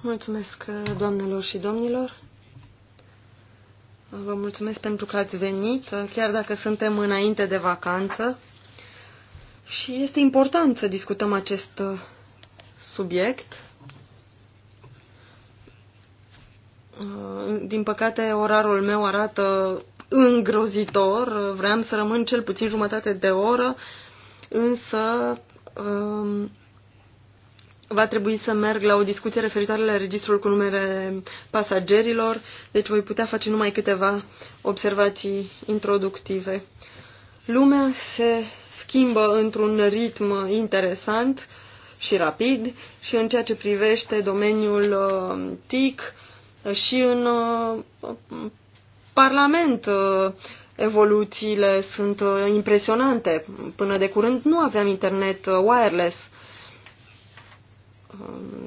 Mulțumesc, doamnelor și domnilor. Vă mulțumesc pentru că ați venit, chiar dacă suntem înainte de vacanță. Și este important să discutăm acest subiect. Din păcate, orarul meu arată îngrozitor. Vreau să rămân cel puțin jumătate de oră, însă um, va trebui să merg la o discuție referitoare la registrul cu numere pasagerilor, deci voi putea face numai câteva observații introductive. Lumea se schimbă într-un ritm interesant și rapid și în ceea ce privește domeniul uh, TIC și în uh, Parlament uh, evoluțiile sunt impresionante. Până de curând nu aveam internet wireless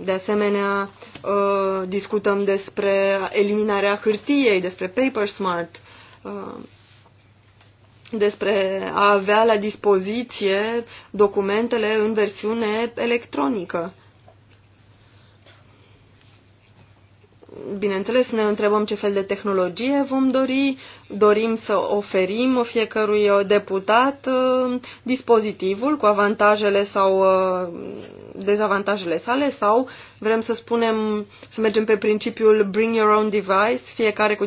de asemenea, uh, discutăm despre eliminarea hârtiei, despre Paper Smart, uh, despre a avea la dispoziție documentele în versiune electronică. bineînțeles, ne întrebăm ce fel de tehnologie vom dori. Dorim să oferim fiecărui deputat uh, dispozitivul cu avantajele sau uh, dezavantajele sale sau vrem să spunem, să mergem pe principiul bring your own device, fiecare cu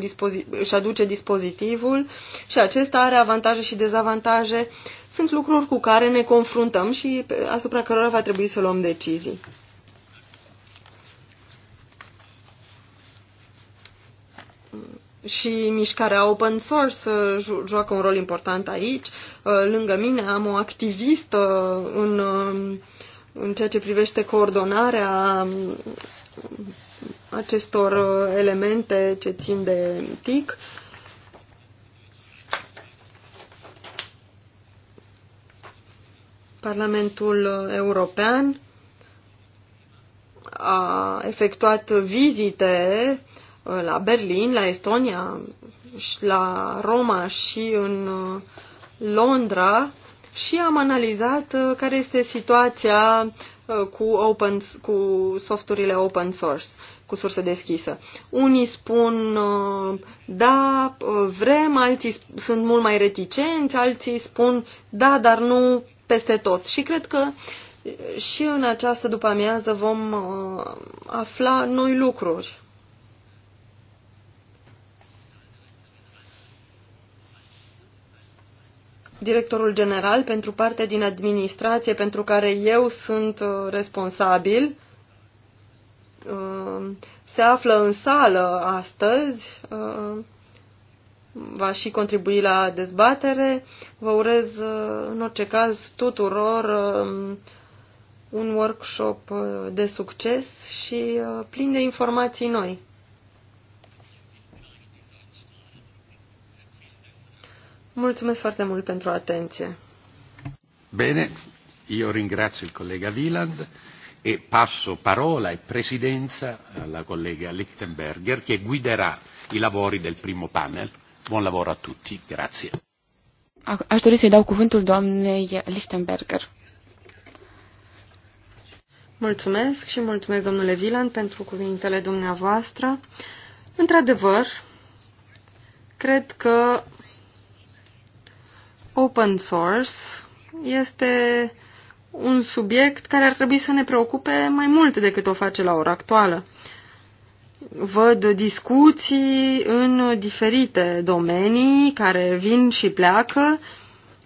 își aduce dispozitivul și acesta are avantaje și dezavantaje. Sunt lucruri cu care ne confruntăm și asupra cărora va trebui să luăm decizii. și mișcarea open source uh, joacă un rol important aici. Uh, lângă mine am o activistă în, um, în ceea ce privește coordonarea um, acestor uh, elemente ce țin de TIC. Parlamentul European a efectuat vizite la Berlin, la Estonia, la Roma și în uh, Londra și am analizat uh, care este situația uh, cu, open, cu softurile open source, cu sursă deschisă. Unii spun, da, vrem, alții sunt mult mai reticenți, alții spun, da, dar nu peste tot. Și cred că și în această după amiază vom afla noi lucruri. directorul general pentru parte din administrație pentru care eu sunt uh, responsabil uh, se află în sală astăzi. Uh, va și contribui la dezbatere. Vă urez în orice caz tuturor un workshop de succes și plin de informații noi. Mulțumesc foarte mult pentru atenție. Bine, eu ringrazio il collega Wieland e passo parola e presidenza alla collega Lichtenberger che guiderà i lavori del primo panel. Buon lavoro a tutti, grazie. Aș dori să-i dau cuvântul doamnei Lichtenberger. Mulțumesc și mulțumesc, domnule Vilan, pentru cuvintele dumneavoastră. Într-adevăr, cred că open source este un subiect care ar trebui să ne preocupe mai mult decât o face la ora actuală. Văd discuții în diferite domenii care vin și pleacă,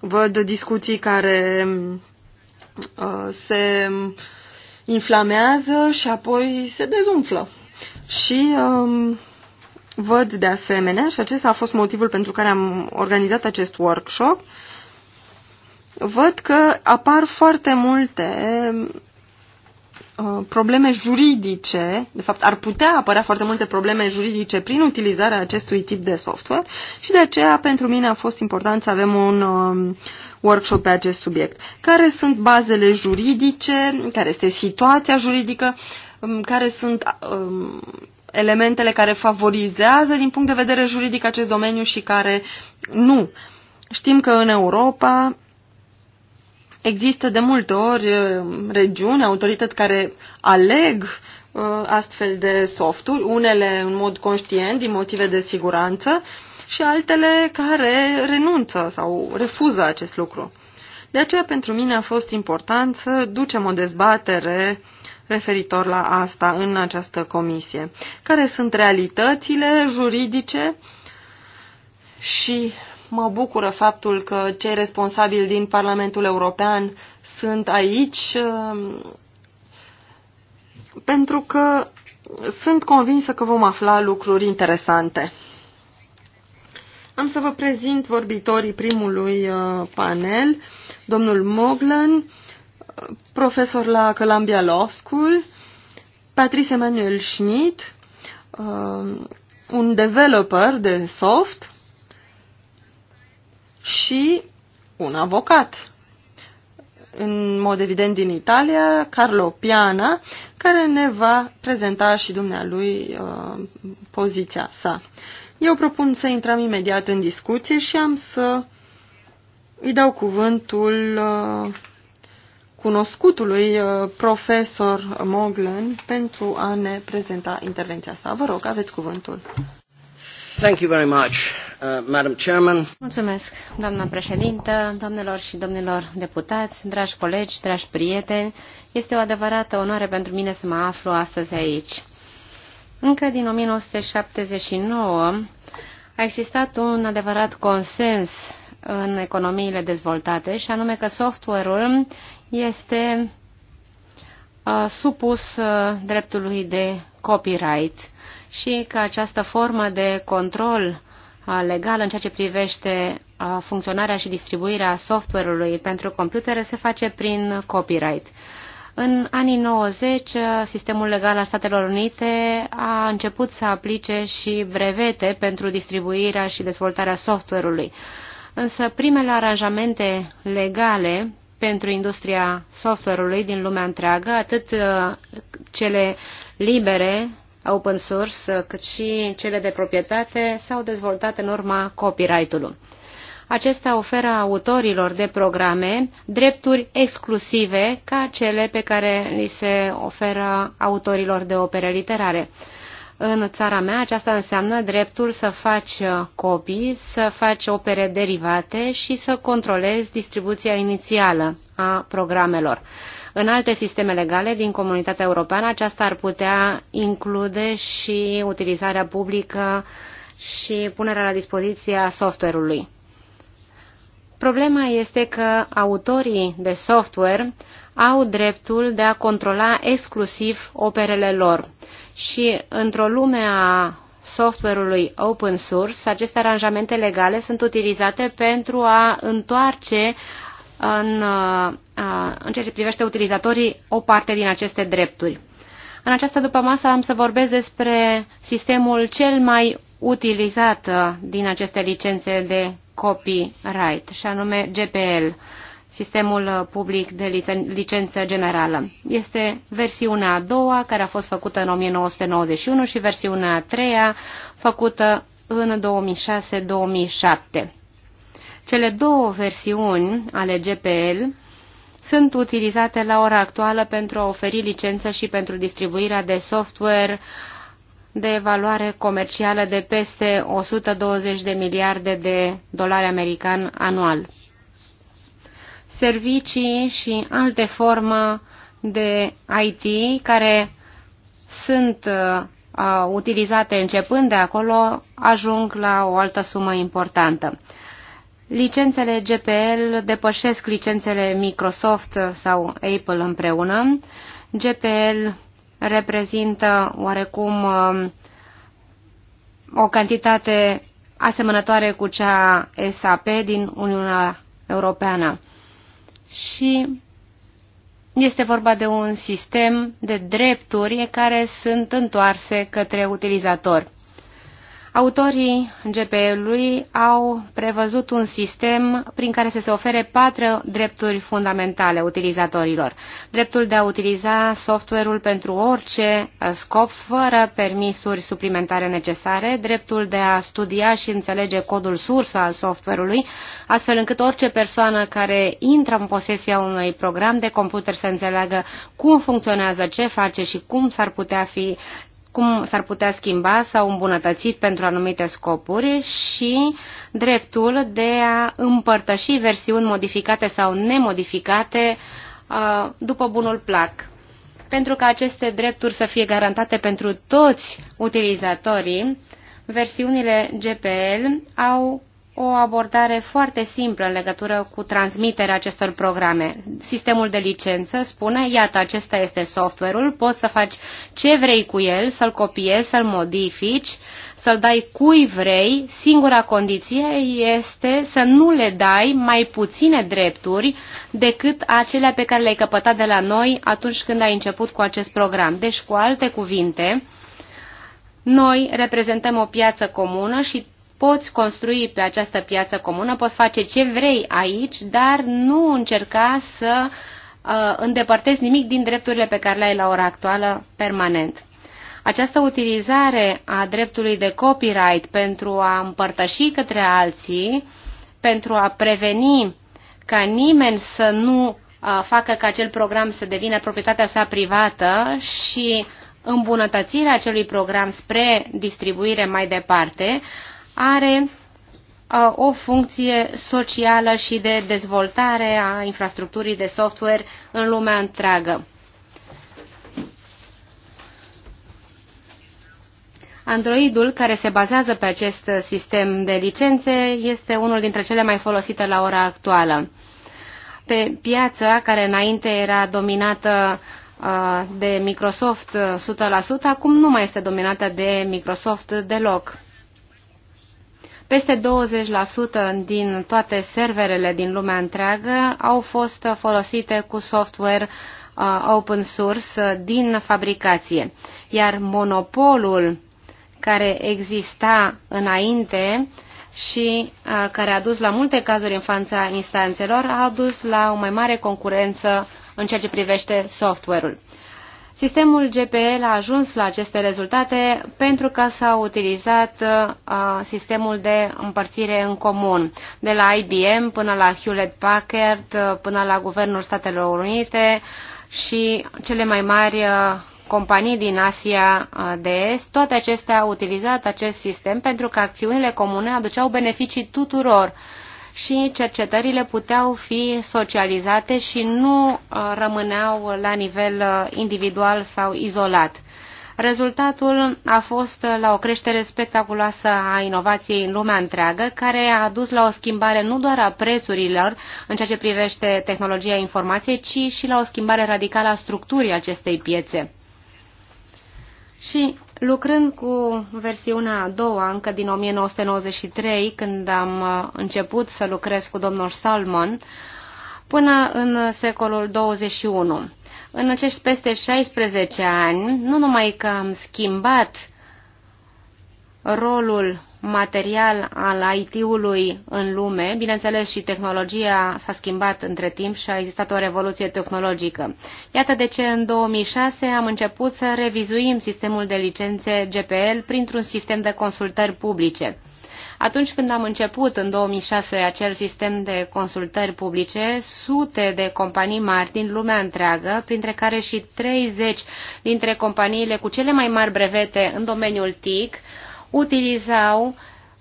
văd discuții care uh, se inflamează și apoi se dezumflă. Și um, Văd de asemenea, și acesta a fost motivul pentru care am organizat acest workshop, văd că apar foarte multe uh, probleme juridice, de fapt ar putea apărea foarte multe probleme juridice prin utilizarea acestui tip de software și de aceea pentru mine a fost important să avem un um, workshop pe acest subiect. Care sunt bazele juridice, care este situația juridică, um, care sunt um, elementele care favorizează din punct de vedere juridic acest domeniu și care nu. Știm că în Europa există de multe ori uh, regiuni, autorități care aleg uh, astfel de softuri, unele în mod conștient din motive de siguranță și altele care renunță sau refuză acest lucru. De aceea pentru mine a fost important să ducem o dezbatere uh, referitor la asta în această comisie. Care sunt realitățile juridice și mă bucură faptul că cei responsabili din Parlamentul European sunt aici um, pentru că sunt convinsă că vom afla lucruri interesante. Am să vă prezint vorbitorii primului uh, panel, domnul Moglen, profesor la Columbia Law School, Patrice Emanuel Schmidt, um, un developer de soft și un avocat. În mod evident din Italia, Carlo Piana, care ne va prezenta și dumnealui uh, poziția sa. Eu propun să intrăm imediat în discuție și am să îi dau cuvântul uh, cunoscutului uh, profesor Moglen pentru a ne prezenta intervenția sa. Vă rog, aveți cuvântul. Thank you very much, uh, Madam Chairman. Mulțumesc, doamna președintă, doamnelor și domnilor deputați, dragi colegi, dragi prieteni. Este o adevărată onoare pentru mine să mă aflu astăzi aici. Încă din 1979 a existat un adevărat consens în economiile dezvoltate și anume că software-ul este uh, supus uh, dreptului de copyright și că această formă de control uh, legal în ceea ce privește funcționarea și distribuirea software-ului pentru computere se face prin copyright. În anii 90, sistemul legal al Statelor Unite a început să aplice și brevete pentru distribuirea și dezvoltarea software-ului. Însă primele aranjamente legale pentru industria software-ului din lumea întreagă, atât uh, cele libere, open source, uh, cât și cele de proprietate s-au dezvoltat în urma copyright-ului. Acesta oferă autorilor de programe drepturi exclusive ca cele pe care li se oferă autorilor de opere literare. În țara mea aceasta înseamnă dreptul să faci uh, copii, să faci opere derivate și să controlezi distribuția inițială a programelor. În alte sisteme legale din comunitatea europeană aceasta ar putea include și utilizarea publică și punerea la dispoziție a software-ului. Problema este că autorii de software au dreptul de a controla exclusiv operele lor și într-o lume a software-ului open source, aceste aranjamente legale sunt utilizate pentru a întoarce în, în ceea ce privește utilizatorii o parte din aceste drepturi. În această masă am să vorbesc despre sistemul cel mai utilizat uh, din aceste licențe de copyright, și anume GPL sistemul uh, public de licență generală. Este versiunea a doua, care a fost făcută în 1991 și versiunea a treia, făcută în 2006-2007. Cele două versiuni ale GPL sunt utilizate la ora actuală pentru a oferi licență și pentru distribuirea de software de valoare comercială de peste 120 de miliarde de dolari american anual servicii și alte forme de IT care sunt uh, uh, utilizate începând de acolo, ajung la o altă sumă importantă. Licențele GPL depășesc licențele Microsoft sau Apple împreună. GPL reprezintă oarecum um, o cantitate asemănătoare cu cea SAP din Uniunea Europeană și este vorba de un sistem de drepturi care sunt întoarse către utilizatori. Autorii GPL-ului au prevăzut un sistem prin care să se ofere patru drepturi fundamentale utilizatorilor. Dreptul de a utiliza software-ul pentru orice uh, scop, fără permisuri suplimentare necesare, dreptul de a studia și înțelege codul sursă al software-ului, astfel încât orice persoană care intră în posesia unui program de computer să înțeleagă cum funcționează, ce face și cum s-ar putea fi cum s-ar putea schimba sau îmbunătăți pentru anumite scopuri și dreptul de a împărtăși versiuni modificate sau nemodificate uh, după bunul plac. Pentru ca aceste drepturi să fie garantate pentru toți utilizatorii, versiunile GPL au o abordare foarte simplă în legătură cu transmiterea acestor programe. Sistemul de licență spune, iată, acesta este software-ul, poți să faci ce vrei cu el, să-l copiezi, să-l modifici, să-l dai cui vrei, singura condiție este să nu le dai mai puține drepturi decât acelea pe care le-ai căpătat de la noi atunci când ai început cu acest program. Deci, cu alte cuvinte, noi reprezentăm o piață comună și poți construi pe această piață comună, poți face ce vrei aici, dar nu încerca să uh, îndepărtezi nimic din drepturile pe care le ai la ora actuală permanent. Această utilizare a dreptului de copyright pentru a împărtăși către alții, pentru a preveni ca nimeni să nu uh, facă ca acel program să devină proprietatea sa privată și îmbunătățirea acelui program spre distribuire mai departe, uh, are uh, o funcție socială și de dezvoltare a infrastructurii de software în lumea întreagă. Androidul, care se bazează pe acest sistem de licențe, este unul dintre cele mai folosite la ora actuală. Pe piața, care înainte era dominată uh, de Microsoft 100%, uh, acum nu mai este dominată de Microsoft deloc. Peste 20% din toate serverele din lumea întreagă au fost folosite cu software uh, open source uh, din fabricație, iar monopolul care exista înainte și uh, care a dus la multe cazuri în fața instanțelor, a dus la o mai mare concurență în ceea ce privește software-ul. Sistemul GPL a ajuns la aceste rezultate pentru că s-a utilizat uh, sistemul de împărțire în comun, de la IBM până la Hewlett-Packard, uh, până la Guvernul Statelor Unite și cele mai mari uh, companii din Asia uh, de Est, toate acestea au utilizat acest sistem pentru că acțiunile comune aduceau beneficii tuturor. Uh, și cercetările puteau fi socializate și nu uh, rămâneau la nivel uh, individual sau izolat. Rezultatul a fost uh, la o creștere spectaculoasă a inovației în lumea întreagă, care a dus la o schimbare nu doar a prețurilor în ceea ce privește tehnologia informației, ci și la o schimbare radicală a structurii acestei piețe. Și Lucrând cu versiunea a doua, încă din 1993, când am uh, început să lucrez cu domnul Salmon, până în secolul 21. În acești peste 16 ani, nu numai că am schimbat rolul material al IT-ului în lume. Bineînțeles, și tehnologia s-a schimbat între timp și a existat o revoluție tehnologică. Iată de ce în 2006 am început să revizuim sistemul de licențe GPL printr-un sistem de consultări publice. Atunci când am început în 2006 acel sistem de consultări publice, sute de companii mari din lumea întreagă, printre care și 30 dintre companiile cu cele mai mari brevete în domeniul TIC, utilizau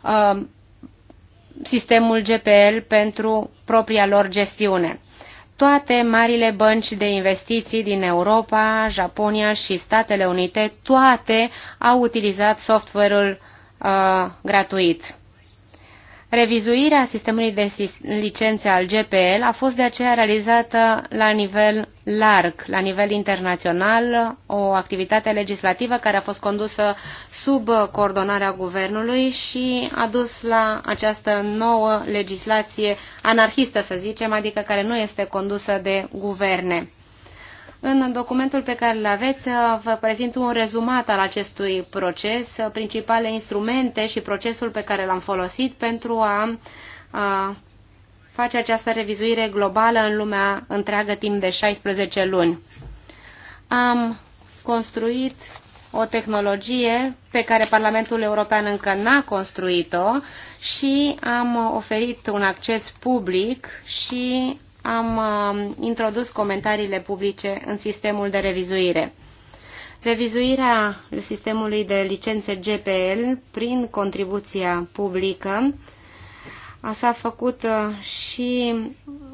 uh, sistemul GPL pentru propria lor gestiune. Toate marile bănci de investiții din Europa, Japonia și Statele Unite, toate au utilizat software-ul uh, gratuit. Revizuirea sistemului de licențe al GPL a fost de aceea realizată la nivel larg, la nivel internațional, o activitate legislativă care a fost condusă sub coordonarea guvernului și a dus la această nouă legislație anarhistă, să zicem, adică care nu este condusă de guverne. În documentul pe care îl aveți uh, vă prezint un rezumat al acestui proces, uh, principale instrumente și procesul pe care l-am folosit pentru a, a face această revizuire globală în lumea întreagă timp de 16 luni. Am construit o tehnologie pe care Parlamentul European încă n-a construit-o și am oferit un acces public și am um, introdus comentariile publice în sistemul de revizuire. Revizuirea sistemului de licențe GPL prin contribuția publică uh, s-a făcut uh, și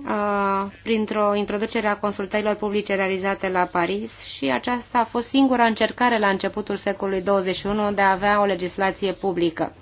uh, printr-o introducere a consultărilor publice realizate la Paris și aceasta a fost singura încercare la începutul secolului 21 de a avea o legislație publică.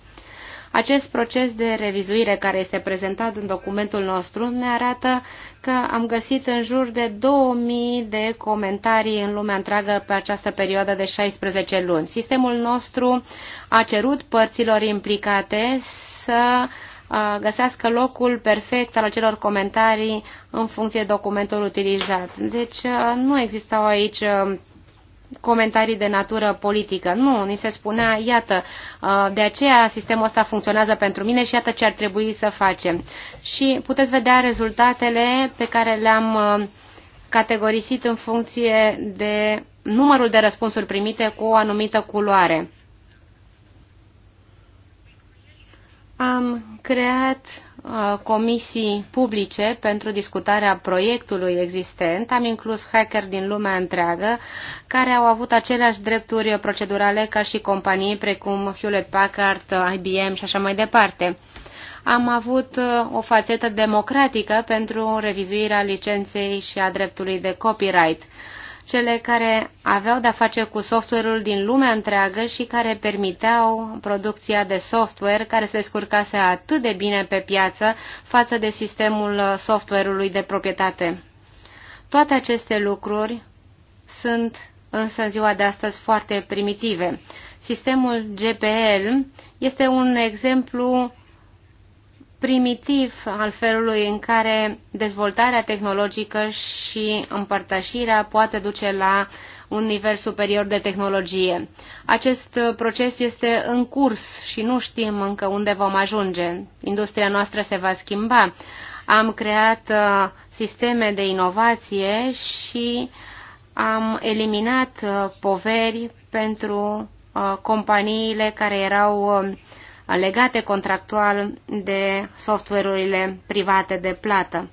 Acest proces de revizuire care este prezentat în documentul nostru ne arată că am găsit în jur de 2000 de comentarii în lumea întreagă pe această perioadă de 16 luni. Sistemul nostru a cerut părților implicate să uh, găsească locul perfect al acelor comentarii în funcție de documentul utilizat. Deci uh, nu existau aici uh, comentarii de natură politică. Nu, ni se spunea, iată, uh, de aceea sistemul ăsta funcționează pentru mine și iată ce ar trebui să facem. Și puteți vedea rezultatele pe care le-am uh, categorisit în funcție de numărul de răspunsuri primite cu o anumită culoare. Am creat Uh, comisii publice pentru discutarea proiectului existent. Am inclus hacker din lumea întreagă care au avut aceleași drepturi procedurale ca și companii precum Hewlett Packard, IBM și așa mai departe. Am avut uh, o fațetă democratică pentru revizuirea licenței și a dreptului de copyright cele care aveau de-a face cu software-ul din lumea întreagă și care permiteau producția de software care se scurcase atât de bine pe piață față de sistemul software-ului de proprietate. Toate aceste lucruri sunt însă în ziua de astăzi foarte primitive. Sistemul GPL este un exemplu primitiv al felului în care dezvoltarea tehnologică și împărtășirea poate duce la un nivel superior de tehnologie. Acest proces este în curs și nu știm încă unde vom ajunge. Industria noastră se va schimba. Am creat uh, sisteme de inovație și am eliminat uh, poveri pentru uh, companiile care erau legate contractual de software-urile private de plată.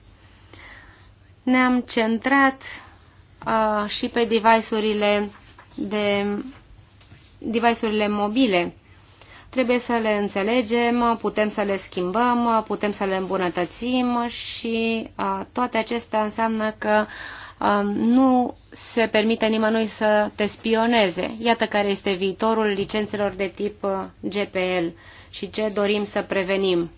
Ne-am centrat uh, și pe device-urile de device-urile mobile. Trebuie să le înțelegem, putem să le schimbăm, putem să le îmbunătățim și uh, toate acestea înseamnă că uh, nu se permite nimănui să te spioneze. Iată care este viitorul licențelor de tip uh, GPL și ce dorim să prevenim.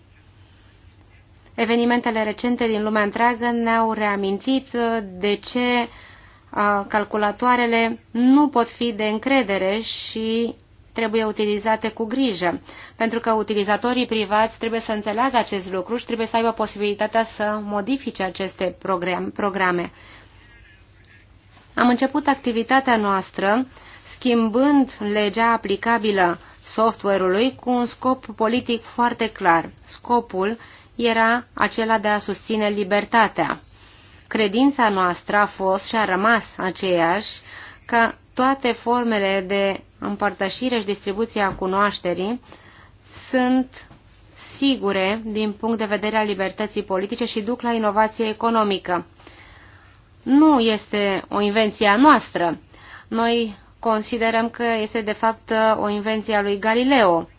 Evenimentele recente din lumea întreagă ne-au reamintit uh, de ce uh, calculatoarele nu pot fi de încredere și trebuie utilizate cu grijă, pentru că utilizatorii privați trebuie să înțeleagă acest lucru și trebuie să aibă posibilitatea să modifice aceste programe. Am început activitatea noastră schimbând legea aplicabilă software-ului cu un scop politic foarte clar. Scopul era acela de a susține libertatea. Credința noastră a fost și a rămas aceeași că toate formele de împărtășire și distribuție a cunoașterii sunt sigure din punct de vedere al libertății politice și duc la inovație economică. Nu este o invenție a noastră. Noi considerăm că este de fapt o invenție a lui Galileo.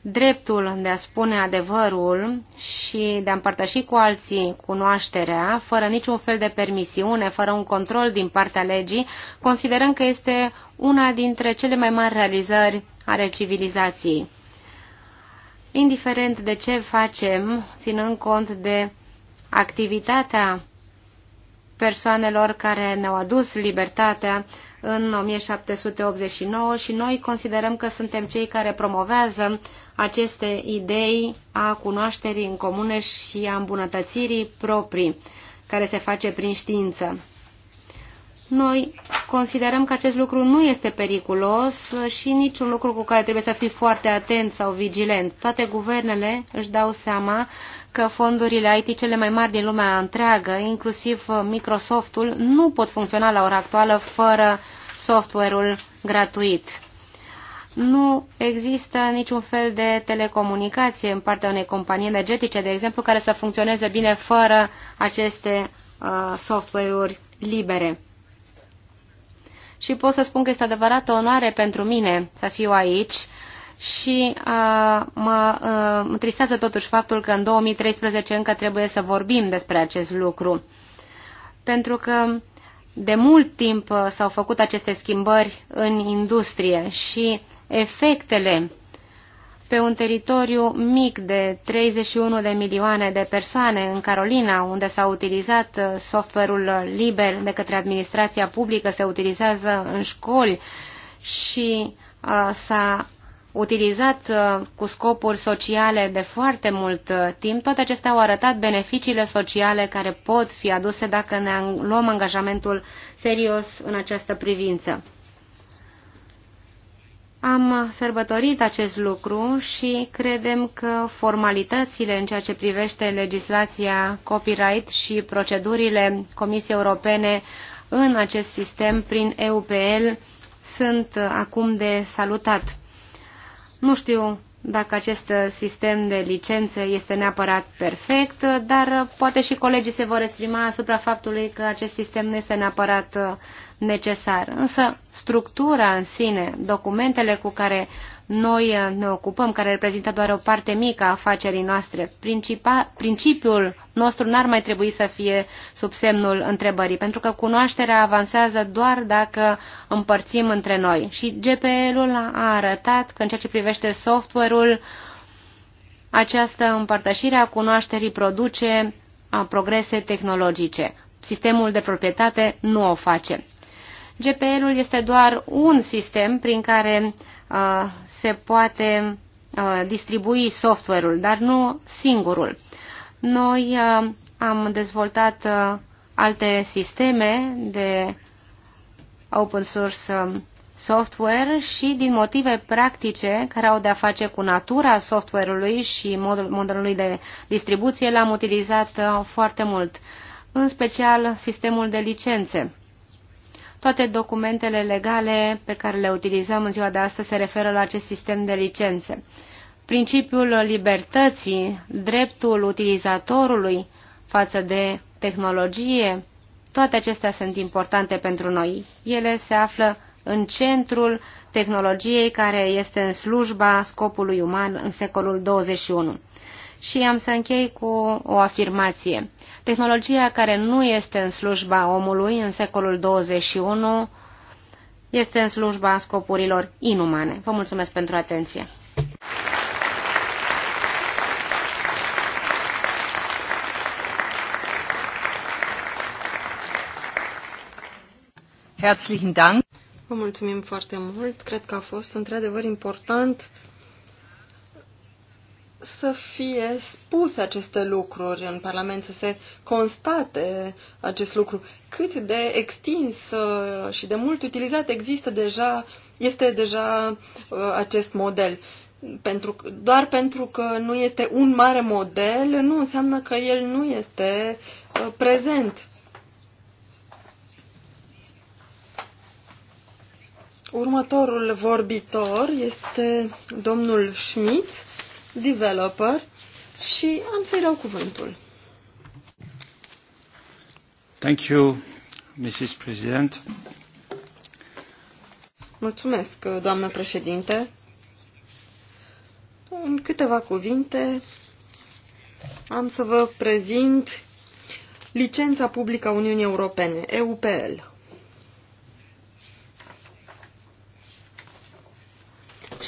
Dreptul de a spune adevărul și de a împărtăși cu alții cunoașterea, fără niciun fel de permisiune, fără un control din partea legii, considerăm că este una dintre cele mai mari realizări ale civilizației. Indiferent de ce facem, ținând cont de activitatea persoanelor care ne-au adus libertatea, în 1789 și noi considerăm că suntem cei care promovează aceste idei a cunoașterii în comune și a îmbunătățirii proprii, care se face prin știință. Noi considerăm că acest lucru nu este periculos și niciun lucru cu care trebuie să fii foarte atent sau vigilent. Toate guvernele își dau seama că fondurile IT cele mai mari din lumea întreagă, inclusiv Microsoftul, nu pot funcționa la ora actuală fără software-ul gratuit. Nu există niciun fel de telecomunicație în partea unei companii energetice, de exemplu, care să funcționeze bine fără aceste uh, software-uri libere. Și pot să spun că este adevărată onoare pentru mine să fiu aici și uh, mă uh, tristează totuși faptul că în 2013 încă trebuie să vorbim despre acest lucru. Pentru că de mult timp s-au făcut aceste schimbări în industrie și efectele pe un teritoriu mic de 31 de milioane de persoane în Carolina, unde s-a utilizat software-ul liber de către administrația publică, se utilizează în școli și s-a utilizat uh, cu scopuri sociale de foarte mult uh, timp, toate acestea au arătat beneficiile sociale care pot fi aduse dacă ne luăm angajamentul serios în această privință. Am sărbătorit acest lucru și credem că formalitățile în ceea ce privește legislația copyright și procedurile Comisiei Europene în acest sistem prin EUPL sunt uh, acum de salutat. Nu știu dacă acest sistem de licențe este neapărat perfect, dar poate și colegii se vor exprima asupra faptului că acest sistem nu este neapărat necesar. Însă structura în sine, documentele cu care noi eh, ne ocupăm, care reprezintă doar o parte mică a afacerii noastre. Principa, principiul nostru n-ar mai trebui să fie sub semnul întrebării, pentru că cunoașterea avansează doar dacă împărțim între noi. Și GPL-ul a arătat că în ceea ce privește software-ul, această împărtășire a cunoașterii produce a progrese tehnologice. Sistemul de proprietate nu o face. GPL-ul este doar un sistem prin care se poate distribui software-ul, dar nu singurul. Noi am dezvoltat alte sisteme de open source software și din motive practice care au de-a face cu natura software-ului și modul, modelului de distribuție, l-am utilizat foarte mult, în special sistemul de licențe. Toate documentele legale pe care le utilizăm în ziua de astăzi se referă la acest sistem de licențe. Principiul libertății, dreptul utilizatorului față de tehnologie, toate acestea sunt importante pentru noi. Ele se află în centrul tehnologiei care este în slujba scopului uman în secolul 21. Și am să închei cu o afirmație. Tehnologia care nu este în slujba omului în secolul 21 este în slujba scopurilor inumane. Vă mulțumesc pentru atenție. Herzlichen Dank. Vă mulțumim foarte mult. Cred că a fost într-adevăr important să fie spuse aceste lucruri în Parlament, să se constate acest lucru. Cât de extins uh, și de mult utilizat există deja, este deja uh, acest model. Pentru, doar pentru că nu este un mare model, nu înseamnă că el nu este uh, prezent. Următorul vorbitor este domnul Schmitz developer și am să-i dau cuvântul. Thank you, Mrs. President. Mulțumesc, doamnă președinte. În câteva cuvinte am să vă prezint licența publică a Uniunii Europene, EUPL.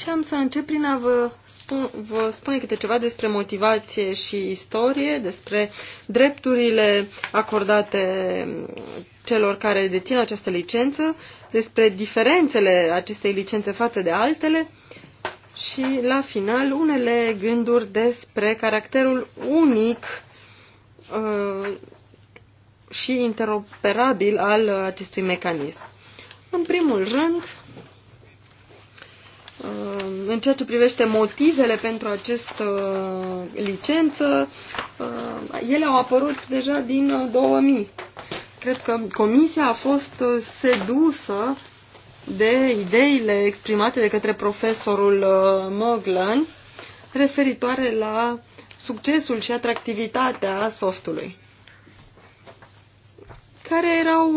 Și am să încep prin a vă, spun, vă spune câte ceva despre motivație și istorie, despre drepturile acordate celor care dețin această licență, despre diferențele acestei licențe față de altele și, la final, unele gânduri despre caracterul unic uh, și interoperabil al acestui mecanism. În primul rând, Uh, în ceea ce privește motivele pentru această uh, licență, uh, ele au apărut deja din 2000. Cred că comisia a fost sedusă de ideile exprimate de către profesorul Moglan referitoare la succesul și atractivitatea softului, care erau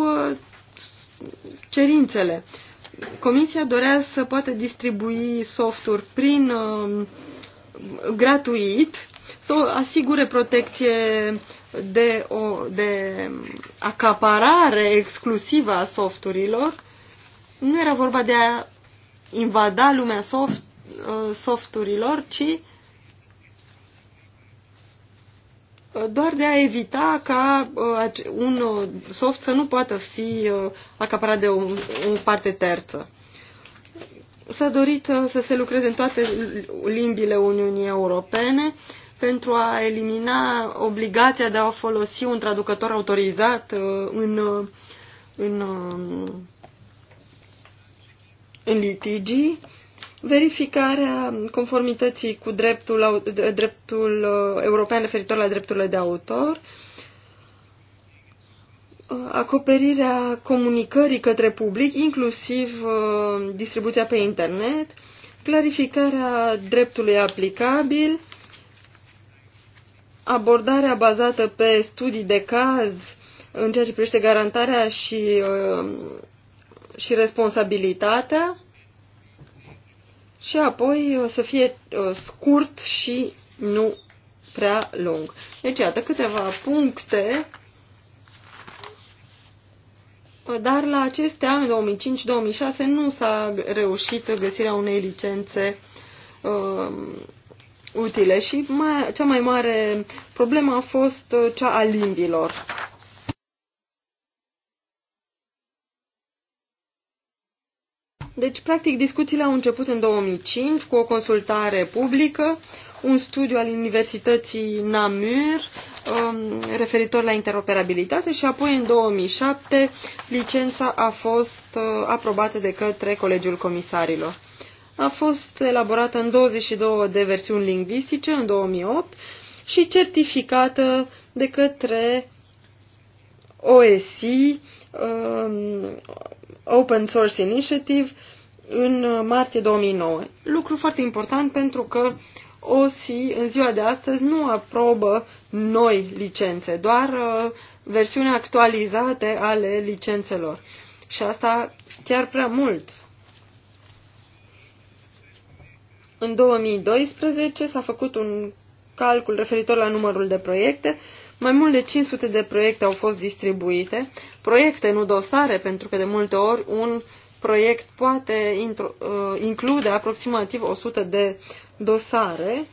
cerințele. Comisia dorea să poată distribui softuri prin uh, gratuit, să asigure protecție de, o, de acaparare exclusivă a softurilor. Nu era vorba de a invada lumea soft, uh, softurilor, ci Uh, doar de a evita ca uh, un uh, soft să nu poată fi acaparat de o, o parte terță. S-a dorit să se lucreze în toate limbile Uniunii Europene pentru a elimina obligația de a folosi un traducător autorizat în, în, în litigii verificarea conformității cu dreptul, dreptul uh, european referitor la drepturile de autor, uh, acoperirea comunicării către public, inclusiv uh, distribuția pe internet, clarificarea dreptului aplicabil, abordarea bazată pe studii de caz în ceea ce privește garantarea și, și responsabilitatea, și apoi uh, să fie uh, scurt și nu prea lung. Deci, iată câteva puncte, uh, dar la acestea, ani, 2005-2006, nu s-a reușit găsirea unei licențe uh, utile și mai, cea mai mare problemă a fost cea a limbilor. Deci, practic, discuțiile au început în 2005 cu o consultare publică, un studiu al Universității Namur um, referitor la interoperabilitate și apoi în 2007 licența a fost uh, aprobată de către Colegiul Comisarilor. A fost elaborată în 22 de versiuni lingvistice în 2008 și certificată de către OSI, um, Open Source Initiative, în martie 2009. Lucru foarte important pentru că OSI în ziua de astăzi nu aprobă noi licențe, doar uh, versiuni actualizate ale licențelor. Și asta chiar prea mult. În 2012 s-a făcut un calcul referitor la numărul de proiecte mai mult de 500 de proiecte au fost distribuite, proiecte, nu dosare, pentru că de multe ori un proiect poate intro, uh, include aproximativ 100 de dosare,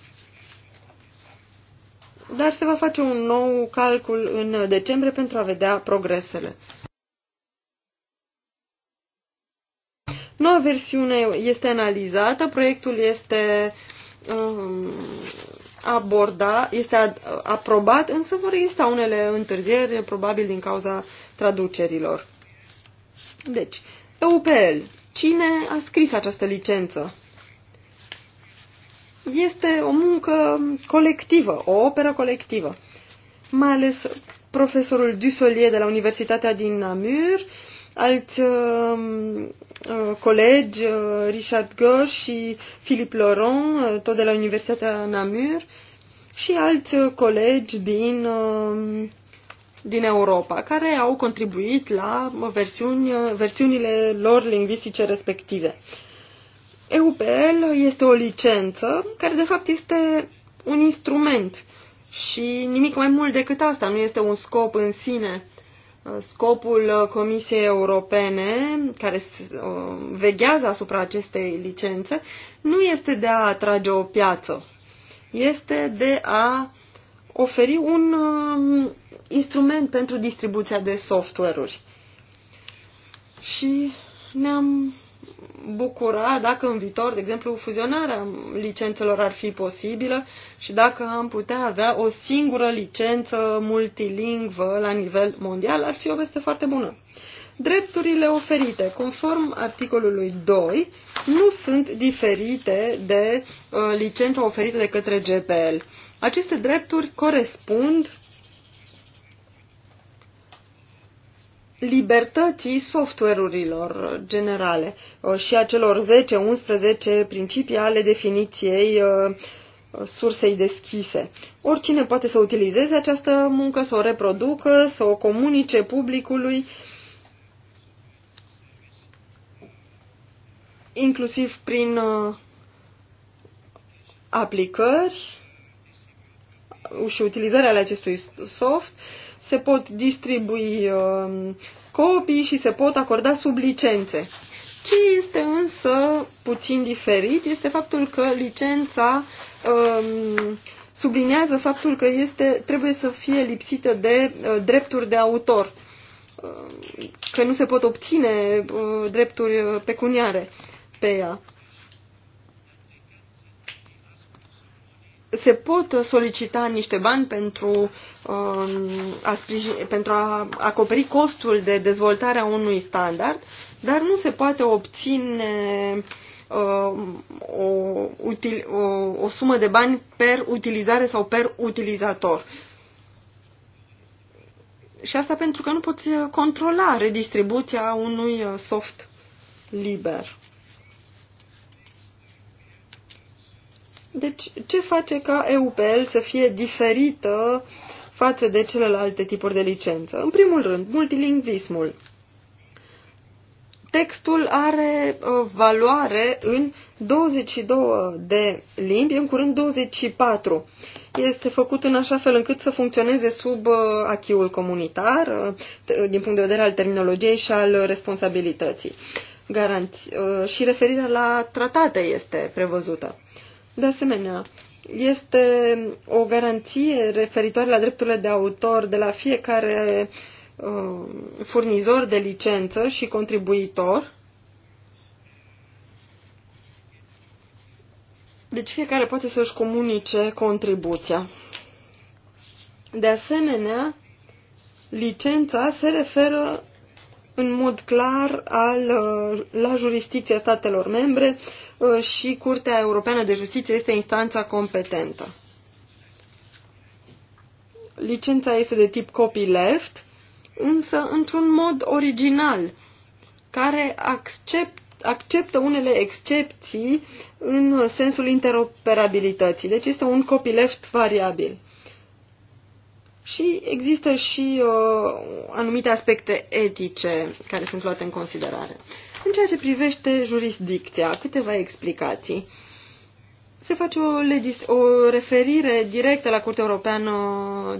dar se va face un nou calcul în decembrie pentru a vedea progresele. Noua versiune este analizată, proiectul este um, aborda, este aprobat, însă vor exista unele întârzieri, probabil din cauza traducerilor. Deci, EUPL, cine a scris această licență? Este o muncă colectivă, o operă colectivă. Mai ales profesorul Dusolier de la Universitatea din Namur, alți uh, Uh, colegi, uh, Richard Gore și Philippe Laurent, uh, tot de la Universitatea Namur, și alți colegi din, din Europa, care au contribuit la versiuni, versiunile lor lingvistice respective. EUPL este o licență care, de fapt, este un instrument și nimic mai mult decât asta, nu este un scop în sine Scopul uh, Comisiei Europene, care uh, veghează asupra acestei licențe, nu este de a atrage o piață, este de a oferi un um, instrument pentru distribuția de software-uri. Și ne-am bucura dacă în viitor, de exemplu, fuzionarea licențelor ar fi posibilă și dacă am putea avea o singură licență multilingvă la nivel mondial, ar fi o veste foarte bună. Drepturile oferite, conform articolului 2, nu sunt diferite de uh, licența oferită de către GPL. Aceste drepturi corespund libertății software-urilor generale uh, și a celor 10-11 principii ale definiției uh, sursei deschise. Oricine poate să utilizeze această muncă, să o reproducă, să o comunice publicului, inclusiv prin uh, aplicări și utilizarea acestui soft se pot distribui um, copii și se pot acorda sublicențe. Ce este însă puțin diferit este faptul că licența um, sublinează faptul că este, trebuie să fie lipsită de uh, drepturi de autor, uh, că nu se pot obține uh, drepturi uh, pecuniare pe ea. se pot solicita niște bani pentru, um, a sprijin, pentru a acoperi costul de dezvoltare a unui standard, dar nu se poate obține um, o, util, o, o sumă de bani per utilizare sau per utilizator. Și asta pentru că nu poți controla redistribuția unui soft liber. Deci, ce face ca EUPL să fie diferită față de celelalte tipuri de licență? În primul rând, multilingvismul. Textul are uh, valoare în 22 de limbi, în curând 24. Este făcut în așa fel încât să funcționeze sub uh, achiul comunitar, uh, uh, din punct de vedere al terminologiei și al responsabilității. Garanți, uh, și referirea la tratate este prevăzută. De asemenea, este o garanție referitoare la drepturile de autor de la fiecare uh, furnizor de licență și contribuitor. Deci fiecare poate să-și comunice contribuția. De asemenea, licența se referă în mod clar al, uh, la jurisdicția statelor membre Uh, și Curtea Europeană de Justiție este instanța competentă. Licența este de tip copyleft, însă într-un mod original, care accept, acceptă unele excepții în sensul interoperabilității. Deci este un copyleft variabil. Și există și uh, anumite aspecte etice care sunt luate în considerare. În ceea ce privește jurisdicția, câteva explicații. Se face o, legis- o referire directă la Curtea Europeană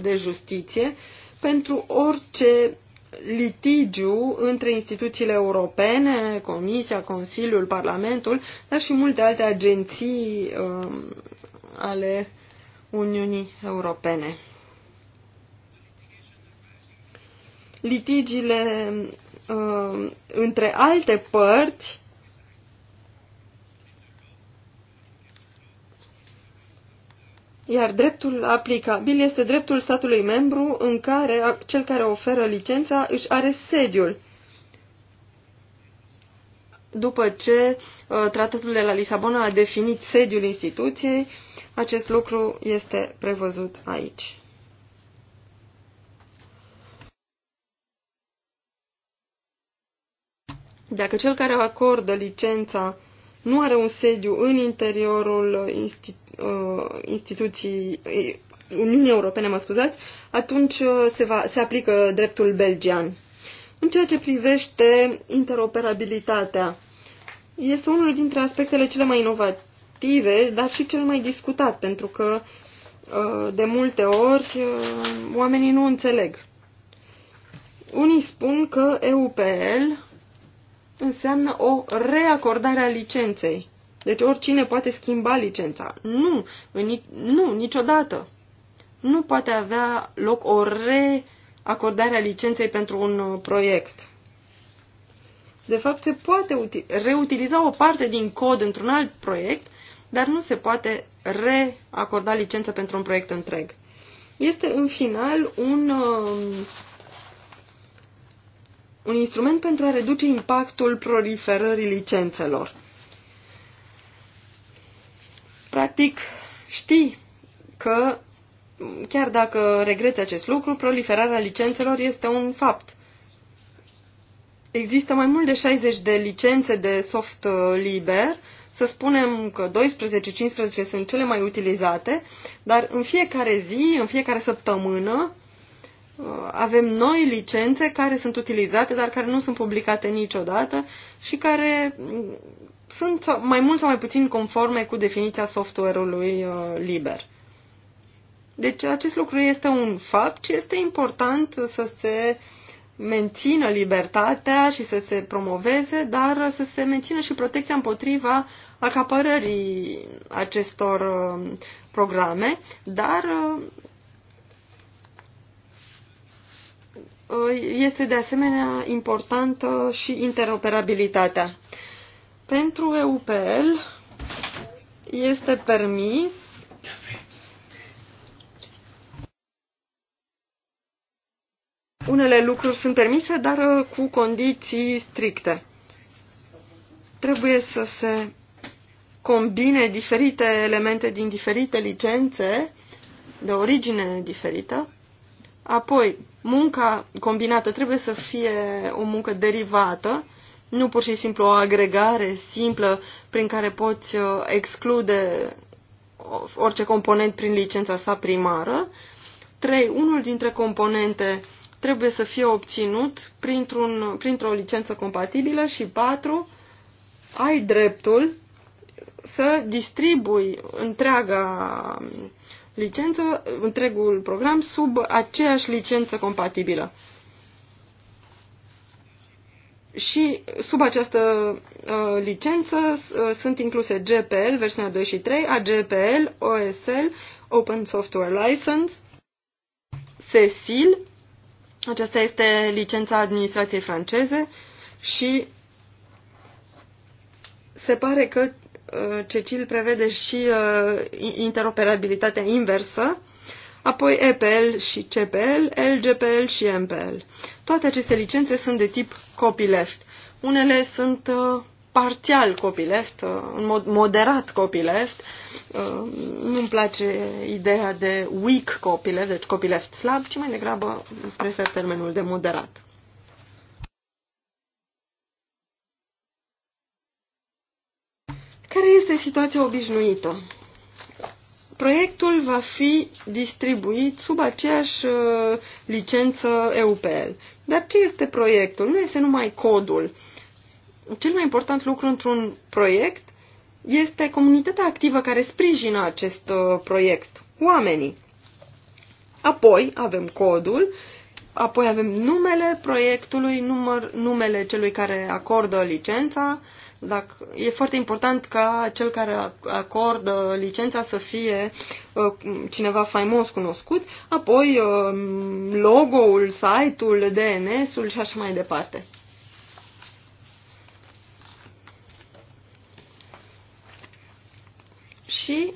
de Justiție pentru orice litigiu între instituțiile europene, Comisia, Consiliul, Parlamentul, dar și multe alte agenții um, ale Uniunii Europene. Litigiile Um, între alte părți iar dreptul aplicabil este dreptul statului membru în care cel care oferă licența își are sediul. După ce uh, tratatul de la Lisabona a definit sediul instituției, acest lucru este prevăzut aici. Dacă cel care acordă licența nu are un sediu în interiorul institu- uh, instituției uh, Uniunii Europene, mă scuzați, atunci uh, se, va, se aplică dreptul belgian. În ceea ce privește interoperabilitatea, este unul dintre aspectele cele mai inovative, dar și cel mai discutat, pentru că de multe ori oamenii nu înțeleg. Unii spun că EUPL înseamnă o reacordare a licenței. Deci oricine poate schimba licența. Nu, în, nu, niciodată. Nu poate avea loc o reacordare a licenței pentru un uh, proiect. De fapt, se poate reutiliza o parte din cod într-un alt proiect, dar nu se poate reacorda licență pentru un proiect întreg. Este, în final, un uh, un instrument pentru a reduce impactul proliferării licențelor. Practic, știi că, chiar dacă regreți acest lucru, proliferarea licențelor este un fapt. Există mai mult de 60 de licențe de soft uh, liber, să spunem că 12-15 sunt cele mai utilizate, dar în fiecare zi, în fiecare săptămână, avem noi licențe care sunt utilizate, dar care nu sunt publicate niciodată și care mm, sunt mai mult sau mai puțin conforme cu definiția software-ului uh, liber. Deci acest lucru este un fapt și este important să se mențină libertatea și să se promoveze, dar să se mențină și protecția împotriva acapărării acestor uh, programe, dar uh, Uh, este de asemenea importantă și interoperabilitatea. Pentru EUPL este permis Unele lucruri sunt permise, dar uh, cu condiții stricte. Trebuie să se combine diferite elemente din diferite licențe de origine diferită. Apoi, munca combinată trebuie să fie o muncă derivată, nu pur și simplu o agregare simplă prin care poți uh, exclude orice component prin licența sa primară. 3. Unul dintre componente trebuie să fie obținut printr-un, printr-o licență compatibilă și 4. Ai dreptul să distribui întreaga licență, întregul program, sub aceeași licență compatibilă. Și sub această uh, licență uh, sunt incluse GPL, versiunea 2 și 3, AGPL, OSL, Open Software License, CECIL, aceasta este licența administrației franceze și se pare că Uh, Cecil prevede și uh, interoperabilitatea inversă, apoi EPL și CPL, LGPL și MPL. Toate aceste licențe sunt de tip copyleft. Unele sunt uh, parțial copyleft, în mod moderat copyleft. Nu-mi place ideea de weak copyleft, deci copyleft slab, ci mai degrabă prefer termenul de moderat. Care este situația obișnuită? Proiectul va fi distribuit sub aceeași uh, licență EUPL. Dar ce este proiectul? Nu este numai codul. Cel mai important lucru într-un proiect este comunitatea activă care sprijină acest uh, proiect, oamenii. Apoi avem codul, apoi avem numele proiectului, număr, numele celui care acordă licența, dacă, e foarte important ca cel care acordă licența să fie uh, cineva faimos cunoscut, apoi uh, logo-ul, site-ul, DNS-ul și așa mai departe. Și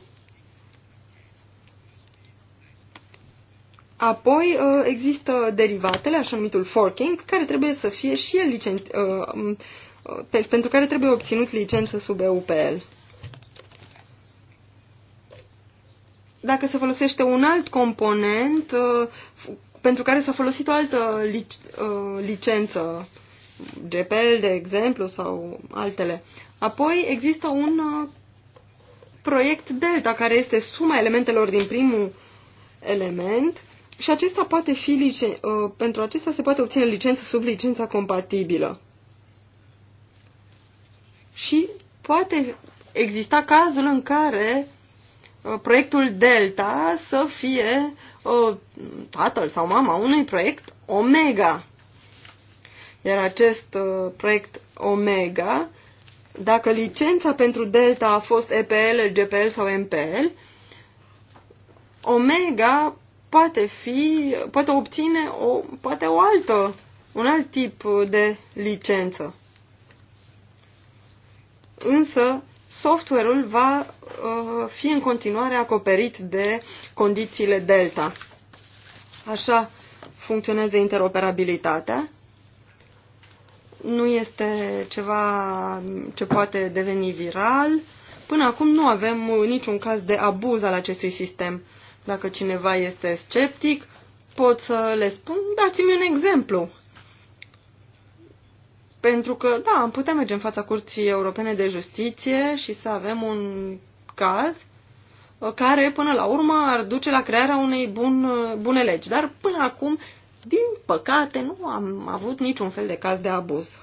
Apoi uh, există derivatele, așa numitul forking, care trebuie să fie și el licenț uh, pe, deci, pentru care trebuie obținut licență sub EUPL. Dacă se folosește un alt component uh, pentru care s-a folosit o altă lic, uh, licență, GPL, de exemplu, sau altele, apoi există un uh, proiect delta, care este suma elementelor din primul element și acesta poate fi, pentru acesta se poate obține licență sub licența compatibilă și poate exista cazul în care uh, proiectul Delta să fie uh, tatăl sau mama unui proiect Omega. Iar acest uh, proiect Omega, dacă licența pentru Delta a fost EPL, GPL sau MPL, Omega poate fi, poate obține o, poate o altă, un alt tip de licență însă software-ul va uh, fi în continuare acoperit de condițiile delta. Așa funcționează interoperabilitatea. Nu este ceva ce poate deveni viral. Până acum nu avem niciun caz de abuz al acestui sistem. Dacă cineva este sceptic, pot să le spun, dați-mi un exemplu. Pentru că, da, am putea merge în fața Curții Europene de Justiție și să avem un caz uh, care, până la urmă, ar duce la crearea unei bun, uh, bune legi. Dar, până acum, din păcate, nu am avut niciun fel de caz de abuz.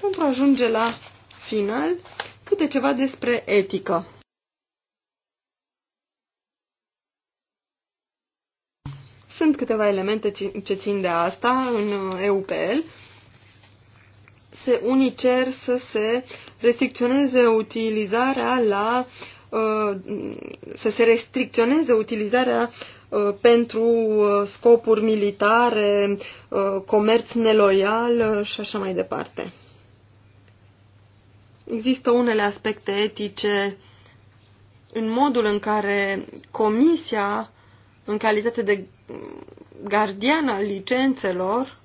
Pentru a ajunge la final, câte ceva despre etică. Sunt câteva elemente ce țin de asta în uh, EUPL se, unii cer să se restricționeze utilizarea la uh, să se restricționeze utilizarea uh, pentru uh, scopuri militare, comerț neloial și așa mai departe. Există unele aspecte etice în modul în care Comisia, în calitate de gardian al licențelor,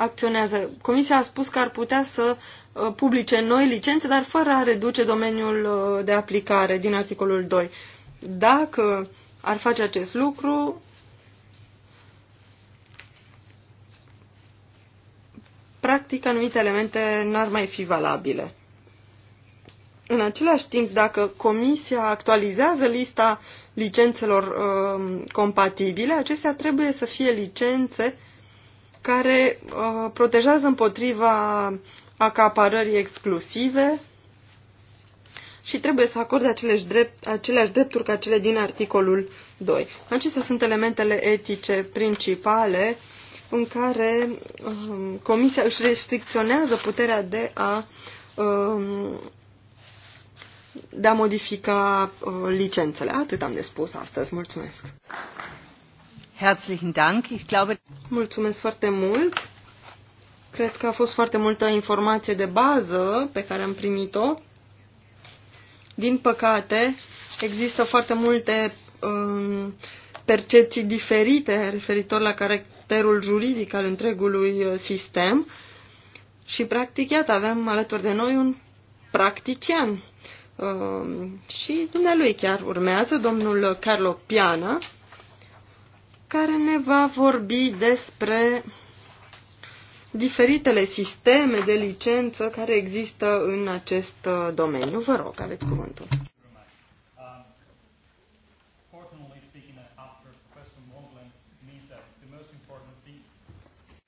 acționează. Comisia a spus că ar putea să uh, publice noi licențe, dar fără a reduce domeniul uh, de aplicare din articolul 2. Dacă ar face acest lucru, practic anumite elemente n-ar mai fi valabile. În același timp, dacă Comisia actualizează lista licențelor uh, compatibile, acestea trebuie să fie licențe uh, care uh, protejează împotriva acaparării exclusive și trebuie să acorde aceleași, drept, aceleași drepturi ca cele din articolul 2. Acestea sunt elementele etice principale în care um, Comisia își restricționează puterea de a, um, de a modifica uh, licențele. Atât am de spus astăzi. Mulțumesc! Herzlichen Dank. Ich glaube... Mulțumesc foarte mult. Cred că a fost foarte multă informație de bază pe care am primit-o. Din păcate, există foarte multe um, percepții diferite referitor la caracterul juridic al întregului uh, sistem și, practic, iată, avem alături de noi un practician. Um, și dumnealui chiar urmează, domnul Carlo Piana, care ne va vorbi despre diferitele sisteme de licență care există în acest uh, domeniu. Vă rog, aveți cuvântul.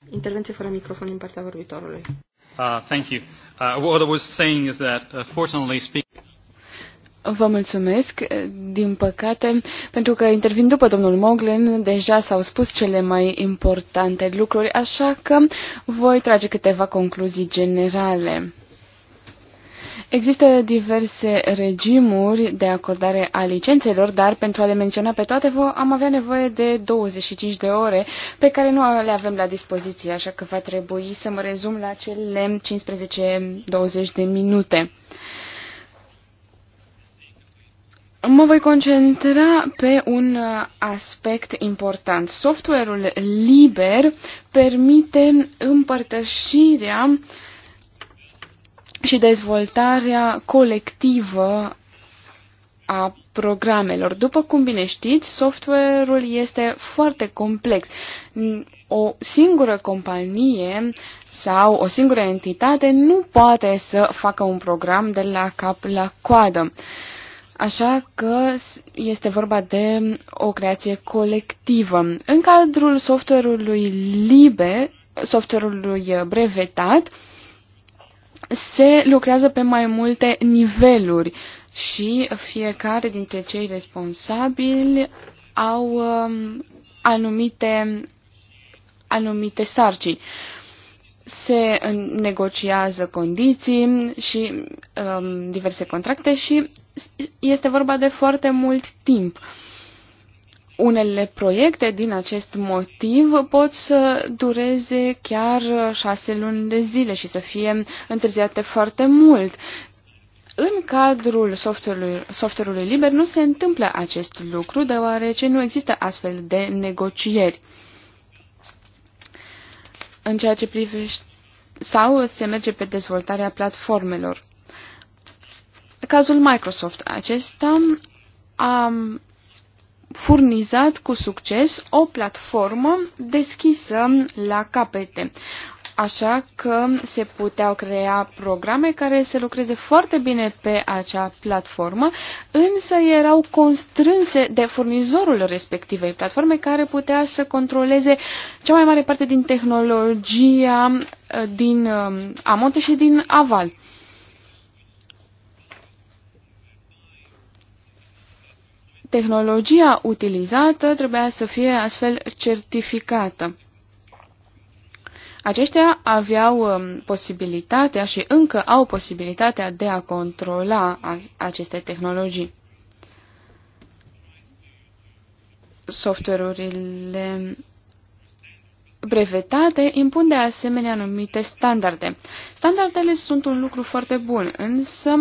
Intervenție fără microfon din partea vorbitorului. Uh, thank you. Uh, what I was saying is that, uh, fortunately speaking, Vă mulțumesc, eh, din păcate, pentru că intervin după domnul Moglen, deja s-au spus cele mai importante lucruri, așa că voi trage câteva concluzii generale. Există diverse regimuri de acordare a licențelor, dar pentru a le menționa pe toate am avea nevoie de 25 de ore pe care nu le avem la dispoziție, așa că va trebui să mă rezum la cele 15-20 de minute. Mă voi concentra pe un uh, aspect important. Software-ul liber permite împărtășirea și dezvoltarea colectivă a programelor. După cum bine știți, software-ul este foarte complex. O singură companie sau o singură entitate nu poate să facă un program de la cap la coadă. Uh, Așa că este vorba de o creație colectivă. În cadrul software-ului liber, software-ului brevetat, se lucrează pe mai multe niveluri și fiecare dintre cei responsabili au um, anumite, anumite sarcini se negociază condiții și um, diverse contracte și este vorba de foarte mult timp. Unele proiecte din acest motiv pot să dureze chiar șase luni de zile și să fie întârziate foarte mult. În cadrul software-ului, software liber nu se întâmplă acest lucru, deoarece nu există astfel de negocieri în ceea ce privește sau se merge pe dezvoltarea platformelor. Cazul Microsoft acesta a furnizat cu succes o platformă deschisă la capete. Așa că se puteau crea programe care se lucreze foarte bine pe acea platformă, însă erau constrânse de furnizorul respectivei platforme care putea să controleze cea mai mare parte din tehnologia eh, din eh, amonte și din aval. Tehnologia utilizată trebuia să fie astfel certificată. Aceștia aveau um, posibilitatea și încă au posibilitatea de a controla aceste tehnologii. Software-urile brevetate impun de asemenea anumite standarde. Standardele sunt un lucru foarte bun, însă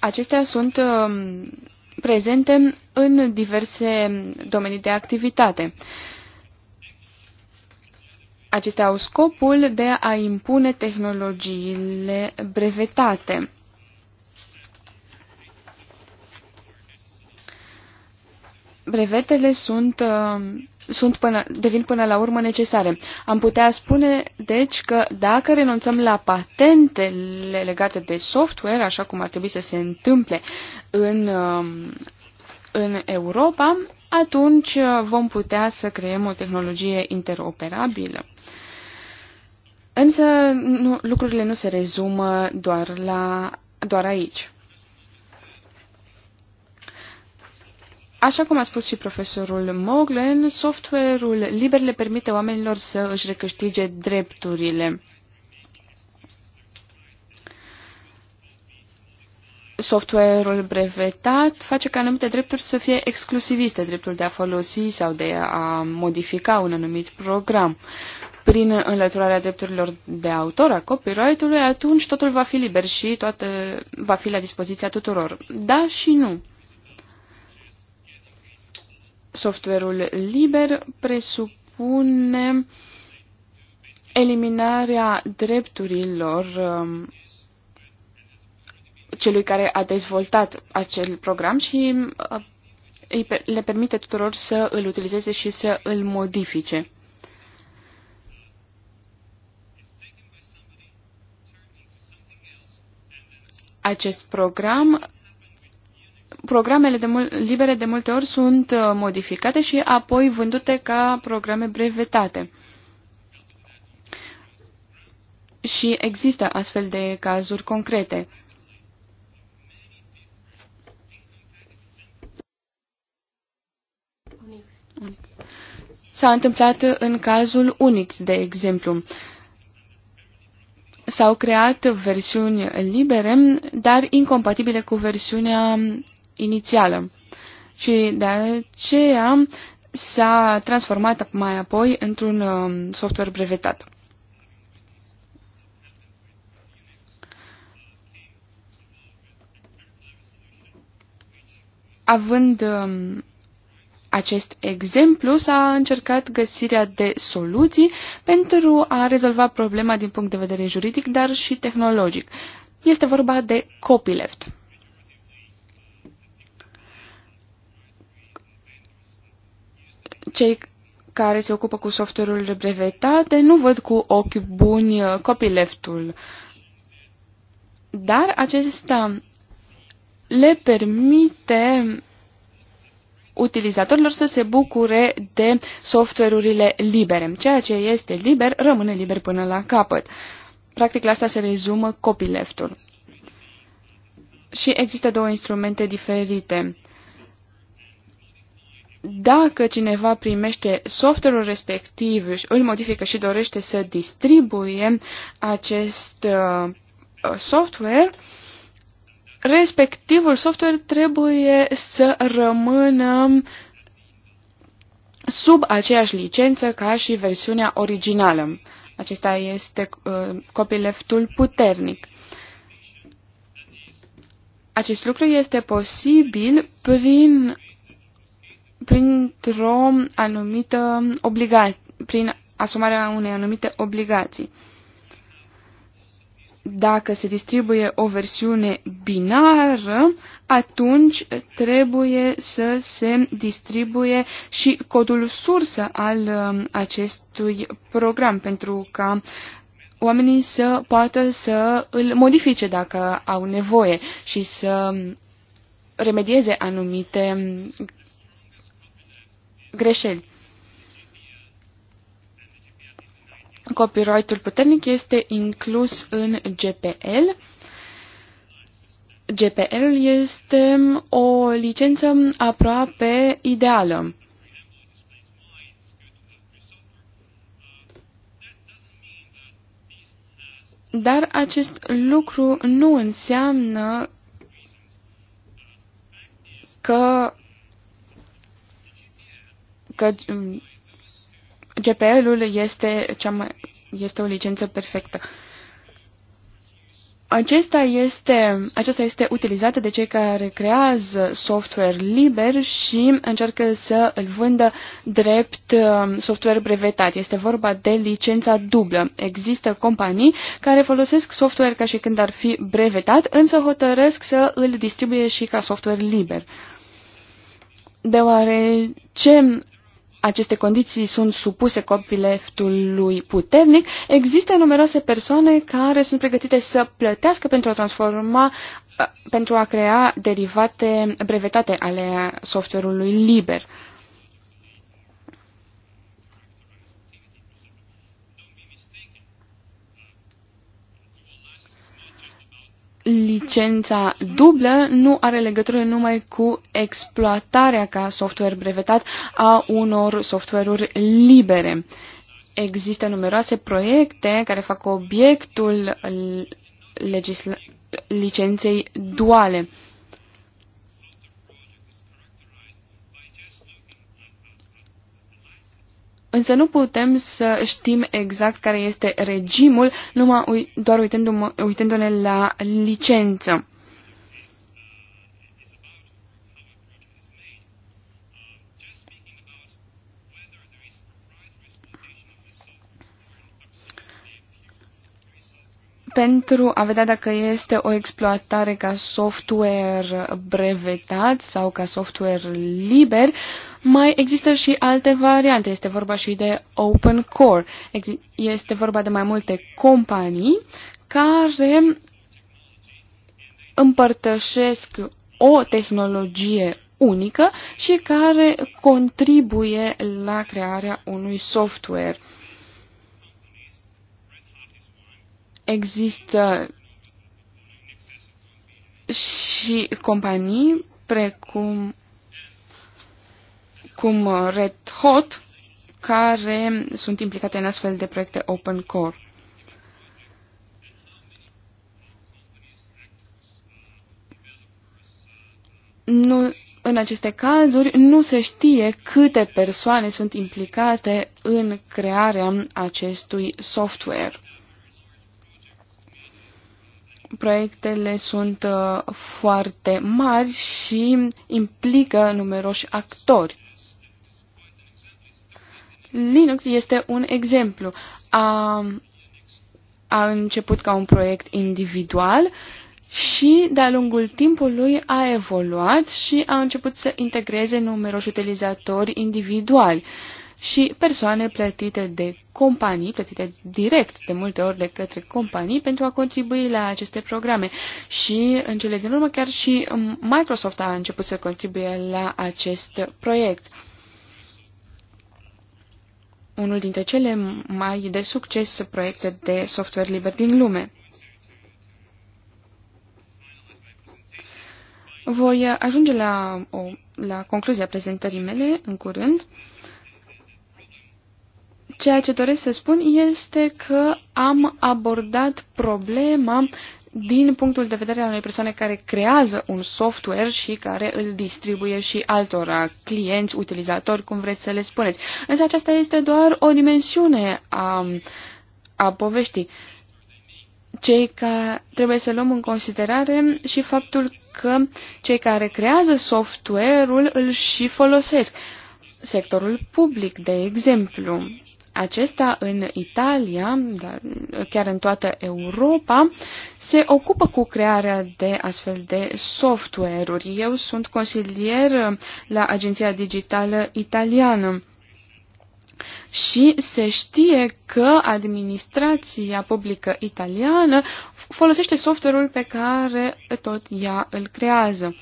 acestea sunt um, prezente în diverse domenii de activitate. Acestea au scopul de a impune tehnologiile brevetate. Brevetele sunt, uh, sunt până, devin până la urmă necesare. Am putea spune, deci, că dacă renunțăm la patentele legate de software, așa cum ar trebui să se întâmple în, uh, în Europa, atunci uh, vom putea să creăm o tehnologie interoperabilă. Însă nu, lucrurile nu se rezumă doar, la, doar aici. Așa cum a spus și profesorul Moglen, software-ul liber le permite oamenilor să își recâștige drepturile. Software-ul brevetat face ca anumite drepturi să fie exclusiviste, dreptul de a folosi sau de a modifica un anumit program prin înlăturarea drepturilor de autor, a copyright-ului, atunci totul va fi liber și toate va fi la dispoziția tuturor. Da și nu. Softwareul liber presupune eliminarea drepturilor um, celui care a dezvoltat acel program și uh, le permite tuturor să îl utilizeze și să îl modifice. acest program programele de mul libere de multe ori sunt uh, modificate și apoi vândute ca programe brevetate. Și există astfel de cazuri concrete. S-a întâmplat în cazul Unix, de exemplu s-au creat versiuni libere, dar incompatibile cu versiunea inițială. Și de aceea s-a transformat mai apoi într-un um, software brevetat. Având um, acest exemplu s-a încercat găsirea de soluții pentru a rezolva problema din punct de vedere juridic, dar și tehnologic. Este vorba de copyleft. Cei care se ocupă cu software-ul brevetate nu văd cu ochi buni copyleft-ul, dar acesta le permite utilizatorilor să se bucure de software-urile libere. Ceea ce este liber rămâne liber până la capăt. Practic la asta se rezumă copyleft-ul. Și există două instrumente diferite. Dacă cineva primește software-ul respectiv, îl modifică și dorește să distribuie acest uh, software, respectivul software trebuie să rămână sub aceeași licență ca și versiunea originală. Acesta este uh, copyleftul puternic. Acest lucru este posibil prin, printr-o anumită obligație, prin asumarea unei anumite obligații dacă se distribuie o versiune binară, atunci trebuie să se distribuie și codul sursă al um, acestui program pentru ca oamenii să poată să îl modifice dacă au nevoie și să remedieze anumite um, greșeli. copyright-ul puternic este inclus în GPL. GPL este o licență aproape ideală. Dar acest lucru nu înseamnă că, că um, GPL-ul este, cea mai, este o licență perfectă. Acesta este, aceasta este utilizată de cei care creează software liber și încearcă să îl vândă drept um, software brevetat. Este vorba de licența dublă. Există companii care folosesc software ca și când ar fi brevetat, însă hotărăsc să îl distribuie și ca software liber deoarece aceste condiții sunt supuse copyleft-ului puternic, există numeroase persoane care sunt pregătite să plătească pentru a transforma pentru a crea derivate brevetate ale software-ului liber. licența dublă nu are legătură numai cu exploatarea ca software brevetat a unor software-uri libere. Există numeroase proiecte care fac obiectul licenței duale. Însă nu putem să știm exact care este regimul, numai doar uitându-ne uitându la licență. pentru a vedea dacă este o exploatare ca software brevetat sau ca software liber, mai există și alte variante. Este vorba și de open core. Este vorba de mai multe companii care împărtășesc o tehnologie unică și care contribuie la crearea unui software Există și companii precum cum Red Hot, care sunt implicate în astfel de proiecte open core. Nu, în aceste cazuri nu se știe câte persoane sunt implicate în crearea acestui software proiectele sunt uh, foarte mari și implică numeroși actori. Linux este un exemplu. A, a început ca un proiect individual și de-a lungul timpului a evoluat și a început să integreze numeroși utilizatori individuali. Uh, și persoane plătite de companii, plătite direct de multe ori de către companii pentru a contribui la aceste programe. Și în cele din urmă chiar și Microsoft a început să contribuie la acest proiect. Unul dintre cele mai de succes proiecte de software liber din lume. Voi ajunge la, o, la concluzia prezentării mele în curând. Ceea ce doresc să spun este că am abordat problema din punctul de vedere al unei persoane care creează un software și care îl distribuie și altora, clienți, utilizatori, cum vreți să le spuneți. Însă aceasta este doar o dimensiune a, a poveștii. Cei care trebuie să luăm în considerare și faptul că cei care creează software-ul îl și folosesc. Sectorul public, de exemplu, acesta în Italia, dar chiar în toată Europa, se ocupă cu crearea de astfel de software-uri. Eu sunt consilier la Agenția Digitală Italiană. Și se știe că administrația publică italiană folosește software-ul pe care tot ea îl creează.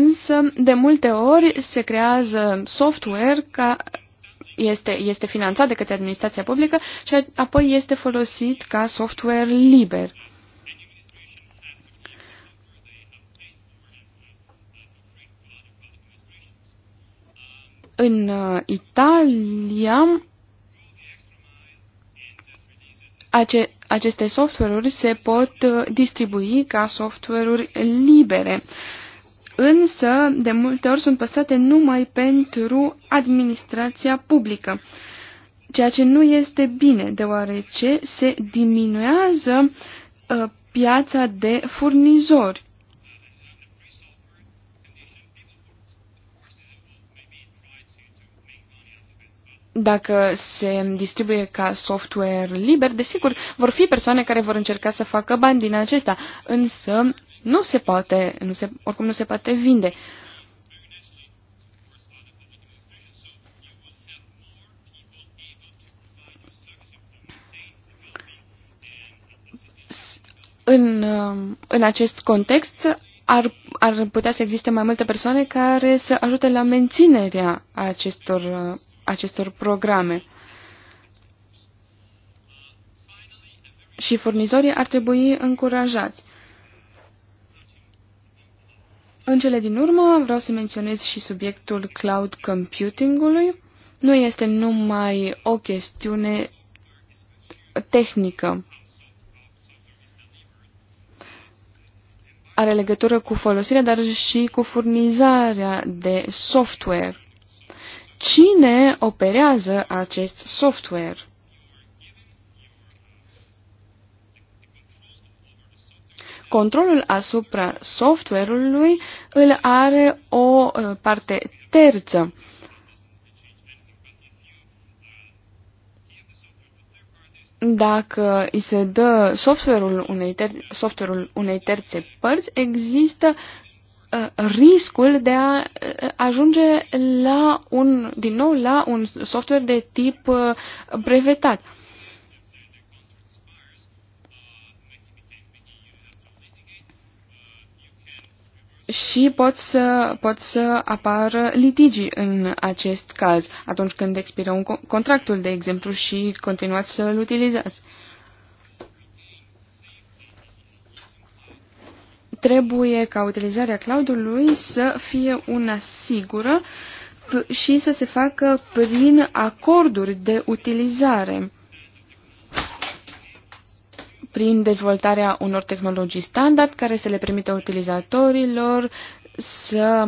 Însă, de multe ori se creează software ca este, este finanțat de către administrația publică și apoi este folosit ca software liber. În uh, Italia, ace, aceste software-uri se pot uh, distribui ca software-uri libere. Uh, însă de multe ori sunt păstrate numai pentru administrația publică, ceea ce nu este bine, deoarece se diminuează ă, piața de furnizori. dacă se distribuie ca software liber, desigur, vor fi persoane care vor încerca să facă bani din acesta, însă nu se poate, nu se, oricum nu se poate vinde. În, în acest context ar, ar putea să existe mai multe persoane care să ajute la menținerea acestor, acestor programe. Și furnizorii ar trebui încurajați. În cele din urmă vreau să menționez și subiectul cloud computingului. Nu este numai o chestiune tehnică. Are legătură cu folosirea, dar și cu furnizarea de software. Cine operează acest software? Controlul asupra software-ului îl are o uh, parte terță. dacă îi se dă software-ul unei, ter- software unei terțe părți, există uh, riscul de a uh, ajunge la un, din nou la un software de tip uh, brevetat. și pot să, pot să apară litigii în acest caz, atunci când expiră un contractul, de exemplu, și continuați să-l utilizați. Trebuie ca utilizarea cloudului să fie una sigură și să se facă prin acorduri de utilizare prin dezvoltarea unor tehnologii standard care să le permită utilizatorilor să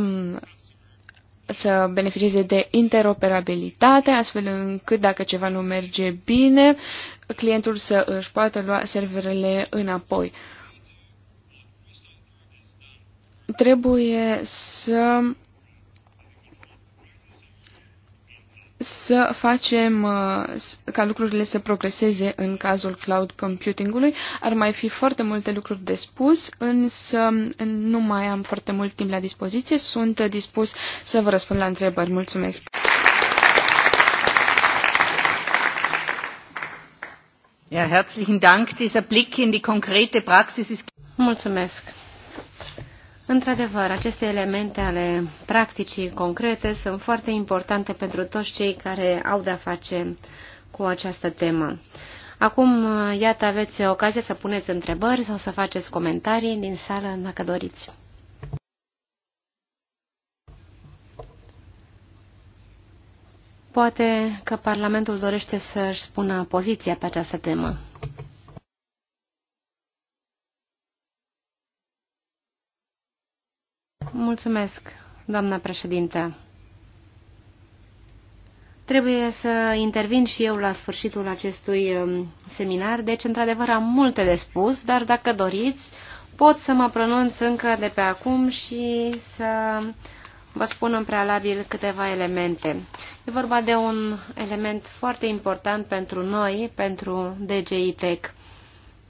să beneficieze de interoperabilitate, astfel încât dacă ceva nu merge bine, clientul să își poată lua serverele înapoi. Trebuie să să facem uh, ca lucrurile să progreseze în cazul cloud computingului. Ar mai fi foarte multe lucruri de spus, însă nu mai am foarte mult timp la dispoziție. Sunt dispus să vă răspund la întrebări. Mulțumesc! Ja, herzlichen Dank. Dieser Blick in die konkrete Praxis ist Mulțumesc. Într-adevăr, aceste elemente ale practicii concrete sunt foarte importante pentru toți cei care au de-a face cu această temă. Acum, iată, aveți ocazia să puneți întrebări sau să faceți comentarii din sală, dacă doriți. Poate că Parlamentul dorește să-și spună poziția pe această temă. Mulțumesc, doamna președinte. Trebuie să intervin și eu la sfârșitul acestui um, seminar, deci într-adevăr am multe de spus, dar dacă doriți, pot să mă pronunț încă de pe acum și să vă spun în prealabil câteva elemente. E vorba de un element foarte important pentru noi, pentru DGI Tech,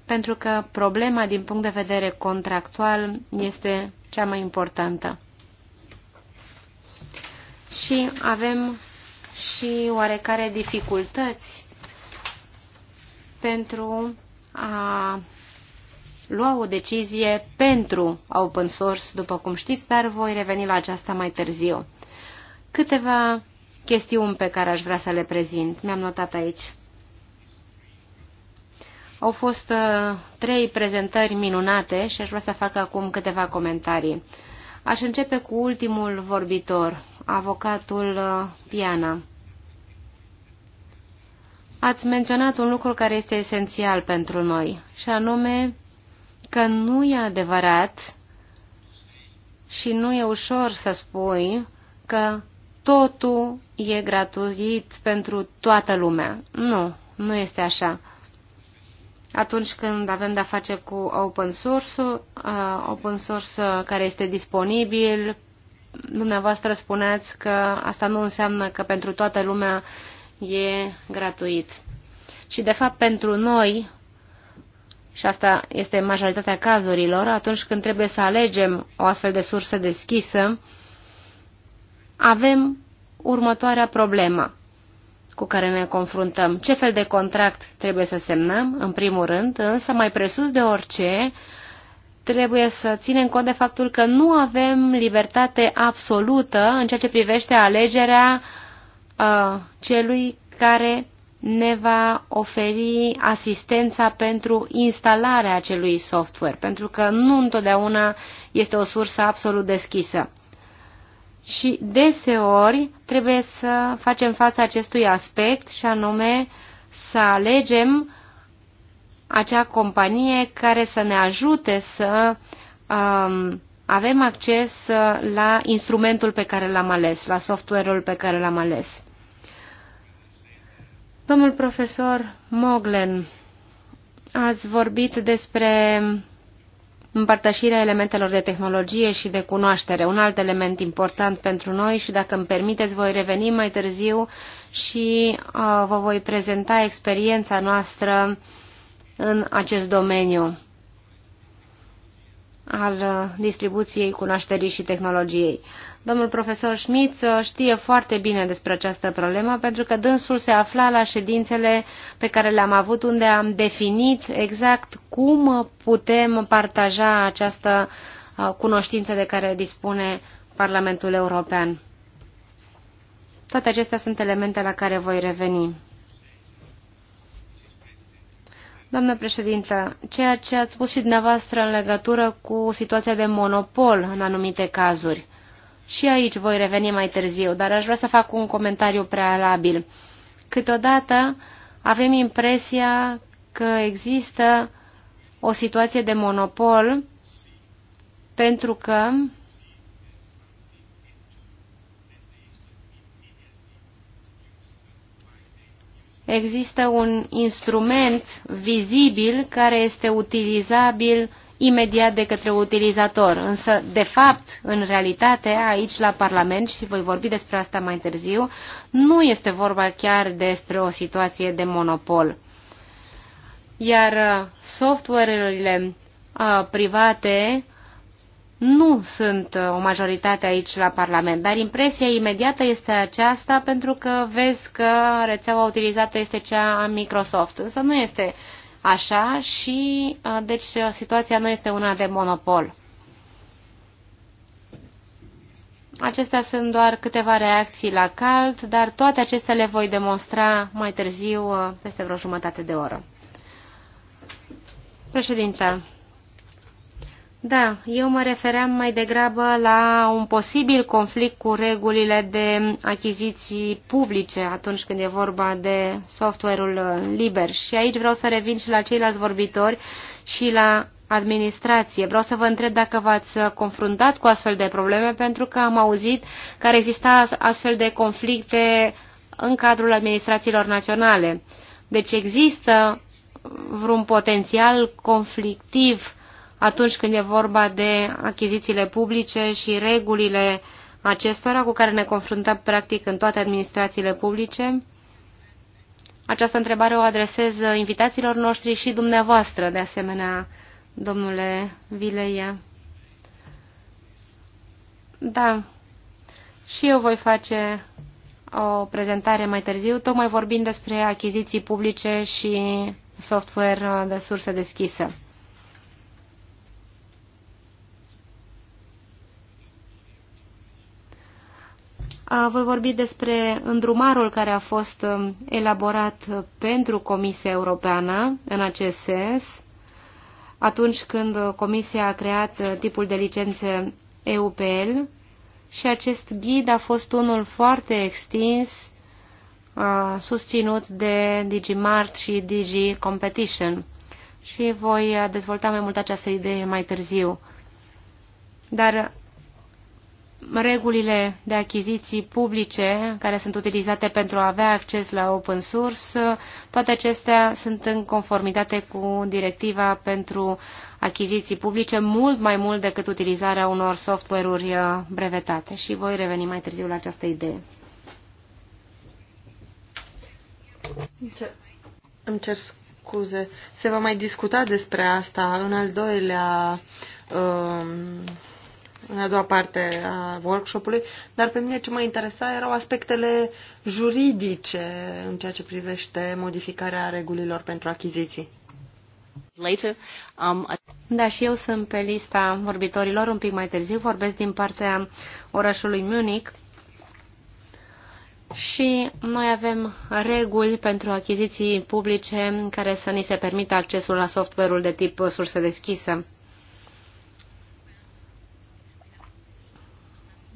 pentru că problema din punct de vedere contractual este cea mai importantă. Și avem și oarecare dificultăți pentru a lua o decizie pentru open source, după cum știți, dar voi reveni la aceasta mai târziu. Câteva chestiuni pe care aș vrea să le prezint. Mi-am notat aici. Au fost uh, trei prezentări minunate și aș vrea să fac acum câteva comentarii. Aș începe cu ultimul vorbitor, avocatul uh, Piana. Ați menționat un lucru care este esențial pentru noi, și anume că nu e adevărat și nu e ușor să spui că totul e gratuit pentru toată lumea. Nu, nu este așa atunci când avem de-a face cu open source, uh, open source care este disponibil, dumneavoastră spuneați că asta nu înseamnă că pentru toată lumea e gratuit. Și de fapt pentru noi, și asta este majoritatea cazurilor, atunci când trebuie să alegem o astfel de sursă deschisă, avem următoarea problemă cu care ne confruntăm. Ce fel de contract trebuie să semnăm, în primul rând, însă mai presus de orice, trebuie să ținem cont de faptul că nu avem libertate absolută în ceea ce privește alegerea uh, celui care ne va oferi asistența pentru instalarea acelui software, pentru că nu întotdeauna este o sursă absolut deschisă. Și deseori trebuie să facem față acestui aspect și anume să alegem acea companie care să ne ajute să um, avem acces la instrumentul pe care l-am ales, la software-ul pe care l-am ales. Domnul profesor Moglen, ați vorbit despre împărtășirea elementelor de tehnologie și de cunoaștere, un alt element important pentru noi și dacă îmi permiteți voi reveni mai târziu și uh, vă voi prezenta experiența noastră în acest domeniu al uh, distribuției cunoașterii și tehnologiei. Domnul profesor Schmitz uh, știe foarte bine despre această problemă pentru că dânsul se afla la ședințele pe care le-am avut unde am definit exact cum putem partaja această uh, cunoștință de care dispune Parlamentul European. Toate acestea sunt elemente la care voi reveni. Doamnă președintă, ceea ce ați spus și dumneavoastră în legătură cu situația de monopol în anumite cazuri. Și aici voi reveni mai târziu, dar aș vrea să fac un comentariu prealabil. Câteodată avem impresia că există o situație de monopol pentru că există un instrument vizibil care este utilizabil imediat de către utilizator. Însă, de fapt, în realitate, aici la Parlament, și voi vorbi despre asta mai târziu, nu este vorba chiar despre o situație de monopol. Iar uh, software-urile uh, private nu sunt uh, o majoritate aici la Parlament, dar impresia imediată este aceasta pentru că vezi că rețeaua utilizată este cea a Microsoft, însă nu este uh, așa și, uh, deci, situația nu este una de monopol. Acestea sunt doar câteva reacții la cald, dar toate acestea le voi demonstra mai târziu, uh, peste vreo jumătate de oră. Președinte, da, eu mă refeream mai degrabă la un posibil conflict cu regulile de achiziții publice atunci când e vorba de software-ul uh, liber. Și aici vreau să revin și la ceilalți vorbitori și la administrație. Vreau să vă întreb dacă v-ați uh, confruntat cu astfel de probleme, pentru că am auzit că ar exista astfel de conflicte în cadrul administrațiilor naționale. Deci există vreun potențial conflictiv atunci când e vorba de achizițiile publice și regulile acestora cu care ne confruntăm practic în toate administrațiile publice? Această întrebare o adresez invitațiilor noștri și dumneavoastră, de asemenea, domnule Vileia. Da, și eu voi face o prezentare mai târziu, tocmai vorbind despre achiziții publice și software de sursă deschisă. Voi vorbi despre îndrumarul care a fost um, elaborat uh, pentru Comisia Europeană în acest sens, atunci când uh, Comisia a creat uh, tipul de licențe EUPL și acest ghid a fost unul foarte extins, susținut de DigiMart și Digi Competition. Și voi dezvolta mai mult această idee mai târziu. Dar regulile de achiziții publice care sunt utilizate pentru a avea acces la open source, toate acestea sunt în conformitate cu directiva pentru achiziții publice mult mai mult decât utilizarea unor software-uri uh, brevetate și voi reveni mai târziu la această idee. Îmi cer, scuze. Se va mai discuta despre asta în al doilea um, în a doua parte a workshopului, dar pe mine ce mă interesa erau aspectele juridice în ceea ce privește modificarea regulilor pentru achiziții. Later, um, da, și eu sunt pe lista vorbitorilor un pic mai târziu, vorbesc din partea orașului Munich și noi avem reguli pentru achiziții publice care să ni se permită accesul la software-ul de tip surse deschisă.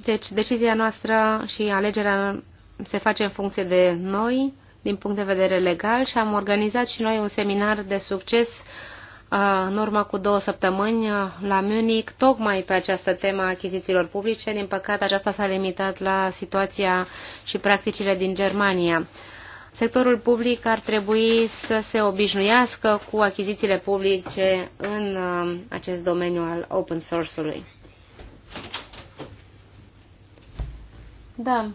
Deci decizia noastră și alegerea se face în funcție de noi, din punct de vedere legal, și am organizat și noi un seminar de succes uh, în urmă cu două săptămâni uh, la Munich, tocmai pe această temă a achizițiilor publice. Din păcate, aceasta s-a limitat la situația și practicile din Germania. Sectorul public ar trebui să se obișnuiască cu achizițiile publice în uh, acest domeniu al open source-ului. Da.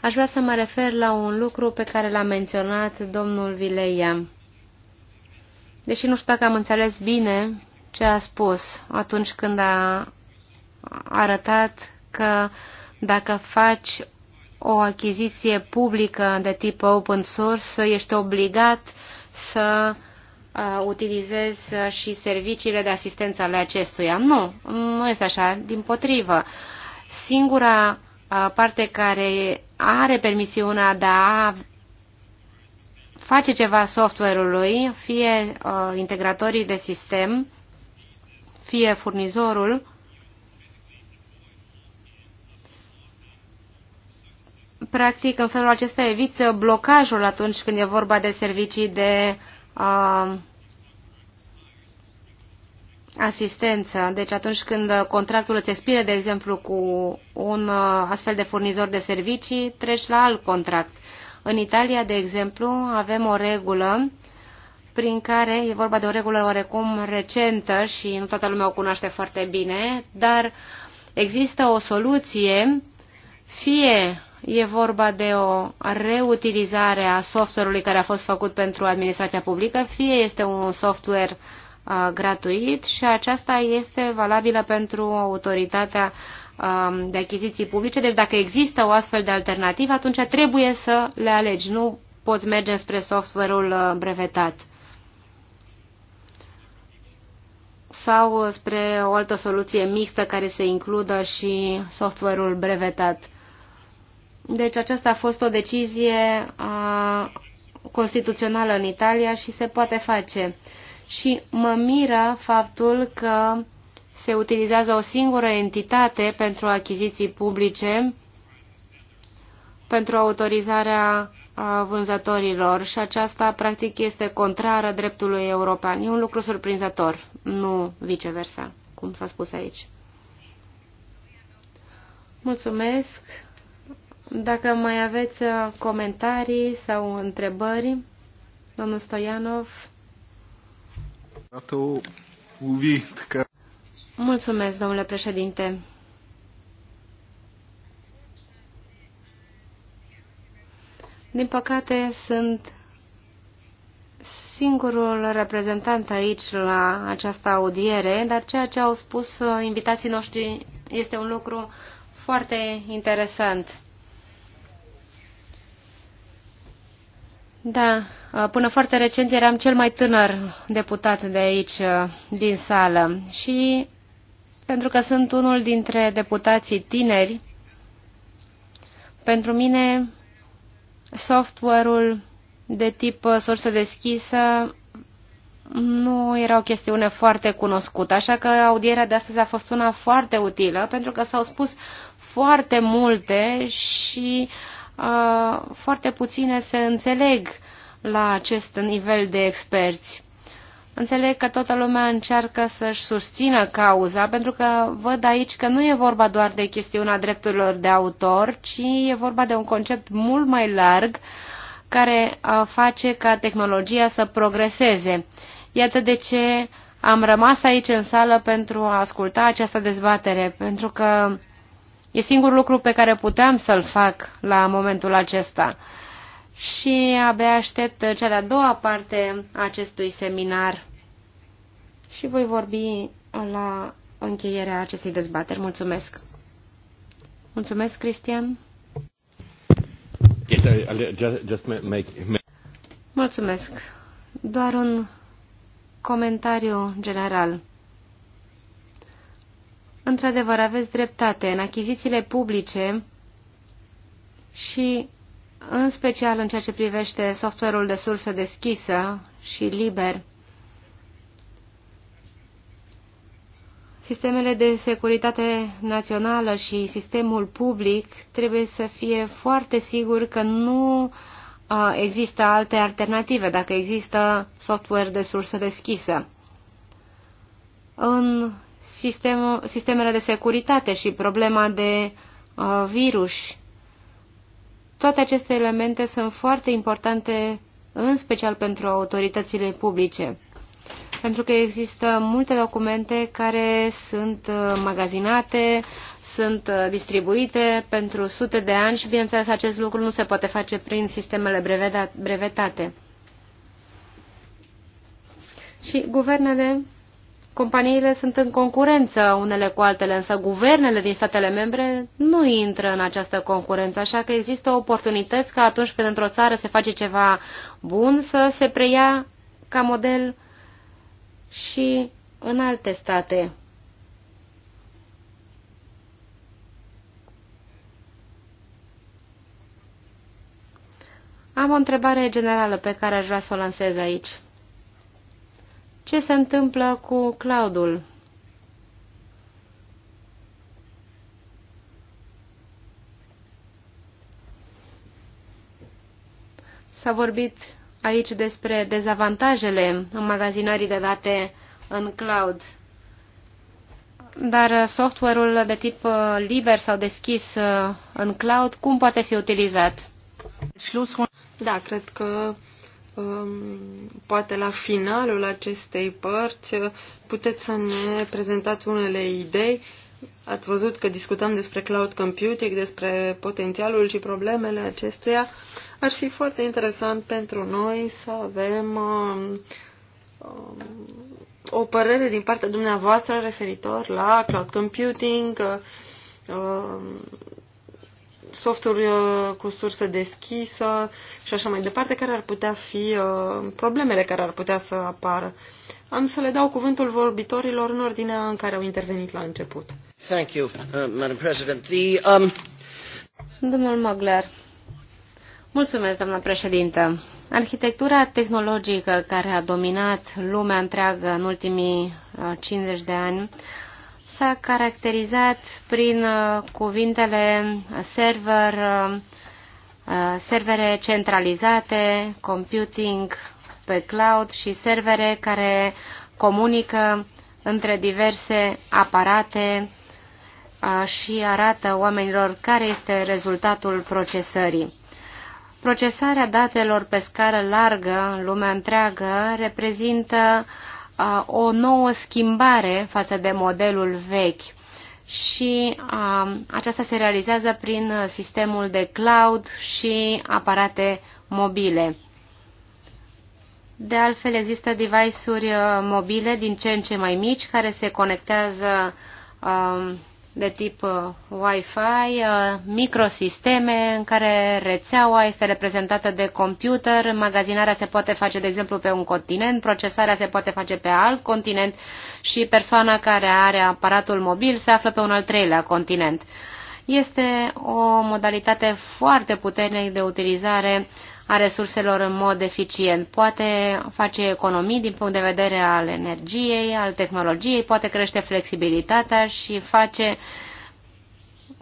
Aș vrea să mă refer la un lucru pe care l-a menționat domnul Vileia. Deși nu știu dacă am înțeles bine ce a spus atunci când a arătat că dacă faci o achiziție publică de tip open source, ești obligat să uh, utilizezi și serviciile de asistență ale acestuia. Nu, nu este așa, din potrivă. Uh, Singura uh, parte care are permisiunea de a face ceva software-ului, fie uh, integratorii de sistem, fie furnizorul, practic în felul acesta eviți blocajul atunci când e vorba de servicii de uh, asistență. Deci atunci când contractul îți expire, de exemplu, cu un uh, astfel de furnizor de servicii, treci la alt contract. În Italia, de exemplu, avem o regulă prin care e vorba de o regulă oarecum recentă și nu toată lumea o cunoaște foarte bine, dar există o soluție, fie e vorba de o reutilizare a software-ului care a fost făcut pentru administrația publică, fie este un software uh, gratuit și aceasta este valabilă pentru autoritatea de achiziții publice. Deci dacă există o astfel de alternativă, atunci trebuie să le alegi. Nu poți merge spre software-ul brevetat sau spre o altă soluție mixtă care să includă și software-ul brevetat. Deci aceasta a fost o decizie a, constituțională în Italia și se poate face și mă miră faptul că se utilizează o singură entitate pentru achiziții publice, pentru autorizarea vânzătorilor și aceasta practic este contrară dreptului european. E un lucru surprinzător, nu viceversa, cum s-a spus aici. Mulțumesc. Dacă mai aveți comentarii sau întrebări, domnul Stoianov. Mulțumesc, domnule președinte. Din păcate, sunt singurul reprezentant aici la această audiere, dar ceea ce au spus invitații noștri este un lucru foarte interesant. Da, uh, până foarte recent eram cel mai tânăr deputat de aici, uh, din sală. Și pentru că sunt unul dintre deputații tineri, pentru mine software-ul de tip uh, sursă deschisă nu era o chestiune foarte cunoscută, așa că audierea de astăzi a fost una foarte utilă, pentru că s-au spus foarte multe și uh, foarte puține se înțeleg la acest nivel de experți. Înțeleg că toată lumea încearcă să-și susțină cauza, pentru că văd aici că nu e vorba doar de chestiunea drepturilor de autor, ci e vorba de un concept mult mai larg care face ca tehnologia să progreseze. Iată de ce am rămas aici în sală pentru a asculta această dezbatere, pentru că E singurul lucru pe care puteam să-l fac la momentul acesta. Și abia aștept cea de-a doua parte a acestui seminar și voi vorbi la încheierea acestei dezbateri. Mulțumesc! Mulțumesc, Cristian! Yes, Mulțumesc! Doar un comentariu general. Într-adevăr, aveți dreptate. În achizițiile publice și în special în ceea ce privește software-ul de sursă deschisă și liber, Sistemele de securitate națională și sistemul public trebuie să fie foarte sigur că nu există alte alternative dacă există software de sursă deschisă. În sistem, sistemele de securitate și problema de uh, virus. Toate aceste elemente sunt foarte importante, în special pentru autoritățile publice, pentru că există multe documente care sunt uh, magazinate, sunt uh, distribuite pentru sute de ani și, bineînțeles, acest lucru nu se poate face prin sistemele brevetate. Și guvernele companiile sunt în concurență unele cu altele, însă guvernele din statele membre nu intră în această concurență, așa că există oportunități ca atunci când într-o țară se face ceva bun să se preia ca model și în alte state. Am o întrebare generală pe care aș vrea să o lansez aici. Ce se întâmplă cu cloudul? S-a vorbit aici despre dezavantajele înmagazinării de date în cloud. Dar software-ul de tip uh, liber sau deschis uh, în cloud, cum poate fi utilizat? Da, cred că Um, poate la finalul acestei părți uh, puteți să ne prezentați unele idei. Ați văzut că discutăm despre cloud computing, despre potențialul și problemele acestuia. Ar fi foarte interesant pentru noi să avem um, um, o părere din partea dumneavoastră referitor la cloud computing, uh, um, softuri uh, cu sursă deschisă și așa mai departe, care ar putea fi uh, problemele care ar putea să apară. Am să le dau cuvântul vorbitorilor în ordinea în care au intervenit la început. Thank you, uh, Madam President. The, um... Domnul Mogler, mulțumesc, doamna președintă. Arhitectura tehnologică care a dominat lumea întreagă în ultimii 50 uh, de ani s-a caracterizat prin uh, cuvintele server, uh, uh, servere centralizate, computing pe cloud și servere care comunică între diverse aparate și arată oamenilor care este rezultatul procesării. Procesarea datelor pe scară largă în lumea întreagă reprezintă uh, o nouă schimbare față de modelul vechi și a, aceasta se realizează prin sistemul de cloud și aparate mobile. De altfel, există device-uri mobile din ce în ce mai mici care se conectează a, de tip uh, Wi-Fi, uh, microsisteme în care rețeaua este reprezentată de computer, magazinarea se poate face, de exemplu, pe un continent, procesarea se poate face pe alt continent și persoana care are aparatul mobil se află pe un al treilea continent. Este o modalitate foarte puternic de utilizare a resurselor în mod eficient. Poate face economii din punct de vedere al energiei, al tehnologiei, poate crește flexibilitatea și face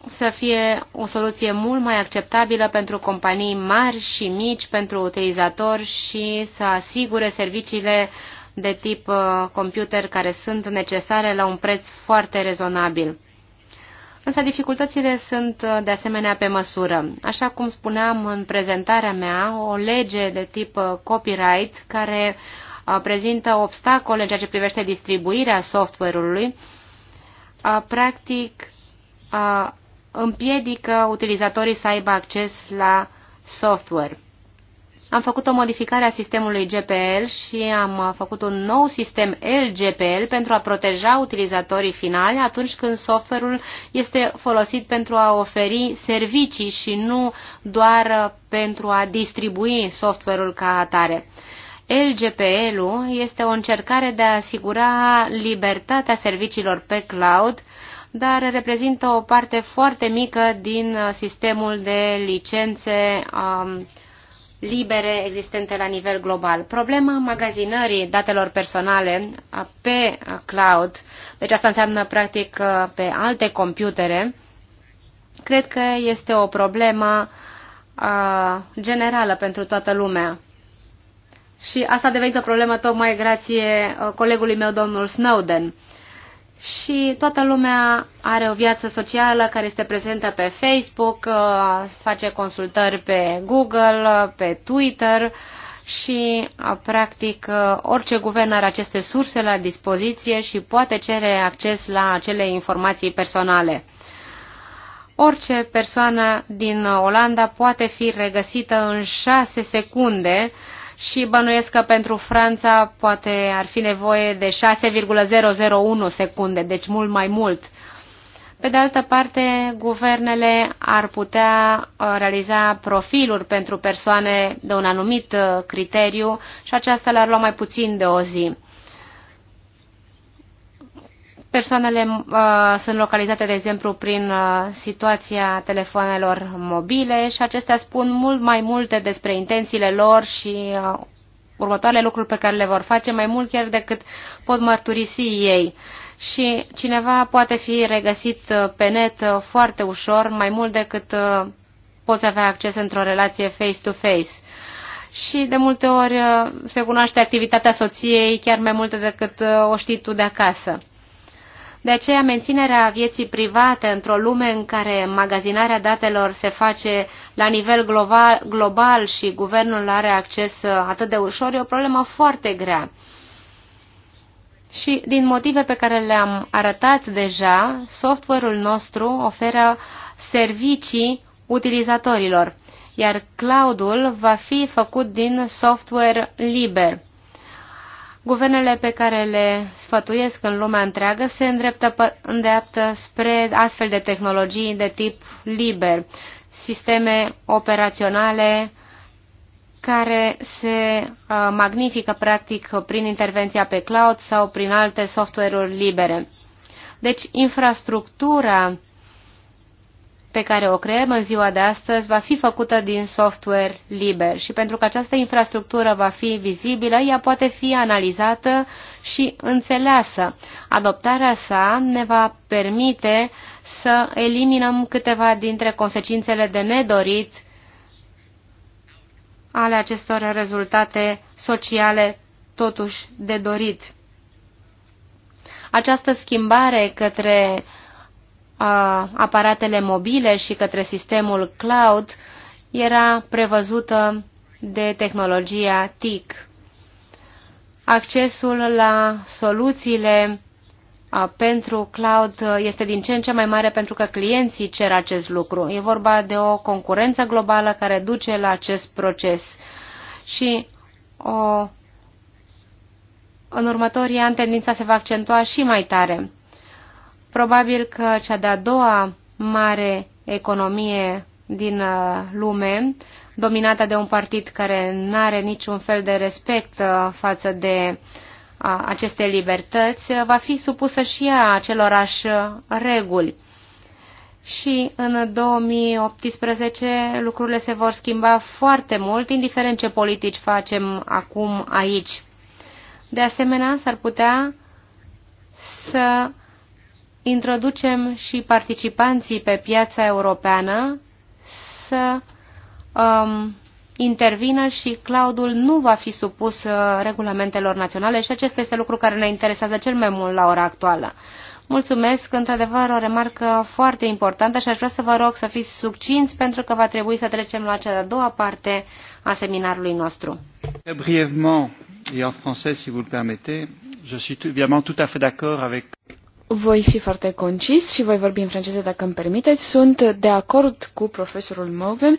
să fie o soluție mult mai acceptabilă pentru companii mari și mici, pentru utilizatori și să asigure serviciile de tip uh, computer care sunt necesare la un preț foarte rezonabil. Însă dificultățile sunt uh, de asemenea pe măsură. Așa cum spuneam în prezentarea mea, o lege de tip uh, copyright care uh, prezintă obstacole în ceea ce privește distribuirea software-ului, practic împiedică utilizatorii să aibă acces la software. Am făcut o modificare a sistemului GPL și am făcut un nou sistem LGPL pentru a proteja utilizatorii finali atunci când software-ul este folosit pentru a oferi servicii și nu doar pentru a distribui software-ul ca atare. LGPL-ul este o încercare de a asigura libertatea serviciilor pe cloud, dar reprezintă o parte foarte mică din sistemul de licențe um, libere existente la nivel global. Problema magazinării datelor personale pe cloud, deci asta înseamnă practic pe alte computere, cred că este o problemă generală pentru toată lumea. Și asta a devenit o problemă tocmai grație colegului meu, domnul Snowden. Uh, și toată lumea are o viață socială care este prezentă pe Facebook, uh, face consultări pe Google, uh, pe Twitter și, uh, practic, orice guvern are aceste surse la dispoziție și poate cere acces la acele informații personale. Orice persoană din Olanda poate fi regăsită în șase secunde uh, și bănuiesc că pentru Franța poate ar fi nevoie de 6,001 secunde, deci mult mai mult. Pe de altă parte, guvernele ar putea uh, realiza profiluri pentru persoane de un anumit uh, criteriu și aceasta le-ar lua mai puțin de o zi. Persoanele uh, sunt localizate, de exemplu, prin uh, situația telefonelor mobile și acestea spun mult mai multe despre intențiile lor și uh, următoarele lucruri pe care le vor face, mai mult chiar decât pot mărturisi ei. Și cineva poate fi regăsit uh, pe net uh, foarte ușor, mai mult decât uh, poți avea acces într-o relație face-to-face. -face. Și de multe ori uh, se cunoaște activitatea soției chiar mai multe decât o știi tu de acasă. De aceea, menținerea vieții private într-o lume în care magazinarea datelor se face la nivel global, global și guvernul are acces atât de ușor, e o problemă foarte grea. Și din motive pe care le-am arătat deja, software-ul nostru oferă servicii utilizatorilor, iar cloud-ul va fi făcut din software liber. Guvernele pe care le sfătuiesc în lumea întreagă se îndreptă, îndreaptă spre astfel de tehnologii de tip liber, sisteme operaționale care se uh, magnifică practic prin intervenția pe cloud sau prin alte software-uri libere. Deci infrastructura pe care o creăm în ziua de astăzi va fi făcută din software liber și pentru că această infrastructură va fi vizibilă, ea poate fi analizată și înțeleasă. Adoptarea sa ne va permite să eliminăm câteva dintre consecințele de nedorit ale acestor rezultate sociale totuși de dorit. Această schimbare către aparatele mobile și către sistemul cloud era prevăzută de tehnologia TIC. Accesul la soluțiile pentru cloud este din ce în ce mai mare pentru că clienții cer acest lucru. E vorba de o concurență globală care duce la acest proces. Și o, în următorii ani tendința se va accentua și mai tare. Probabil că cea de-a doua mare economie din uh, lume, dominată de un partid care nu are niciun fel de respect uh, față de uh, aceste libertăți, va fi supusă și ea acelorași reguli. Și în 2018 lucrurile se vor schimba foarte mult, indiferent ce politici facem acum aici. De asemenea, s-ar putea să introducem și participanții pe piața europeană să um, intervină și cloudul nu va fi supus uh, regulamentelor naționale și acesta este lucru care ne interesează cel mai mult la ora actuală. Mulțumesc, într-adevăr, o remarcă foarte importantă și aș vrea să vă rog să fiți succinți pentru că va trebui să trecem la cea de-a doua parte a seminarului nostru. Brievement, et en français, si vous le permettez, je suis évidemment tout à fait d'accord avec voi fi foarte concis și voi vorbi în franceză dacă îmi permiteți. Sunt de acord cu profesorul Morgan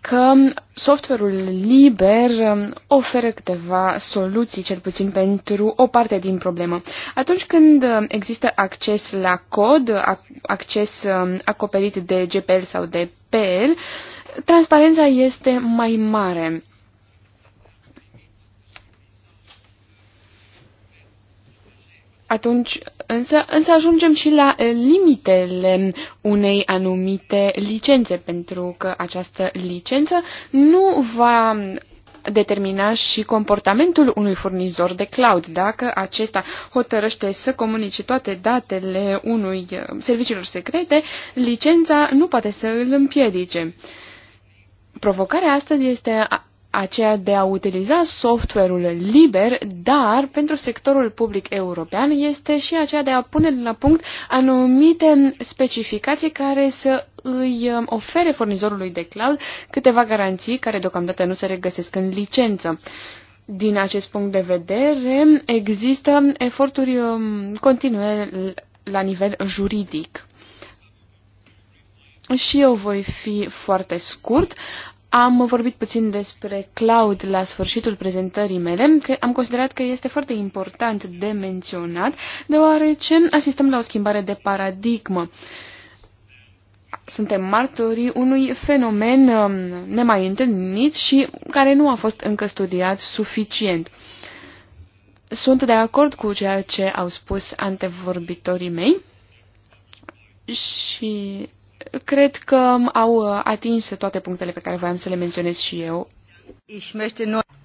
că software-ul liber um, oferă câteva soluții, cel puțin pentru o parte din problemă. Atunci când um, există acces la cod, acces um, acoperit de GPL sau de PL, transparența este mai mare. Atunci Însă, însă ajungem și la eh, limitele unei anumite licențe, pentru că această licență nu va determina și comportamentul unui furnizor de cloud. Dacă acesta hotărăște să comunice toate datele unui eh, serviciilor secrete, licența nu poate să îl împiedice. Provocarea astăzi este aceea de a utiliza software-ul liber, dar pentru sectorul public european este și aceea de a pune la punct anumite specificații care să îi um, ofere furnizorului de cloud câteva garanții care deocamdată nu se regăsesc în licență. Din acest punct de vedere, există eforturi um, continue la nivel juridic și eu voi fi foarte scurt. Am vorbit puțin despre cloud la sfârșitul prezentării mele. Am considerat că este foarte important de menționat, deoarece asistăm la o schimbare de paradigmă. Suntem martorii unui fenomen um, nemai întâlnit și care nu a fost încă studiat suficient. Sunt de acord cu ceea ce au spus antevorbitorii mei și Cred că au uh, atins toate punctele pe care voiam să le menționez și eu.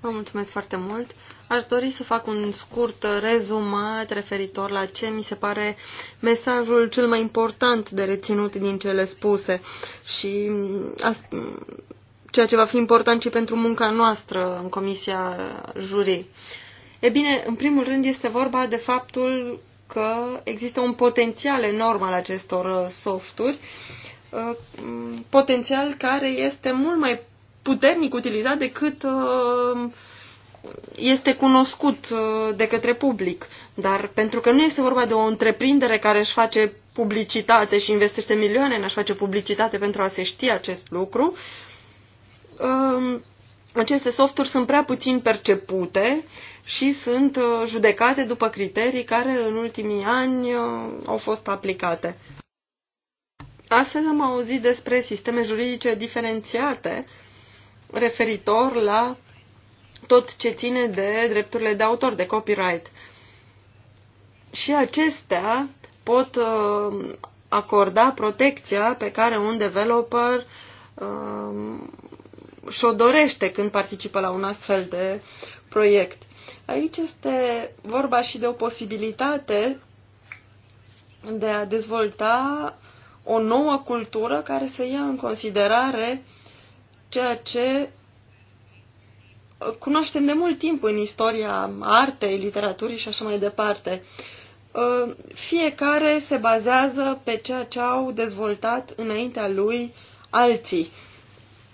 Vă mulțumesc foarte mult. Aș dori să fac un scurt rezumat referitor la ce mi se pare mesajul cel mai important de reținut din cele spuse și ceea ce va fi important și pentru munca noastră în Comisia Jurii. E bine, în primul rând este vorba de faptul că există un potențial enorm al acestor uh, softuri, uh, potențial care este mult mai puternic utilizat decât uh, este cunoscut de către public. Dar pentru că nu este vorba de o întreprindere care își face publicitate și investește milioane în a-și face publicitate pentru a se ști acest lucru, um, aceste softuri sunt prea puțin percepute și sunt uh, judecate după criterii care în ultimii ani uh, au fost aplicate. Astfel am auzit despre sisteme juridice diferențiate referitor la tot ce ține de drepturile de autor, de copyright. Și acestea pot uh, acorda protecția pe care un developer și-o dorește când participă la un astfel de proiect. Aici este vorba și de o posibilitate de a dezvolta o nouă cultură care să ia în considerare ceea ce cunoaștem de mult timp în istoria artei, literaturii și așa mai departe. Uh, fiecare se bazează pe ceea ce au dezvoltat înaintea lui alții.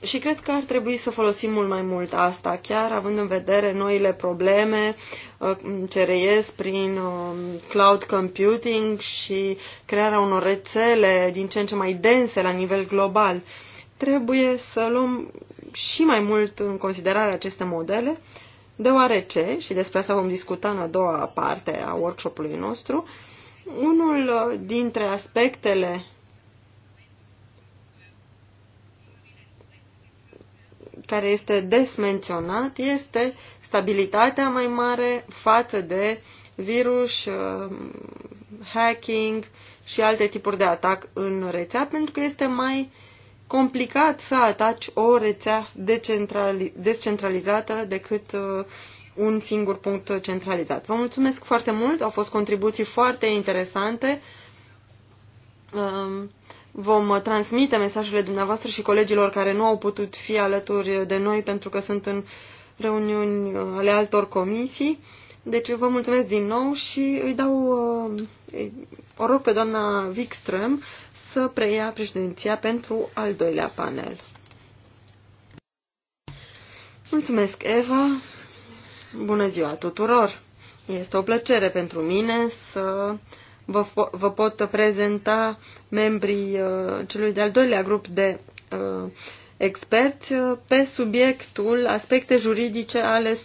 Și cred că ar trebui să folosim mult mai mult asta, chiar având în vedere noile probleme uh, ce reies prin um, cloud computing și crearea unor rețele din ce în ce mai dense la nivel global. Trebuie să luăm și mai mult în considerare aceste modele, deoarece, și despre asta vom discuta în a doua parte a workshopului nostru, unul uh, dintre aspectele care este des menționat este stabilitatea mai mare față de virus, uh, hacking și alte tipuri de atac în rețea, pentru că este mai complicat să ataci o rețea descentralizată decât uh, un singur punct centralizat. Vă mulțumesc foarte mult, au fost contribuții foarte interesante um, Vom uh, transmite mesajele dumneavoastră și colegilor care nu au putut fi alături de noi pentru că sunt în reuniuni uh, ale altor comisii. Deci vă mulțumesc din nou și îi dau, uh, o rog pe doamna Wikström să preia președinția pentru al doilea panel. Mulțumesc, Eva! Bună ziua tuturor! Este o plăcere pentru mine să vă, vă pot prezenta membrii uh, celui de-al doilea grup de uh, experți uh, pe subiectul aspecte juridice ale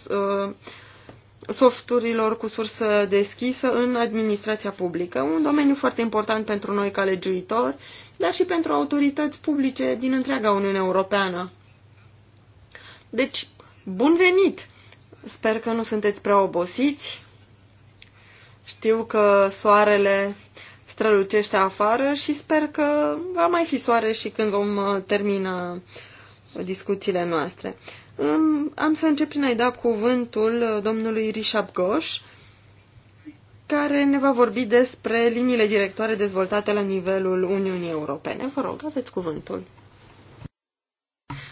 softurilor cu sursă deschisă în administrația publică, un domeniu foarte important pentru noi ca legiuitori, dar și pentru autorități publice din întreaga Uniune Europeană. Deci, bun venit! Sper că nu sunteți prea obosiți. Știu că soarele strălucește afară și sper că va mai fi soare și când vom uh, termina discuțiile noastre. Am să încep prin a-i da cuvântul uh, domnului Rishab Ghosh, care ne va vorbi despre liniile directoare dezvoltate la nivelul Uniunii Europene. Vă rog, aveți cuvântul.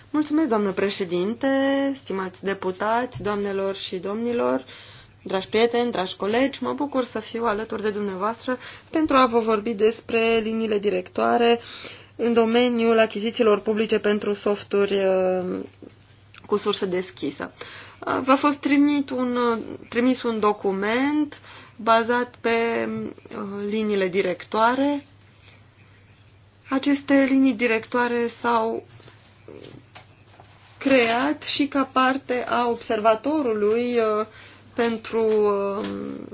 Mulțumesc, doamnă președinte, stimați deputați, doamnelor și domnilor. Dragi prieteni, dragi colegi, mă bucur să fiu alături de dumneavoastră pentru a vă vorbi despre liniile directoare în domeniul achizițiilor publice pentru softuri uh, cu sursă deschisă. Uh, v-a fost trimit un, uh, trimis un document bazat pe liniile directoare. Aceste linii directoare s-au creat și ca parte a observatorului uh, pentru um,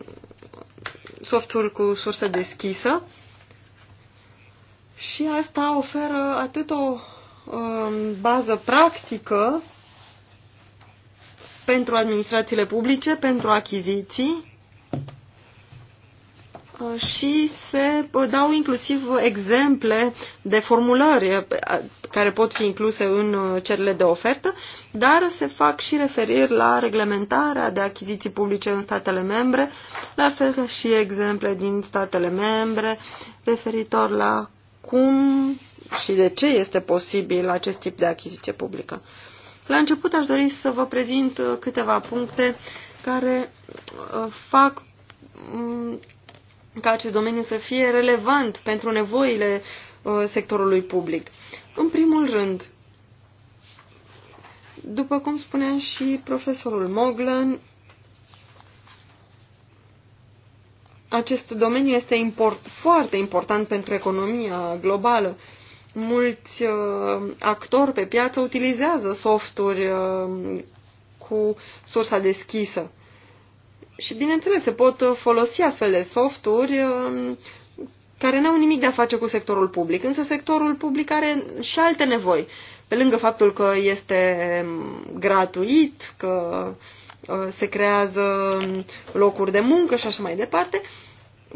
softuri cu sursă deschisă și asta oferă atât o um, bază practică pentru administrațiile publice, pentru achiziții, și se dau inclusiv exemple de formulări eh, care pot fi incluse în eh, cerile de ofertă, dar se fac și referiri la reglementarea de achiziții publice în statele membre, la fel ca și exemple din statele membre referitor la cum și de ce este posibil acest tip de achiziție publică. La început aș dori să vă prezint eh, câteva puncte care fac mm, ca acest domeniu să fie relevant pentru nevoile uh, sectorului public. În primul rând, după cum spunea și profesorul Moglan, acest domeniu este import, foarte important pentru economia globală. Mulți uh, actori pe piață utilizează softuri uh, cu sursa deschisă. Și bineînțeles, se pot uh, folosi astfel de softuri um, care n-au nimic de a face cu sectorul public, însă sectorul public are și alte nevoi. Pe lângă faptul că este um, gratuit, că uh, se creează um, locuri de muncă și așa mai departe,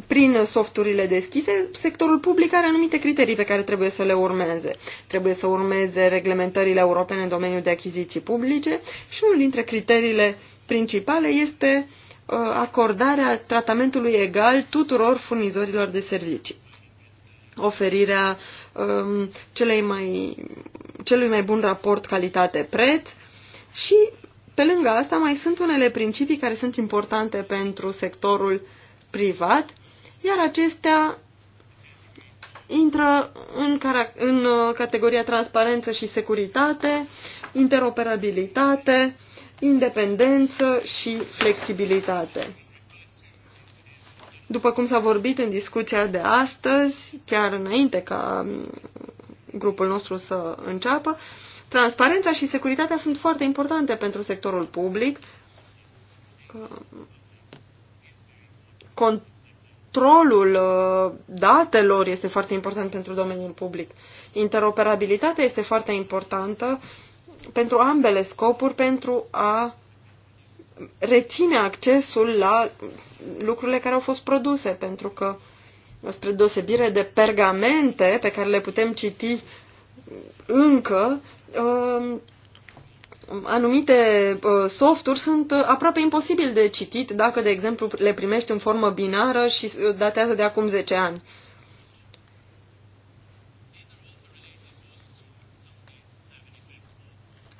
prin softurile deschise, sectorul public are anumite criterii pe care trebuie să le urmeze. Trebuie să urmeze reglementările europene în domeniul de achiziții publice și unul dintre criteriile principale este uh, acordarea tratamentului egal tuturor furnizorilor de servicii, oferirea um, celei mai, celui mai bun raport calitate-preț și, pe lângă asta, mai sunt unele principii care sunt importante pentru sectorul privat, iar acestea intră în, în uh, categoria transparență și securitate, interoperabilitate, independență și flexibilitate. După cum s-a vorbit în discuția de astăzi, chiar înainte ca um, grupul nostru să înceapă, transparența și securitatea sunt foarte importante pentru sectorul public. Controlul uh, datelor este foarte important pentru domeniul public. Interoperabilitatea este foarte importantă pentru ambele scopuri, pentru a reține accesul la lucrurile care au fost produse, pentru că, spre deosebire de pergamente pe care le putem citi încă, um, anumite uh, softuri sunt uh, aproape imposibil de citit dacă, de exemplu, le primești în formă binară și uh, datează de acum 10 ani.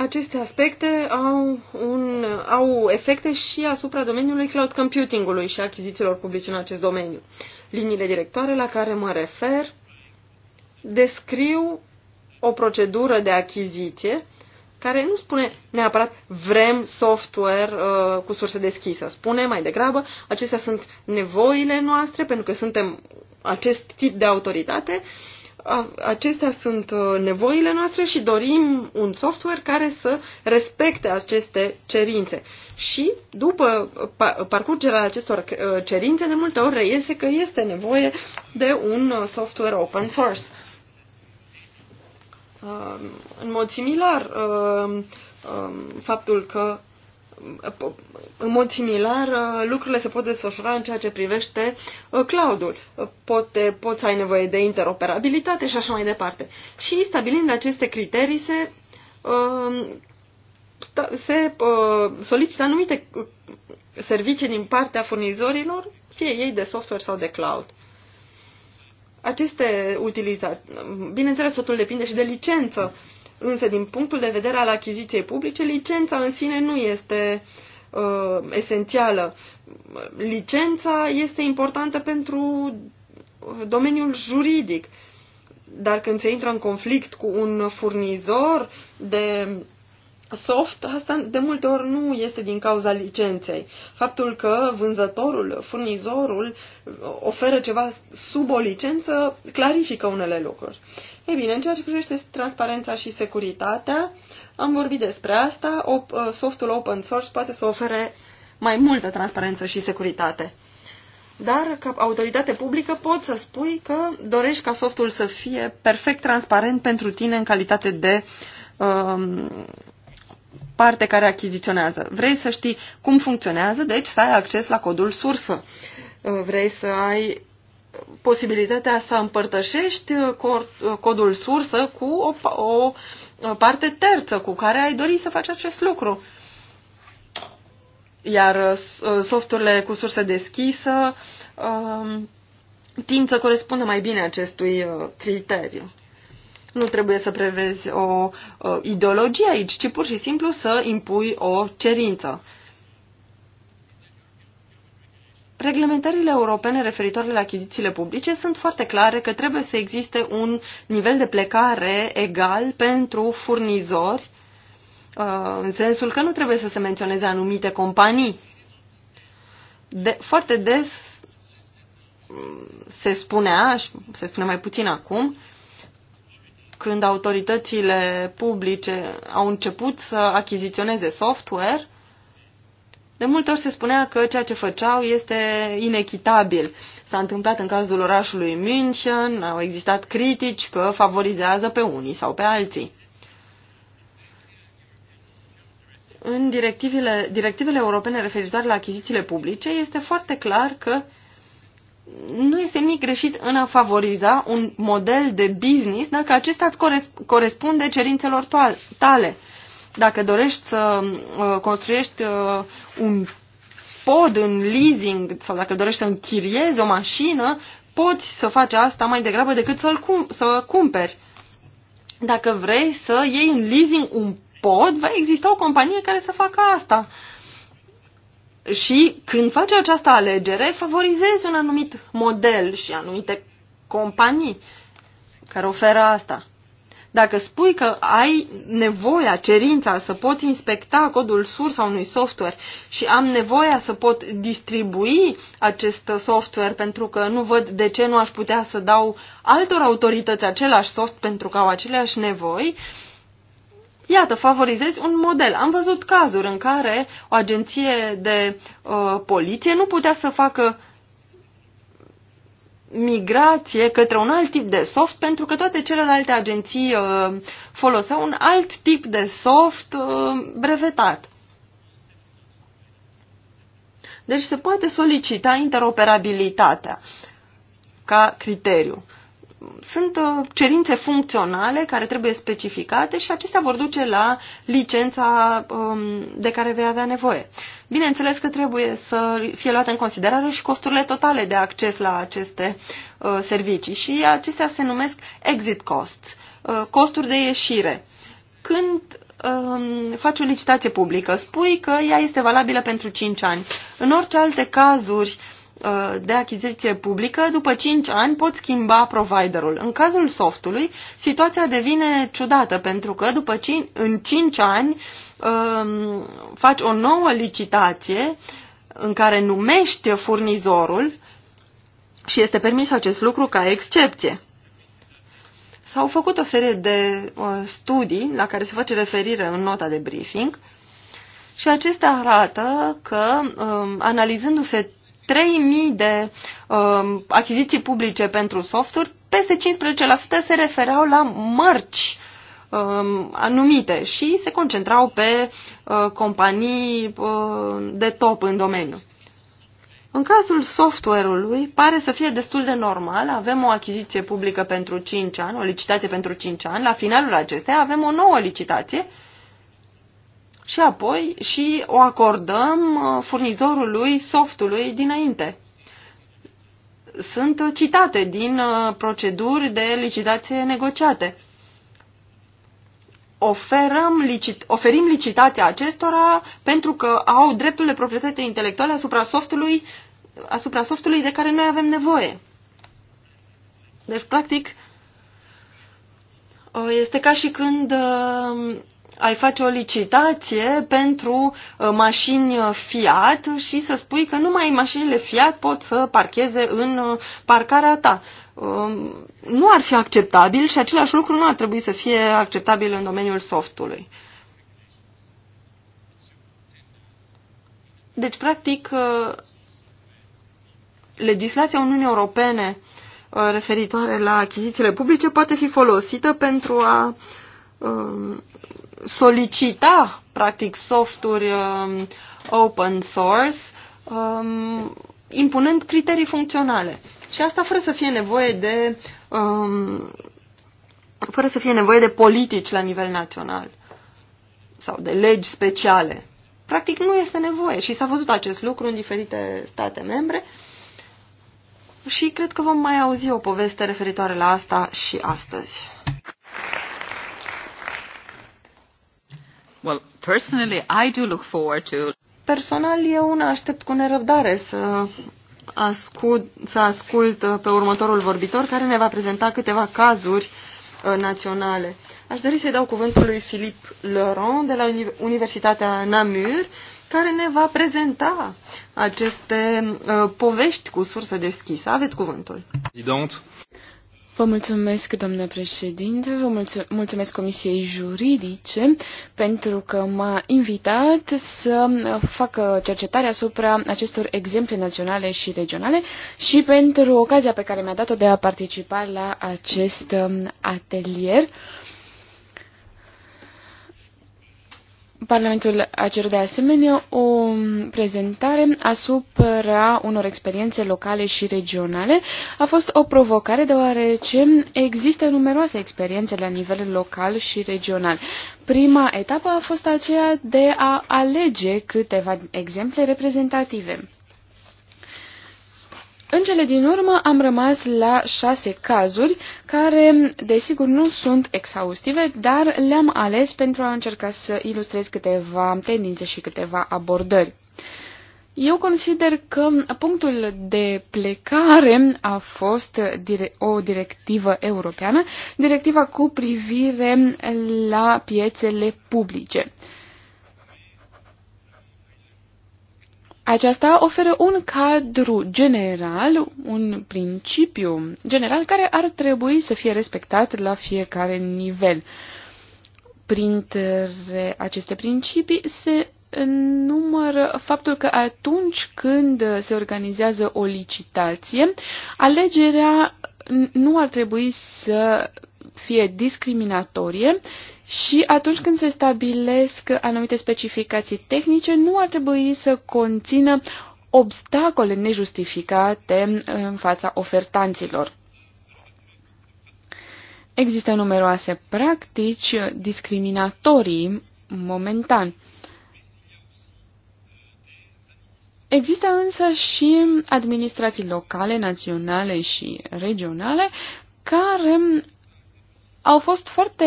aceste aspecte au, un, au efecte și asupra domeniului cloud computingului și achizițiilor publice în acest domeniu. Liniile directoare la care mă refer descriu o procedură de achiziție care nu spune neapărat vrem software uh, cu sursă deschisă. Spune mai degrabă, acestea sunt nevoile noastre pentru că suntem acest tip de autoritate acestea sunt uh, nevoile noastre și dorim un software care să respecte aceste cerințe. Și după parcurgerea acestor uh, cerințe, de multe ori reiese că este nevoie de un uh, software open source. În mod similar, faptul că în mod similar, uh, lucrurile se pot desfășura în ceea ce privește uh, cloud-ul. Uh, Poate, poți ai nevoie de interoperabilitate și așa mai departe. Și stabilind aceste criterii se, se solicită anumite servicii din partea furnizorilor, fie ei de software sau de cloud. Aceste utilizații, bineînțeles, totul depinde și de licență Însă, din punctul de vedere al achiziției publice, licența în sine nu este uh, esențială. Licența este importantă pentru domeniul juridic. Dar când se intră în conflict cu un furnizor de soft, asta de multe ori nu este din cauza licenței. Faptul că vânzătorul, furnizorul oferă ceva sub o licență clarifică unele lucruri. Ei bine, în ceea ce privește transparența și securitatea, am vorbit despre asta. Uh, softul open source poate să ofere mai multă transparență și securitate. Dar, ca autoritate publică, poți să spui că dorești ca softul să fie perfect transparent pentru tine în calitate de um, parte care achiziționează. Vrei să știi cum funcționează, deci să ai acces la codul sursă. Uh, vrei să ai posibilitatea să împărtășești codul sursă cu o, o parte terță cu care ai dori să faci acest lucru. Iar uh, softurile cu sursă deschisă um, tind să corespundă mai bine acestui uh, criteriu. Nu trebuie să prevezi o, o uh, ideologie aici, ci pur și simplu să impui o cerință. Reglementările europene referitoare la achizițiile publice sunt foarte clare că trebuie să existe un nivel de plecare egal pentru furnizori, uh, în sensul că nu trebuie să se menționeze anumite companii. De, foarte des se spunea, se spune mai puțin acum, când autoritățile publice au început să achiziționeze software, de multe ori se spunea că ceea ce făceau este inechitabil. S-a întâmplat în cazul orașului München, au existat critici că favorizează pe unii sau pe alții. În directivele, directivele europene referitoare la achizițiile publice este foarte clar că nu este nimic greșit în a favoriza un model de business dacă acesta îți corespunde cerințelor tale dacă dorești să uh, construiești uh, un pod în leasing sau dacă dorești să închiriezi o mașină, poți să faci asta mai degrabă decât să-l cum- să cumperi. Dacă vrei să iei în leasing un pod, va exista o companie care să facă asta. Și când faci această alegere, favorizezi un anumit model și anumite companii care oferă asta. Dacă spui că ai nevoia, cerința să poți inspecta codul sursă a unui software și am nevoia să pot distribui acest software pentru că nu văd de ce nu aș putea să dau altor autorități același soft pentru că au aceleași nevoi, Iată, favorizezi un model. Am văzut cazuri în care o agenție de uh, poliție nu putea să facă migrație către un alt tip de soft, pentru că toate celelalte agenții uh, foloseau un alt tip de soft uh, brevetat. Deci se poate solicita interoperabilitatea ca criteriu. Sunt uh, cerințe funcționale care trebuie specificate și acestea vor duce la licența um, de care vei avea nevoie. Bineînțeles că trebuie să fie luate în considerare și costurile totale de acces la aceste uh, servicii și acestea se numesc exit costs, uh, costuri de ieșire. Când um, faci o licitație publică, spui că ea este valabilă pentru 5 ani. În orice alte cazuri uh, de achiziție publică, după 5 ani poți schimba providerul. În cazul softului, situația devine ciudată pentru că după 5, în 5 ani Um, faci o nouă licitație în care numești furnizorul și este permis acest lucru ca excepție. S-au făcut o serie de uh, studii la care se face referire în nota de briefing și acestea arată că, um, analizându-se 3.000 de um, achiziții publice pentru softuri, peste 15% se refereau la mărci Um, anumite și se concentrau pe uh, companii uh, de top în domeniu. În cazul software-ului, pare să fie destul de normal. Avem o achiziție publică pentru 5 ani, o licitație pentru 5 ani. La finalul acesteia avem o nouă licitație și apoi și o acordăm uh, furnizorului softului dinainte. Sunt citate din proceduri de licitație negociate oferăm, licit, oferim licitația acestora pentru că au dreptul de proprietate intelectuală asupra softului, asupra softului de care noi avem nevoie. Deci, practic, ă, este ca și când ă, ai face o licitație pentru ă, mașini Fiat și să spui că numai mașinile Fiat pot să parcheze în parcarea ta nu ar fi acceptabil și același lucru nu ar trebui să fie acceptabil în domeniul softului. Deci, practic, uh, legislația Uniunii Europene uh, referitoare la achizițiile publice poate fi folosită pentru a um, solicita, practic, softuri um, open source, um, impunând criterii funcționale. Și asta fără să fie nevoie de um, fără să fie nevoie de politici la nivel național sau de legi speciale. Practic nu este nevoie și s-a văzut acest lucru în diferite state membre și cred că vom mai auzi o poveste referitoare la asta și astăzi. Well, personally, I do look forward to... Personal, eu nu aștept cu nerăbdare să ascult, să ascult uh, pe următorul vorbitor care ne va prezenta câteva cazuri uh, naționale. Aș dori să-i dau cuvântul lui Philippe Laurent de la Universitatea Namur, care ne va prezenta aceste uh, povești cu sursă deschisă. Aveți cuvântul. Vă mulțumesc, domnule președinte, vă mulțumesc Comisiei Juridice pentru că m-a invitat să fac cercetare asupra acestor exemple naționale și regionale și pentru ocazia pe care mi-a dat-o de a participa la acest um, atelier. Uh, Parlamentul a cerut de asemenea o prezentare asupra unor experiențe locale și regionale. A fost o provocare deoarece există numeroase experiențe la nivel local și regional. Prima etapă a fost aceea de a alege câteva exemple reprezentative. În cele din urmă am rămas la șase cazuri care, desigur, nu sunt exhaustive, dar le-am ales pentru a încerca să ilustrez câteva tendințe și câteva abordări. Eu consider că punctul de plecare a fost o directivă europeană, directiva cu privire la piețele publice. Aceasta oferă un cadru general, un principiu general care ar trebui să fie respectat la fiecare nivel. Printre aceste principii se numără faptul că atunci când se organizează o licitație, alegerea nu ar trebui să fie discriminatorie, și atunci când se stabilesc anumite specificații tehnice, nu ar trebui să conțină obstacole nejustificate în fața ofertanților. Există numeroase practici discriminatorii momentan. Există însă și administrații locale, naționale și regionale care au fost foarte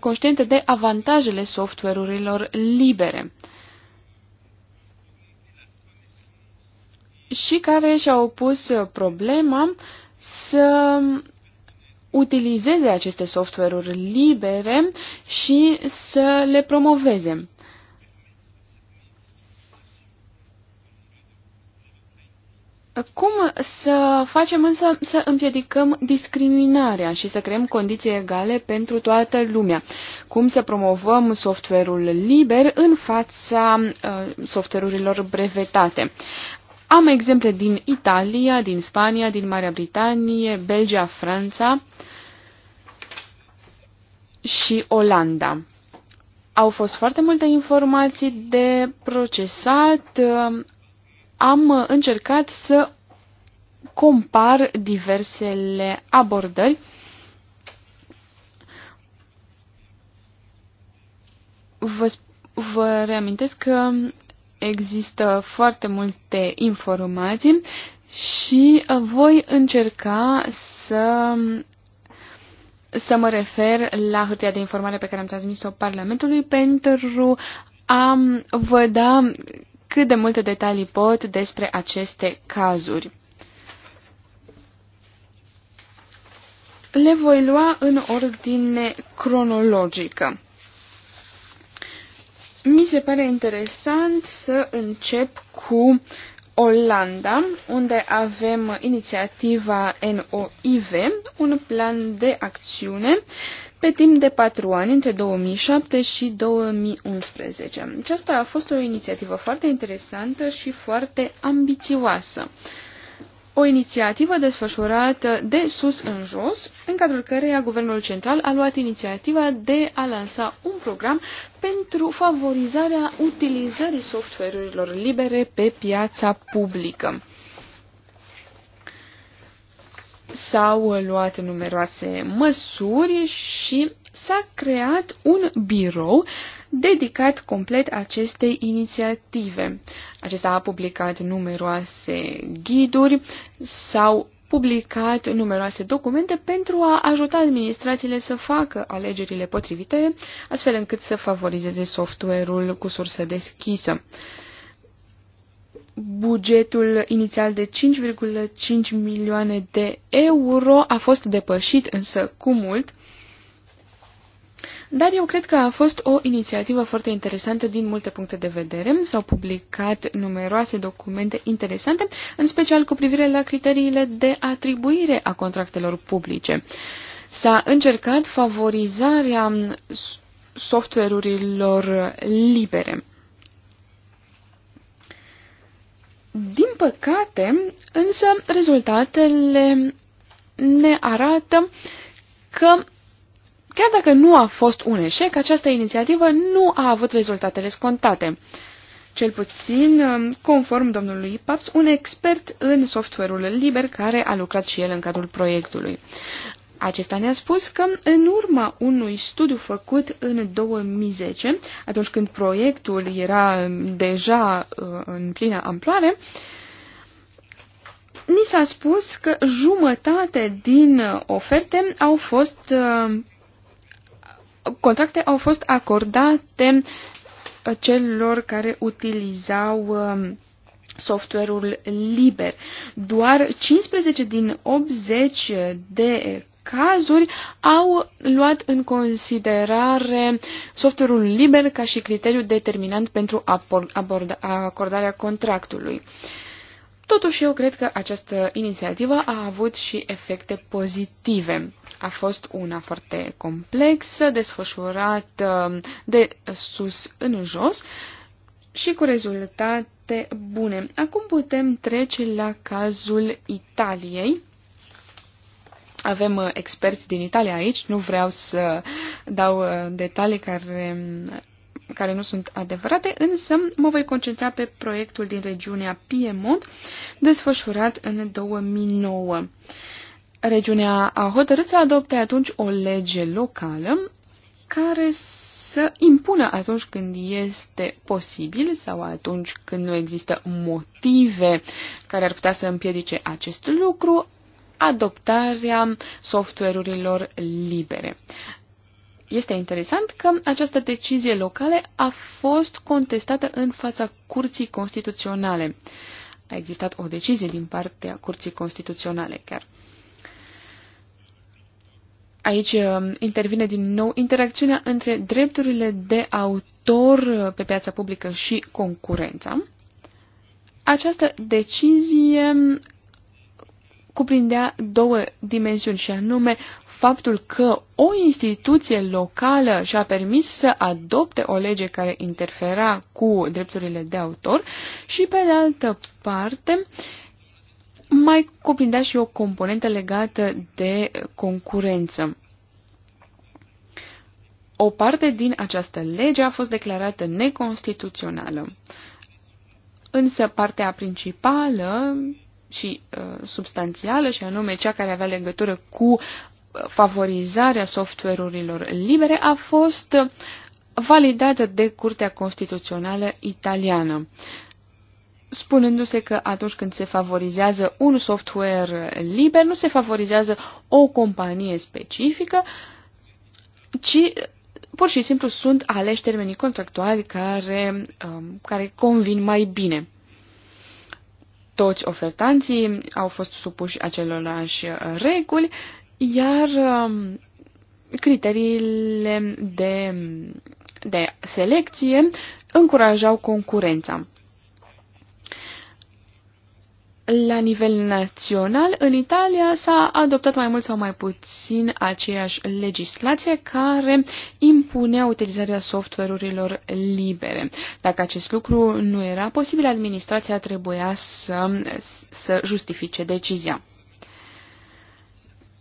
conștiente de avantajele software-urilor libere și care și-au pus problema să utilizeze aceste software-uri libere și să le promoveze. Cum să facem însă să împiedicăm discriminarea și să creăm condiții egale pentru toată lumea? Cum să promovăm software-ul liber în fața uh, software-urilor brevetate? Am exemple din Italia, din Spania, din Marea Britanie, Belgia, Franța și Olanda. Au fost foarte multe informații de procesat, uh, am uh, încercat să compar diversele abordări vă, vă reamintesc că există foarte multe informații și uh, voi încerca să, să mă refer la hârtia de informare pe care am transmis-o Parlamentului pentru a um, vă da cât de multe detalii pot despre aceste cazuri. Le voi lua în ordine cronologică. Mi se pare interesant să încep cu Olanda, unde avem inițiativa NOIV, un plan de acțiune pe timp de patru ani, între 2007 și 2011. Aceasta a fost o inițiativă foarte interesantă și foarte ambițioasă. O inițiativă desfășurată de sus în jos, în cadrul căreia Guvernul Central a luat inițiativa de a lansa un program pentru favorizarea utilizării software-urilor libere pe piața publică. S-au luat numeroase măsuri și s-a creat un birou dedicat complet acestei inițiative. Acesta a publicat numeroase ghiduri, s-au publicat numeroase documente pentru a ajuta administrațiile să facă alegerile potrivite, astfel încât să favorizeze software-ul cu sursă deschisă bugetul inițial de 5,5 milioane de euro a fost depășit însă cu mult, dar eu cred că a fost o inițiativă foarte interesantă din multe puncte de vedere. S-au publicat numeroase documente interesante, în special cu privire la criteriile de atribuire a contractelor publice. S-a încercat favorizarea software-urilor libere. Din păcate, însă, rezultatele ne arată că chiar dacă nu a fost un eșec, această inițiativă nu a avut rezultatele scontate. Cel puțin, conform domnului Paps, un expert în software-ul liber care a lucrat și el în cadrul proiectului. Acesta ne-a spus că în urma unui studiu făcut în 2010, atunci când proiectul era deja uh, în plină amploare, ni s-a spus că jumătate din oferte au fost uh, contracte au fost acordate celor care utilizau um, software-ul liber. Doar 15 din 80 de cazuri au luat în considerare software-ul liber ca și criteriu determinant pentru acordarea contractului. Totuși, eu cred că această inițiativă a avut și efecte pozitive. A fost una foarte complexă, desfășurată um, de sus în jos și cu rezultate bune. Acum putem trece la cazul Italiei avem uh, experți din Italia aici, nu vreau să dau uh, detalii care, care nu sunt adevărate, însă mă voi concentra pe proiectul din regiunea Piemont, desfășurat în 2009. Regiunea a hotărât să adopte atunci o lege locală care să impună atunci când este posibil sau atunci când nu există motive care ar putea să împiedice acest lucru, adoptarea software-urilor libere. Este interesant că această decizie locală a fost contestată în fața Curții Constituționale. A existat o decizie din partea Curții Constituționale chiar. Aici uh, intervine din nou interacțiunea între drepturile de autor uh, pe piața publică și concurența. Această decizie cuprindea două dimensiuni și anume faptul că o instituție locală și-a permis să adopte o lege care interfera cu drepturile de autor și, pe de altă parte, mai cuprindea și o componentă legată de concurență. O parte din această lege a fost declarată neconstituțională. Însă partea principală și uh, substanțială, și anume cea care avea legătură cu uh, favorizarea software-urilor libere, a fost uh, validată de Curtea Constituțională Italiană spunându-se că atunci când se favorizează un software liber, nu se favorizează o companie specifică, ci uh, pur și simplu sunt aleși termenii contractuali care, um, care convin mai bine toți ofertanții au fost supuși acelorași uh, reguli, iar um, criteriile de, de selecție încurajau concurența la nivel național, în Italia s-a adoptat mai mult sau mai puțin aceeași legislație care impunea utilizarea software-urilor libere. Dacă acest lucru nu era posibil, administrația trebuia să, să justifice decizia.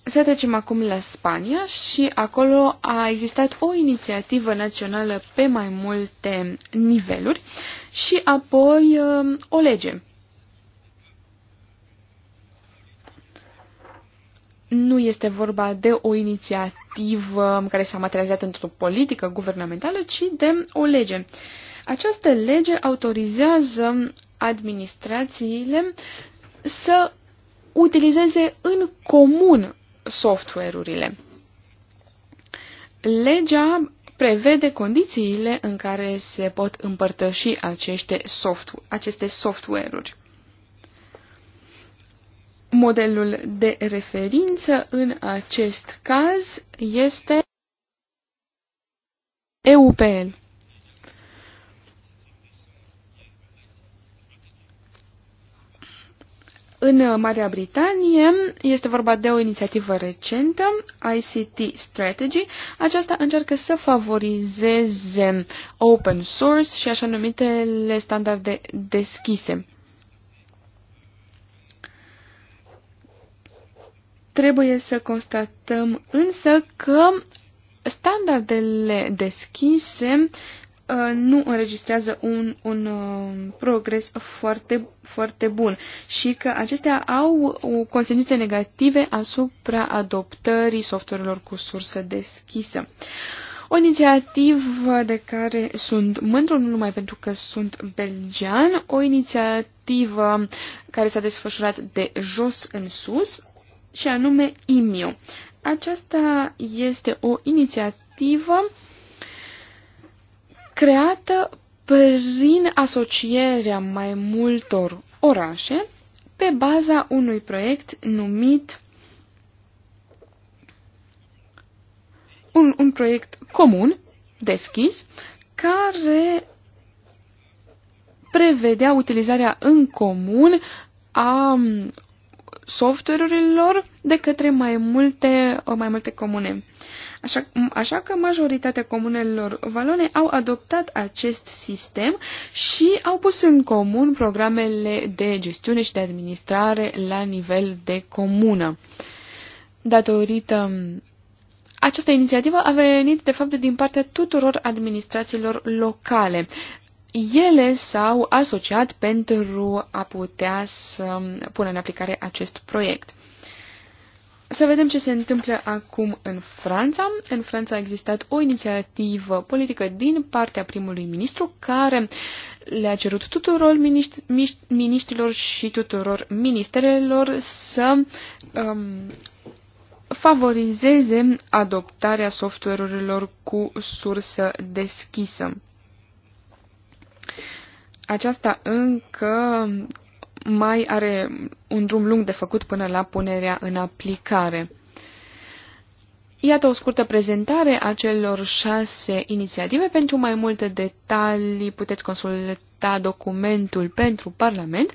Să trecem acum la Spania și acolo a existat o inițiativă națională pe mai multe niveluri și apoi um, o lege nu este vorba de o inițiativă care s-a materializat într-o politică guvernamentală, ci de o lege. Această lege autorizează administrațiile să utilizeze în comun software-urile. Legea prevede condițiile în care se pot împărtăși aceste, software, uri Modelul de referință în acest caz este EUPL. În Marea Britanie este vorba de o inițiativă recentă, ICT Strategy. Aceasta încearcă să favorizeze open source și așa numitele standarde deschise. Trebuie să constatăm însă că standardele deschise uh, nu înregistrează un, un uh, progres foarte, foarte bun și că acestea au uh, consecințe negative asupra adoptării softurilor cu sursă deschisă. O inițiativă de care sunt mândru, nu numai pentru că sunt belgian, o inițiativă care s-a desfășurat de jos în sus, și anume Imio. Aceasta este o inițiativă creată prin asocierea mai multor orașe pe baza unui proiect numit un, un proiect comun, deschis, care prevedea utilizarea în comun a softurilor de către mai multe, uh, mai multe comune. Așa, așa că majoritatea comunelor valone au adoptat acest sistem și au pus în comun programele de gestiune și de administrare la nivel de comună. Datorită această inițiativă a venit, de fapt, din partea tuturor administrațiilor locale ele s-au asociat pentru a putea să pună în aplicare acest proiect. Să vedem ce se întâmplă acum în Franța. În Franța a existat o inițiativă politică din partea primului ministru care le-a cerut tuturor miniștri, miniștrilor și tuturor ministerelor să um, favorizeze adoptarea software-urilor cu sursă deschisă. Aceasta încă mai are un drum lung de făcut până la punerea în aplicare. Iată o scurtă prezentare a celor șase inițiative. Pentru mai multe detalii puteți consulta documentul pentru Parlament.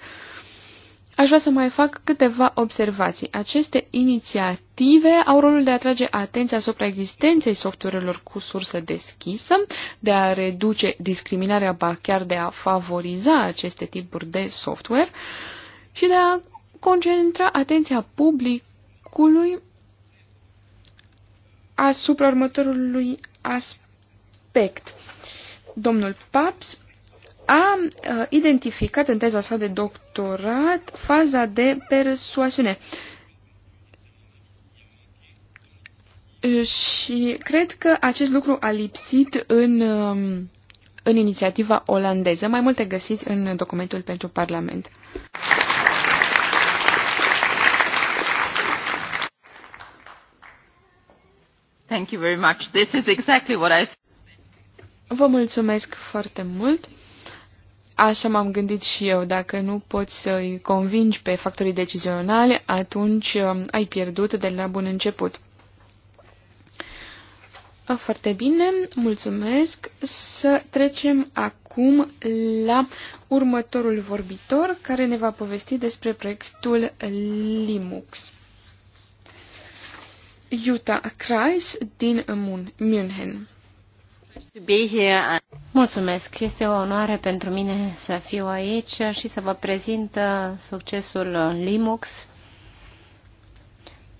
Aș vrea să mai fac câteva observații. Aceste inițiative au rolul de a atrage atenția asupra existenței softwarelor cu sursă deschisă, de a reduce discriminarea, ba chiar de a favoriza aceste tipuri de software și de a concentra atenția publicului asupra următorului aspect. Domnul Paps a identificat în teza sa de doctorat faza de persoasiune. Și cred că acest lucru a lipsit în, în inițiativa olandeză. Mai multe găsiți în documentul pentru Parlament. Thank you very much. This is exactly what I Vă mulțumesc foarte mult. Așa m-am gândit și eu, dacă nu poți să-i convingi pe factorii decizionali, atunci um, ai pierdut de la bun început. Foarte bine, mulțumesc. Să trecem acum la următorul vorbitor care ne va povesti despre proiectul Linux. Jutta Kreis din München. Mulțumesc! Este o onoare pentru mine să fiu aici și să vă prezint uh, succesul Linux.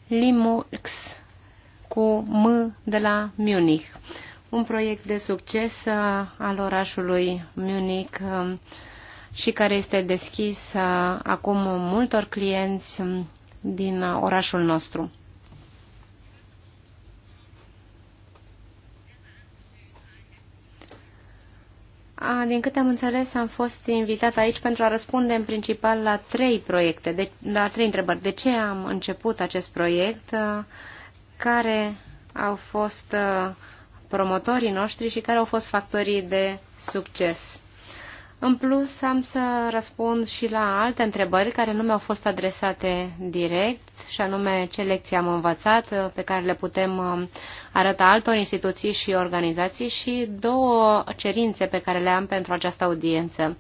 Linux cu M de la Munich. Un proiect de succes uh, al orașului Munich um, și care este deschis uh, acum multor clienți um, din orașul nostru. A, din câte am înțeles, am fost invitat aici pentru a răspunde în principal la trei proiecte, de, la trei întrebări. De ce am început acest proiect? Care au fost promotorii noștri și care au fost factorii de succes? În plus, am să răspund și la alte întrebări care nu mi-au fost adresate direct, și anume ce lecții am învățat, pe care le putem um, arăta altor instituții și organizații, și două cerințe pe care le am pentru această audiență.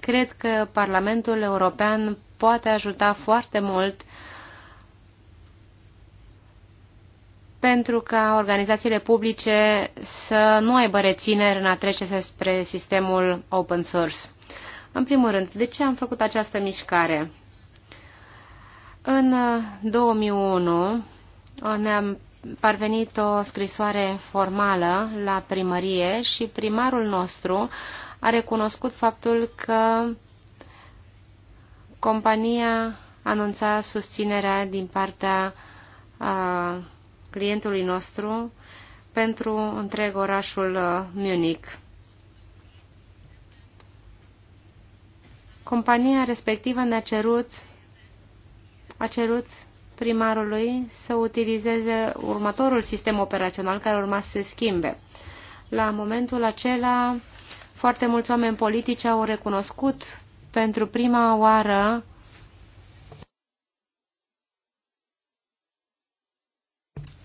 Cred că Parlamentul European poate ajuta foarte mult uh, pentru ca organizațiile publice să nu aibă rețineri în a trece spre sistemul open source. În primul rând, de ce am făcut această mișcare? În 2001 uh, uh, ne-am parvenit o scrisoare formală la primărie și primarul nostru a recunoscut faptul că compania anunța susținerea din partea uh, clientului nostru pentru întreg orașul uh, Munich. Compania respectivă ne-a cerut, a cerut primarului să utilizeze următorul sistem operațional care urma să se schimbe. La momentul acela, foarte mulți oameni politici au recunoscut pentru prima oară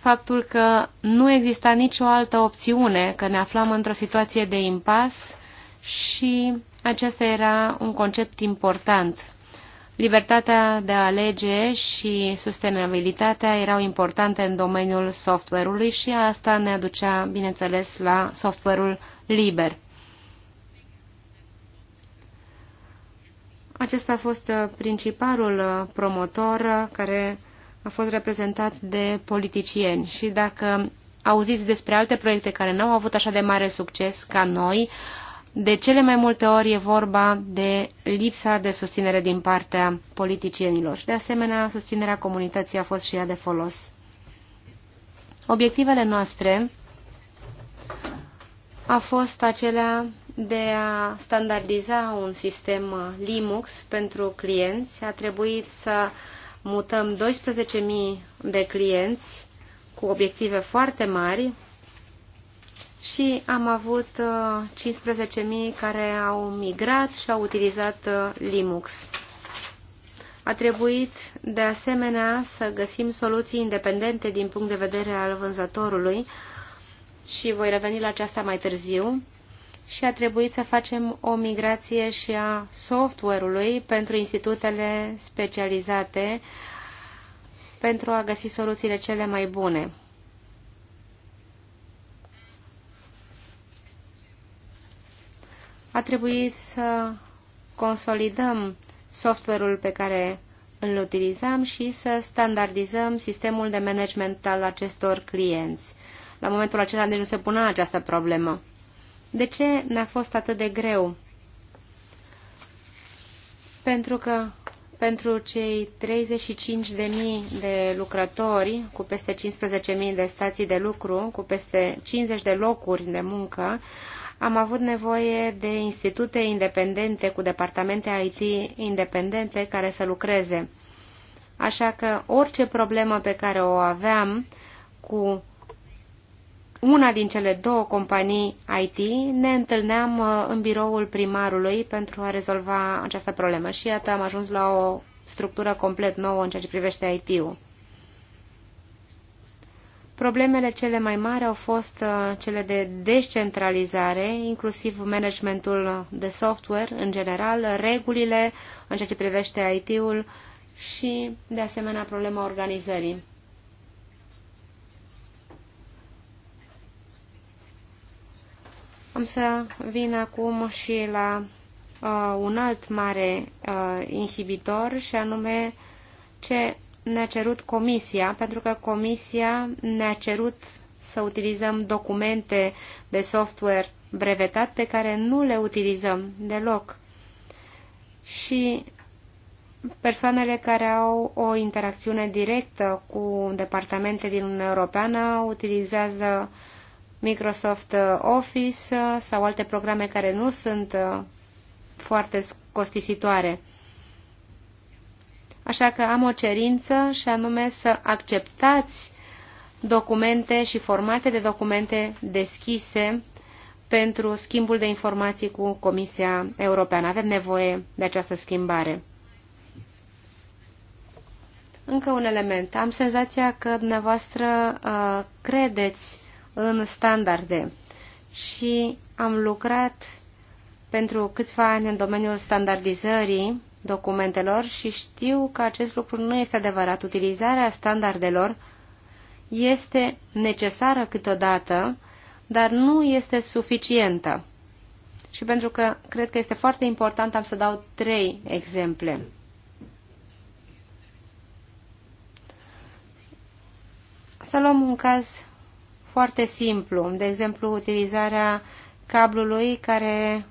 faptul că nu exista nicio altă opțiune, că ne aflam într-o situație de impas și acesta era un concept important. Libertatea de a alege și sustenabilitatea erau importante în domeniul software-ului și asta ne aducea, bineînțeles, la software-ul liber. Acesta a fost uh, principalul uh, promotor uh, care a fost reprezentat de politicieni și dacă auziți despre alte proiecte care nu au avut așa de mare succes ca noi, de cele mai multe ori e vorba de lipsa de susținere din partea politicienilor și, de asemenea, susținerea comunității a fost și ea de folos. Obiectivele noastre a fost acelea de a standardiza un sistem Linux pentru clienți. A trebuit să uh, mutăm 12.000 de clienți cu obiective foarte mari și am avut 15.000 uh, care au migrat și au utilizat uh, Linux. A trebuit de asemenea să găsim soluții independente din punct de vedere al vânzătorului și voi reveni la aceasta mai târziu și a trebuit să facem o migrație și a software-ului pentru institutele specializate pentru a găsi soluțiile cele mai bune. A trebuit să consolidăm software-ul pe care îl utilizam și să standardizăm sistemul de management al acestor clienți. La momentul acela nici nu se punea această problemă. De ce ne-a fost atât de greu? Pentru că pentru cei 35.000 de lucrători cu peste 15.000 de stații de lucru, cu peste 50 de locuri de muncă, am avut nevoie de institute independente cu departamente IT independente care să lucreze. Așa că orice problemă pe care o aveam cu una din cele două companii IT ne întâlneam uh, în biroul primarului pentru a rezolva această problemă și iată am ajuns la o structură complet nouă în ceea ce privește IT-ul. Problemele cele mai mari au fost uh, cele de descentralizare, inclusiv managementul de software în general, regulile în ceea ce privește IT-ul și, de asemenea, problema organizării. Am să vin acum și la uh, un alt mare uh, inhibitor și anume ce ne-a cerut comisia, pentru că comisia ne-a cerut să utilizăm documente de software brevetat pe care nu le utilizăm deloc. Și persoanele care au o interacțiune directă cu departamente din Uniunea Europeană utilizează uh, Microsoft uh, Office uh, sau alte programe care nu sunt uh, foarte costisitoare. Așa că am o cerință și anume să acceptați documente și formate de documente deschise pentru schimbul de informații cu Comisia Europeană. Avem nevoie de această schimbare. Încă un element. Am senzația că dumneavoastră uh, credeți în standarde și am lucrat pentru câțiva ani în domeniul standardizării documentelor și știu că acest lucru nu este adevărat. Utilizarea standardelor este necesară câteodată, dar nu este suficientă. Și pentru că cred că este foarte important, am să dau trei exemple. Să luăm un caz foarte simplu, de exemplu utilizarea cablului care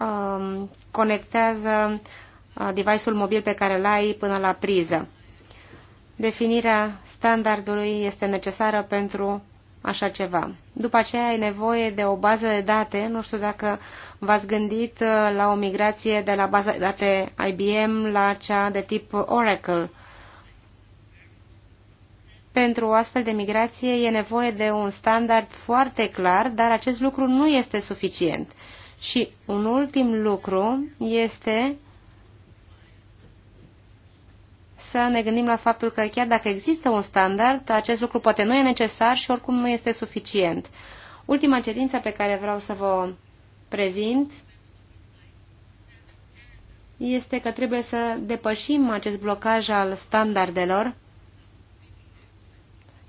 um, conectează uh, device-ul mobil pe care îl ai până la priză. Definirea standardului este necesară pentru așa ceva. După aceea ai nevoie de o bază de date, nu știu dacă v-ați gândit uh, la o migrație de la bază de date IBM la cea de tip Oracle, pentru o astfel de migrație e nevoie de un standard foarte clar, dar acest lucru nu este suficient. Și un ultim lucru este să ne gândim la faptul că chiar dacă există un standard, acest lucru poate nu e necesar și oricum nu este suficient. Ultima cerință pe care vreau să vă prezint este că trebuie să depășim acest blocaj al standardelor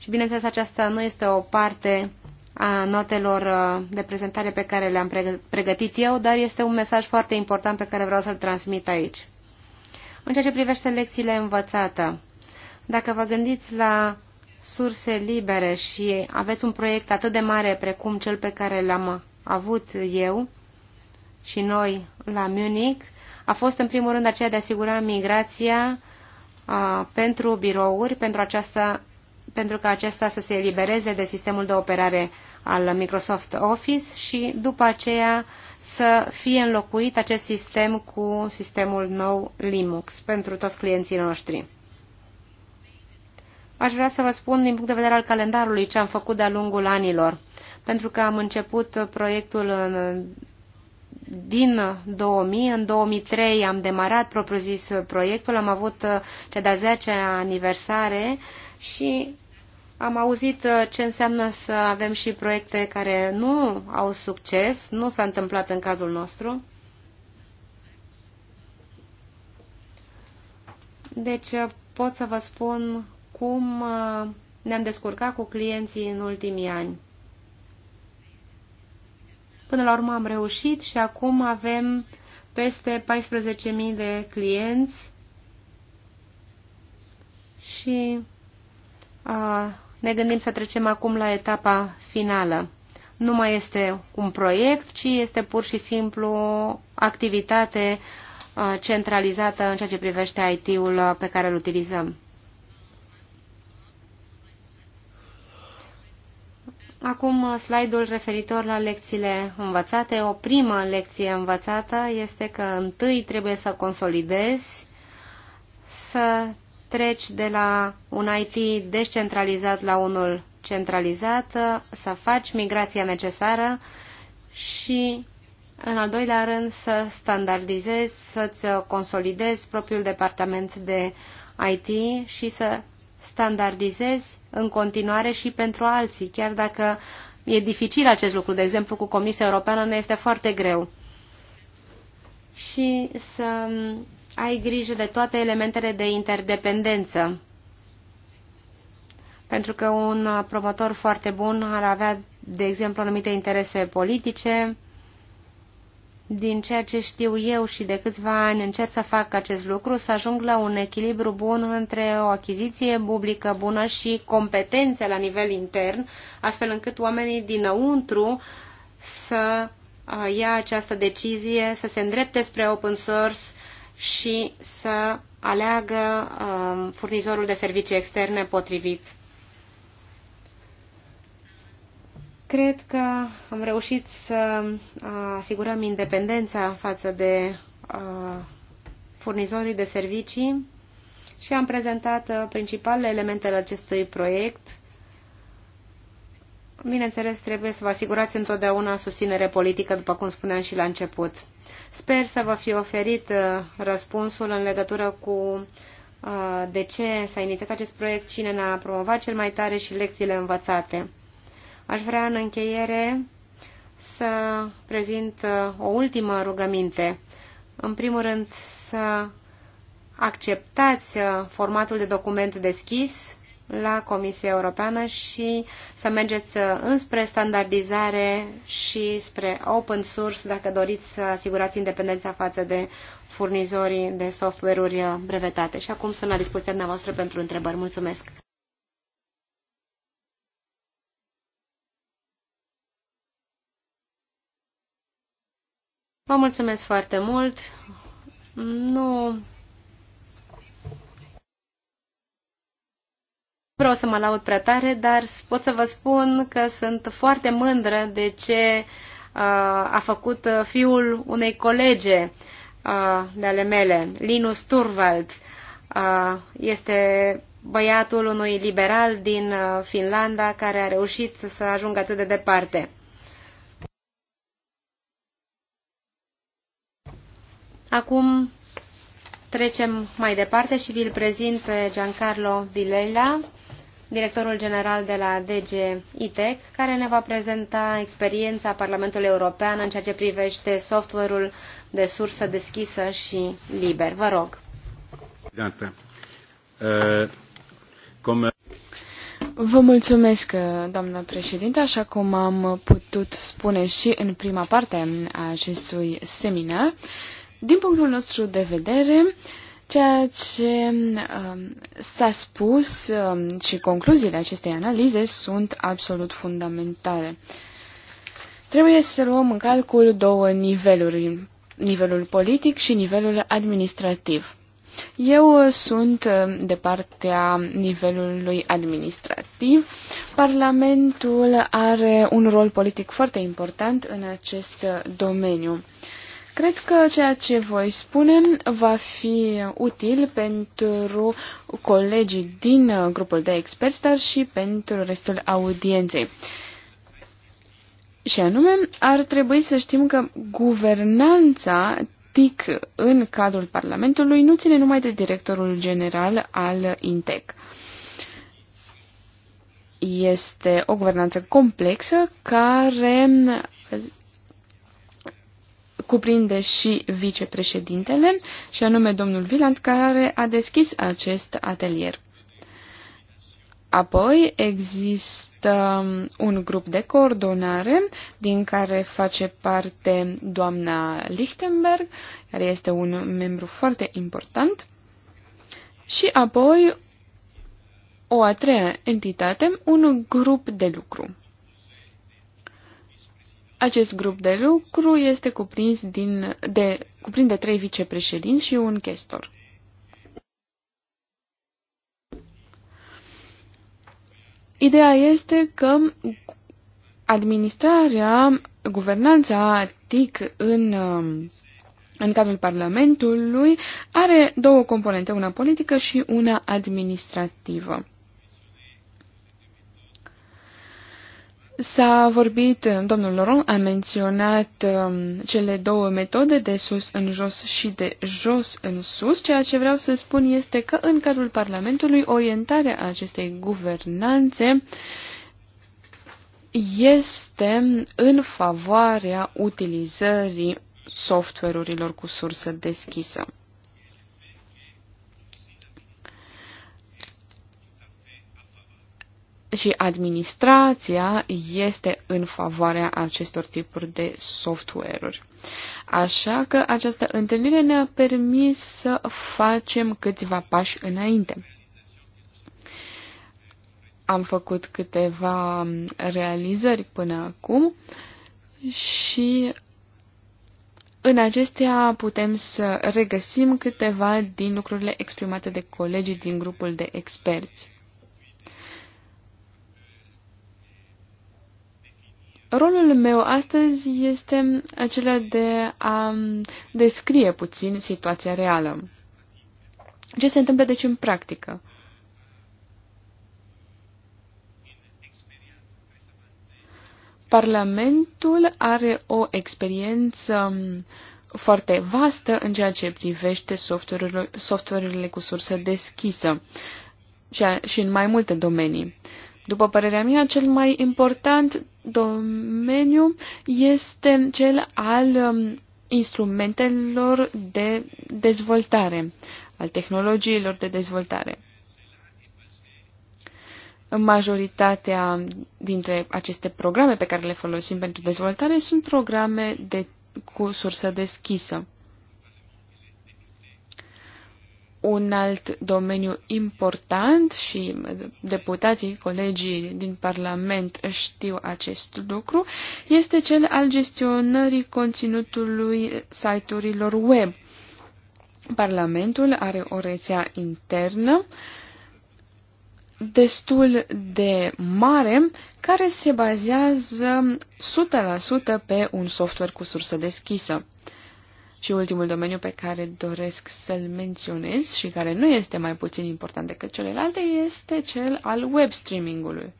și bineînțeles, aceasta nu este o parte a notelor uh, de prezentare pe care le-am pregătit eu, dar este un mesaj foarte important pe care vreau să-l transmit aici. În ceea ce privește lecțiile învățate, dacă vă gândiți la surse libere și aveți un proiect atât de mare precum cel pe care l-am avut eu și noi la Munich, a fost în primul rând aceea de a asigura migrația a, uh, pentru birouri, pentru această pentru ca acesta să se elibereze de sistemul de operare al Microsoft Office și după aceea să fie înlocuit acest sistem cu sistemul nou Linux pentru toți clienții noștri. Aș vrea să vă spun din punct de vedere al calendarului ce am făcut de-a lungul anilor, pentru că am început proiectul în, din 2000. În 2003 am demarat propriu-zis proiectul, am avut cea de-a 10 -a aniversare și am auzit uh, ce înseamnă să avem și proiecte care nu au succes, nu s-a întâmplat în cazul nostru. Deci uh, pot să vă spun cum uh, ne-am descurcat cu clienții în ultimii ani. Până la urmă am reușit și acum avem peste 14.000 de clienți și uh, ne gândim să trecem acum la etapa finală. Nu mai este un proiect, ci este pur și simplu o activitate uh, centralizată în ceea ce privește IT-ul uh, pe care îl utilizăm. Acum uh, slide-ul referitor la lecțiile învățate. O primă lecție învățată este că întâi trebuie să consolidezi, să treci de la un IT descentralizat la unul centralizat, să faci migrația necesară și, în al doilea rând, să standardizezi, să-ți consolidezi propriul departament de IT și să standardizezi în continuare și pentru alții, chiar dacă e dificil acest lucru. De exemplu, cu Comisia Europeană ne este foarte greu și să ai grijă de toate elementele de interdependență. Pentru că un promotor foarte bun ar avea, de exemplu, anumite interese politice. Din ceea ce știu eu și de câțiva ani încerc să fac acest lucru, să ajung la un echilibru bun între o achiziție publică bună și competențe la nivel intern, astfel încât oamenii dinăuntru să uh, ia această decizie, să se îndrepte spre open source, și să aleagă um, furnizorul de servicii externe potrivit. Cred că am reușit să uh, asigurăm independența față de uh, furnizorii de servicii și am prezentat uh, principalele elemente ale acestui proiect. Bineînțeles, trebuie să vă asigurați întotdeauna susținere politică, după cum spuneam și la început. Sper să vă fi oferit uh, răspunsul în legătură cu uh, de ce s-a inițiat acest proiect, cine l-a promovat cel mai tare și lecțiile învățate. Aș vrea în încheiere să prezint uh, o ultimă rugăminte. În primul rând să acceptați formatul de document deschis la Comisia Europeană și să mergeți uh, înspre standardizare și spre open source dacă doriți să asigurați independența față de furnizorii de software-uri uh, brevetate. Și acum sunt la dispoziția dumneavoastră pentru întrebări. Mulțumesc! Vă mulțumesc foarte mult! Nu vreau să mă laud prea tare, dar pot să vă spun că sunt foarte mândră de ce uh, a făcut uh, fiul unei colege uh, de ale mele, Linus Turvald. Este băiatul unui liberal din Finlanda care a reușit să ajungă atât de departe. Acum trecem mai departe și vi-l prezint pe Giancarlo Vilela directorul general de la DG ITEC, care ne va prezenta experiența Parlamentului European în ceea ce privește software-ul de sursă deschisă și liber. Vă rog. Uh, Vă mulțumesc, doamnă președinte, așa cum am putut spune și în prima parte a acestui seminar. Din punctul nostru de vedere, uh, Ceea ce uh, s-a spus uh, și concluziile acestei analize sunt absolut fundamentale. Trebuie să luăm în calcul două niveluri, nivelul politic și nivelul administrativ. Eu sunt um, de partea nivelului administrativ. Parlamentul are un rol politic foarte important în acest domeniu. Cred că ceea ce voi spune va fi util pentru colegii din uh, grupul de experți, dar și pentru restul audienței. Și anume, ar trebui să știm că guvernanța TIC în cadrul Parlamentului nu ține numai de directorul general al INTEC. Este o guvernanță complexă care cuprinde și vicepreședintele, și anume domnul Viland, care a deschis acest atelier. Apoi există un grup de coordonare din care face parte doamna Lichtenberg, care este un membru foarte important. Și apoi o a treia entitate, un grup de lucru. Acest grup de lucru este cuprins din, de, cuprinde trei vicepreședinți și un chestor. Ideea este că administrarea, guvernanța TIC în, în cadrul Parlamentului are două componente, una politică și una administrativă. S-a vorbit, domnul Laurent a menționat um, cele două metode de sus în jos și de jos în sus. Ceea ce vreau să spun este că în cadrul Parlamentului orientarea acestei guvernanțe este în favoarea utilizării software-urilor cu sursă deschisă. și administrația este în favoarea acestor tipuri de software-uri. Așa că această întâlnire ne-a permis să facem câțiva pași înainte. Am făcut câteva realizări până acum și în acestea putem să regăsim câteva din lucrurile exprimate de colegii din grupul de experți. Rolul meu astăzi este acela de a descrie puțin situația reală. Ce se întâmplă deci în practică? Parlamentul are o experiență foarte vastă în ceea ce privește software-urile, cu sursă deschisă și în mai multe domenii. După părerea mea, cel mai important domeniu este cel al um, instrumentelor de dezvoltare, al tehnologiilor de dezvoltare. Majoritatea dintre aceste programe pe care le folosim pentru dezvoltare sunt programe de, cu sursă deschisă. Un alt domeniu important și deputații, colegii din Parlament știu acest lucru, este cel al gestionării conținutului site-urilor web. Parlamentul are o rețea internă destul de mare care se bazează 100% pe un software cu sursă deschisă. Și ultimul domeniu pe care doresc să-l menționez și care nu este mai puțin important decât celelalte este cel al web streamingului.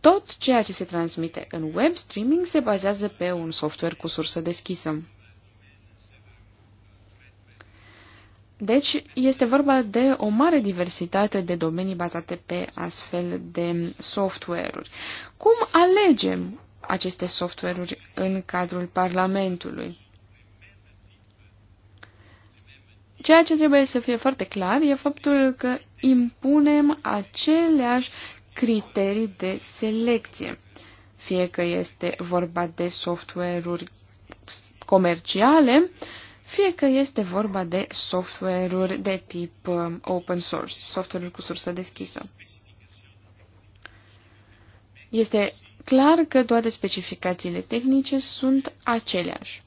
Tot ceea ce se transmite în web streaming se bazează pe un software cu sursă deschisă. Deci, este vorba de o mare diversitate de domenii bazate pe astfel de software-uri. Cum alegem aceste software-uri în cadrul Parlamentului. Ceea ce trebuie să fie foarte clar e faptul că impunem aceleași criterii de selecție, fie că este vorba de software-uri comerciale, fie că este vorba de software-uri de tip uh, open source, software-uri cu sursă deschisă. Este clar că toate specificațiile tehnice sunt aceleași.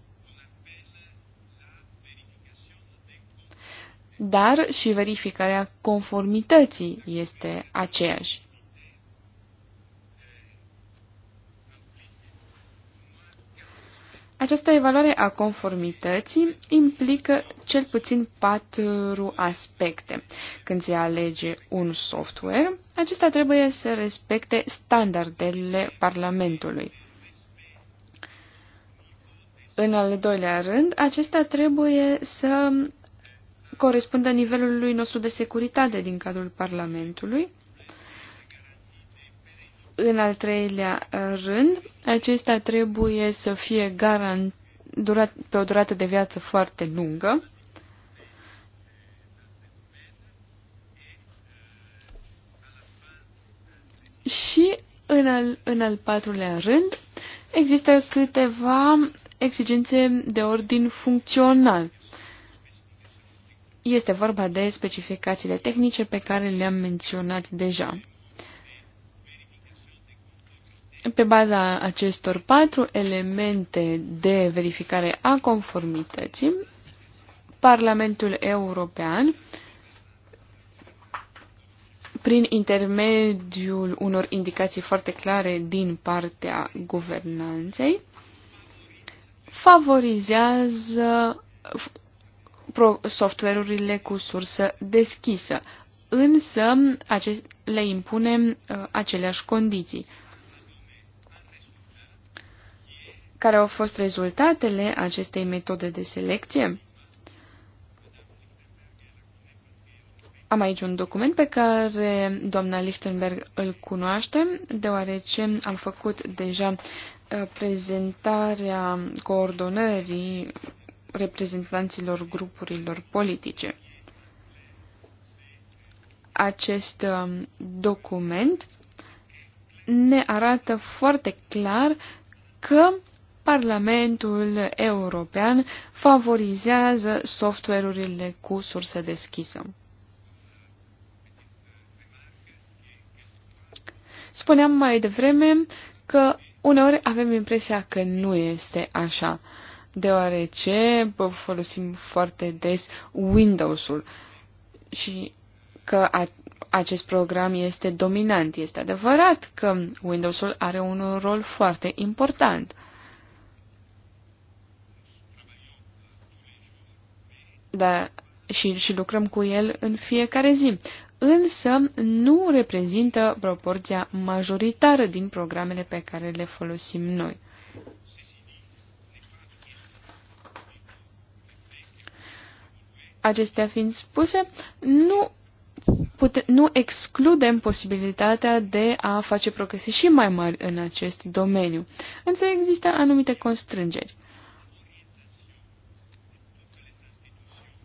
Dar și verificarea conformității este aceeași. Această evaluare a conformității implică cel puțin patru aspecte. Când se alege un software, acesta trebuie să respecte standardele Parlamentului. În al doilea rând, acesta trebuie să corespundă nivelului nostru de securitate din cadrul Parlamentului. În al treilea rând, acesta trebuie să fie garant, durat, pe o durată de viață foarte lungă. Și în al, în al patrulea rând, există câteva exigențe de ordin funcțional. Este vorba de specificațiile tehnice pe care le-am menționat deja. Pe baza acestor patru elemente de verificare a conformității, Parlamentul European, prin intermediul unor indicații foarte clare din partea guvernanței, favorizează software-urile cu sursă deschisă, însă acest, le impunem uh, aceleași condiții. care au fost rezultatele acestei metode de selecție? Am aici un document pe care doamna Lichtenberg îl cunoaște, deoarece am făcut deja uh, prezentarea coordonării reprezentanților grupurilor politice. Acest uh, document ne arată foarte clar că Parlamentul European favorizează software-urile cu sursă deschisă. Spuneam mai devreme că uneori avem impresia că nu este așa, deoarece folosim foarte des Windows-ul și că acest program este dominant. Este adevărat că Windows-ul are un rol foarte important. da, și, și lucrăm cu el în fiecare zi, însă nu reprezintă proporția majoritară din programele pe care le folosim noi. Acestea fiind spuse, nu, pute, nu excludem posibilitatea de a face progrese și mai mari în acest domeniu, însă există anumite constrângeri.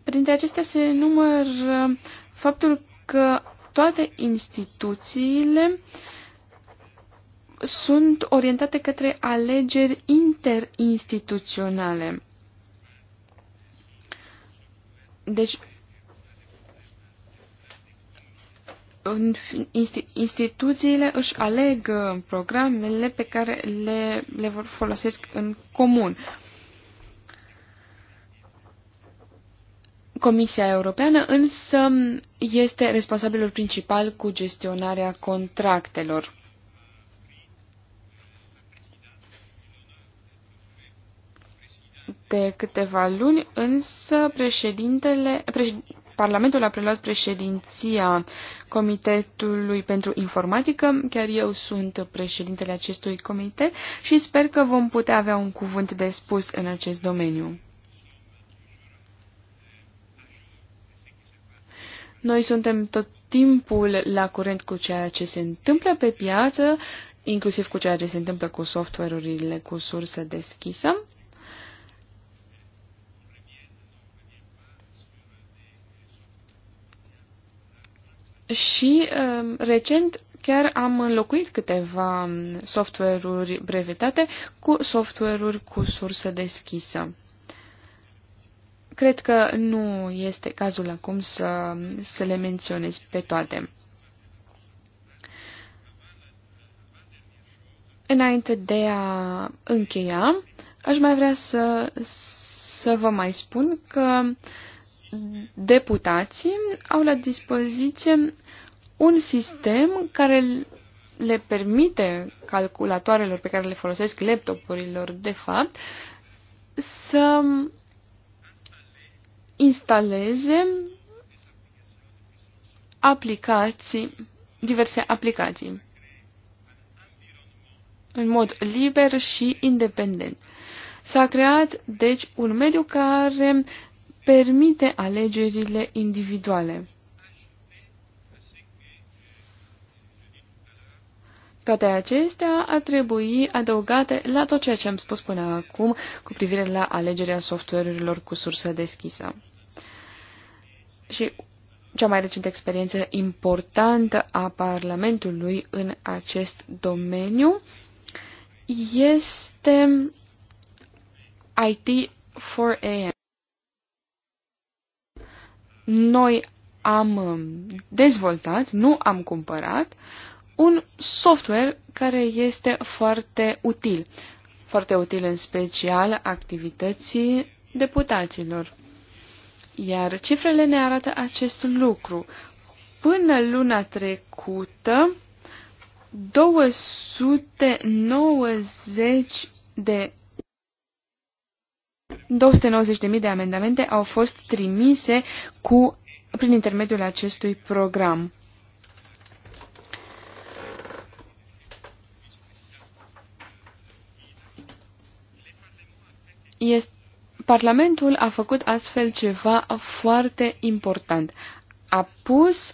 Printre acestea se număr uh, faptul că toate instituțiile sunt orientate către alegeri interinstituționale. Deci, instituțiile își aleg uh, programele pe care le, le vor folosesc în comun. Comisia Europeană însă este responsabilul principal cu gestionarea contractelor. De câteva luni însă președintele, preș, Parlamentul a preluat președinția Comitetului pentru Informatică, chiar eu sunt președintele acestui comitet și sper că vom putea avea un cuvânt de spus în acest domeniu. Noi suntem tot timpul la curent cu ceea ce se întâmplă pe piață, inclusiv cu ceea ce se întâmplă cu software-urile cu sursă deschisă. Și um, recent chiar am înlocuit câteva um, software-uri brevetate cu software-uri cu sursă deschisă. Cred că nu este cazul acum să, să le menționez pe toate. Înainte de a încheia, aș mai vrea să, să vă mai spun că deputații au la dispoziție un sistem care le permite calculatoarelor pe care le folosesc, laptopurilor, de fapt, să instaleze aplicații, diverse aplicații în mod liber și independent. S-a creat, deci, un mediu care permite alegerile individuale. Toate acestea ar trebui adăugate la tot ceea ce am spus până acum cu privire la alegerea software-urilor cu sursă deschisă. Și cea mai recentă experiență importantă a Parlamentului în acest domeniu este IT 4AM. Noi am dezvoltat, nu am cumpărat, un software care este foarte util. Foarte util în special activității deputaților. Iar cifrele ne arată acest lucru. Până luna trecută, 290 de 290.000 de amendamente au fost trimise cu, prin intermediul acestui program. Este, Parlamentul a făcut astfel ceva foarte important. A pus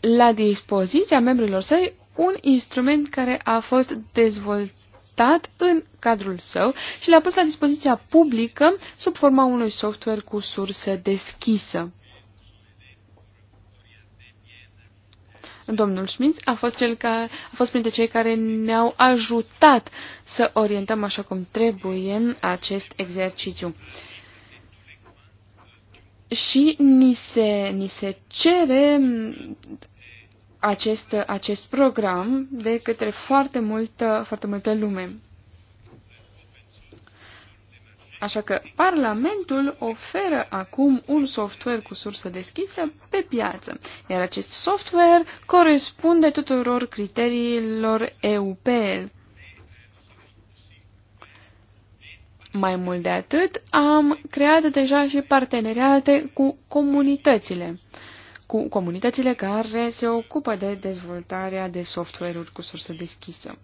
la dispoziția membrilor săi un instrument care a fost dezvoltat în cadrul său și l-a pus la dispoziția publică sub forma unui software cu sursă deschisă. Domnul Schmitz a fost, cel care, a fost printre cei care ne-au ajutat să orientăm așa cum trebuie acest exercițiu. Și ni se, ni se cere acest, acest program de către foarte multă, foarte multă lume. Așa că Parlamentul oferă acum un software cu sursă deschisă pe piață, iar acest software corespunde tuturor criteriilor EUPL. Mai mult de atât, am creat deja și parteneriate cu comunitățile, cu comunitățile care se ocupă de dezvoltarea de software-uri cu sursă deschisă.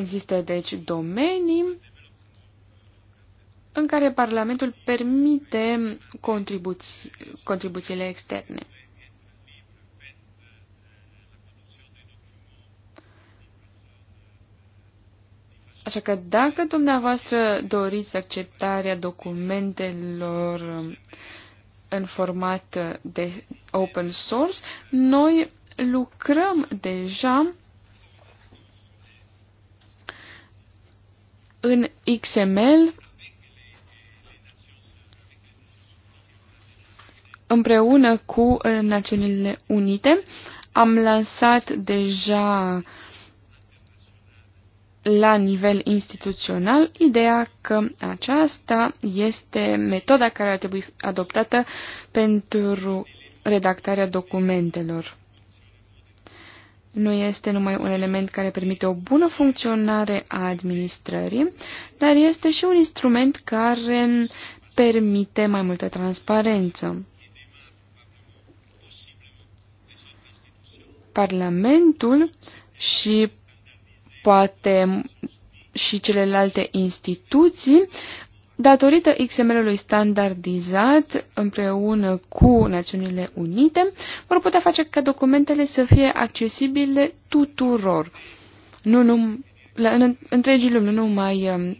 Există, deci, domenii în care Parlamentul permite contribuții, contribuțiile externe. Așa că dacă dumneavoastră doriți acceptarea documentelor în format de open source, noi lucrăm deja în XML împreună cu uh, Națiunile Unite. Am lansat deja la nivel instituțional ideea că aceasta este metoda care ar trebui adoptată pentru redactarea documentelor nu este numai un element care permite o bună funcționare a administrării, dar este și un instrument care permite mai multă transparență. Parlamentul și poate și celelalte instituții Datorită XML-ului standardizat împreună cu Națiunile Unite, vor putea face ca documentele să fie accesibile tuturor, nu num la, în întregii lume, nu numai um,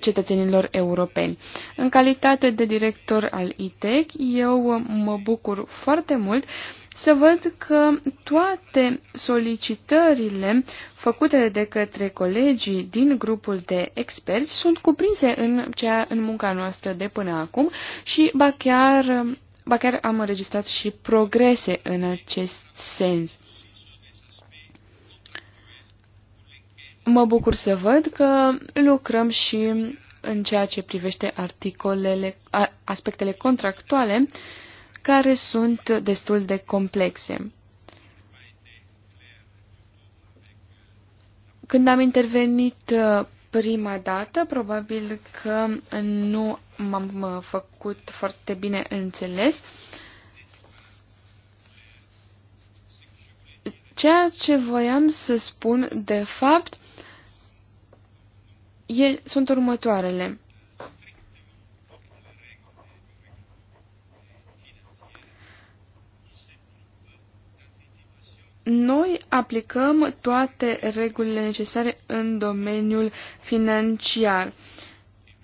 cetățenilor europeni. În calitate de director al ITEC, eu mă bucur foarte mult să văd că toate solicitările făcute de către colegii din grupul de experți sunt cuprinse în, cea, în munca noastră de până acum și ba chiar, ba chiar am înregistrat și progrese în acest sens. Mă bucur să văd că lucrăm și în ceea ce privește articolele, aspectele contractuale, care sunt destul de complexe. Când am intervenit uh, prima dată, probabil că nu m-am uh, făcut foarte bine înțeles. Ceea ce voiam să spun, de fapt, e, sunt următoarele. Noi aplicăm toate regulile necesare în domeniul financiar.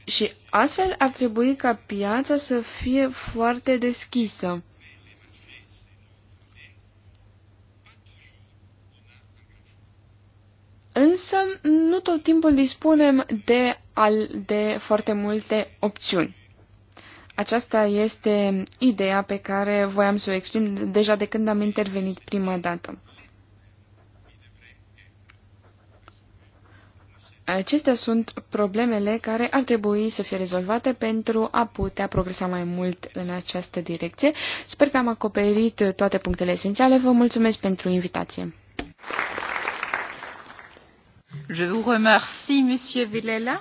Și astfel ar trebui ca piața să fie foarte deschisă. Însă, nu tot timpul dispunem de, al, de foarte multe opțiuni. Aceasta este ideea pe care voiam să o exprim deja de când am intervenit prima dată. Acestea sunt problemele care ar trebui să fie rezolvate pentru a putea progresa mai mult în această direcție. Sper că am acoperit toate punctele esențiale. Vă mulțumesc pentru invitație. Je vous remercie, monsieur Villela.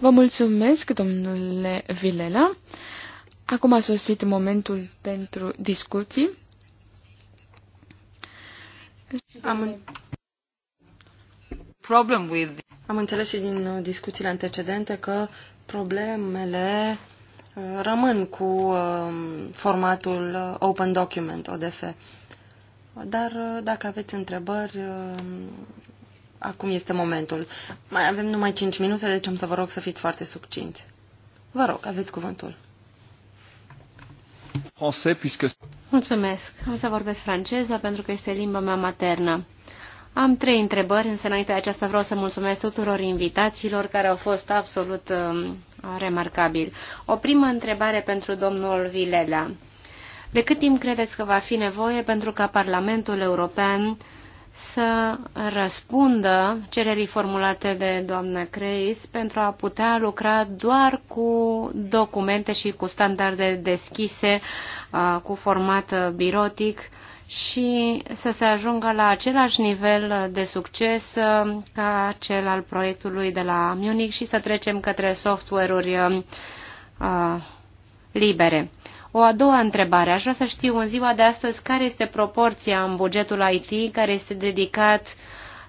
Vă mulțumesc, domnule Vilela. Acum a sosit momentul pentru discuții. Am problem with am înțeles și din uh, discuțiile antecedente că problemele uh, rămân cu um, formatul uh, Open Document, ODF. Dar dacă aveți întrebări, um, acum este momentul. Mai avem numai 5 minute, deci am să vă rog să fiți foarte succinți. Vă rog, aveți cuvântul. Mulțumesc. Am să vorbesc franceza pentru că este limba mea maternă. Am trei întrebări, însă înainte de aceasta vreau să mulțumesc tuturor invitațiilor care au fost absolut uh, remarcabili. O primă întrebare pentru domnul Vilelea. De cât timp credeți că va fi nevoie pentru ca Parlamentul European să răspundă cererii formulate de doamna Creis pentru a putea lucra doar cu documente și cu standarde deschise, uh, cu format uh, birotic, și să se ajungă la același nivel de succes uh, ca cel al proiectului de la Munich și să trecem către software-uri uh, uh, libere. O a doua întrebare. Aș vrea să știu în ziua de astăzi care este proporția în bugetul IT care este dedicat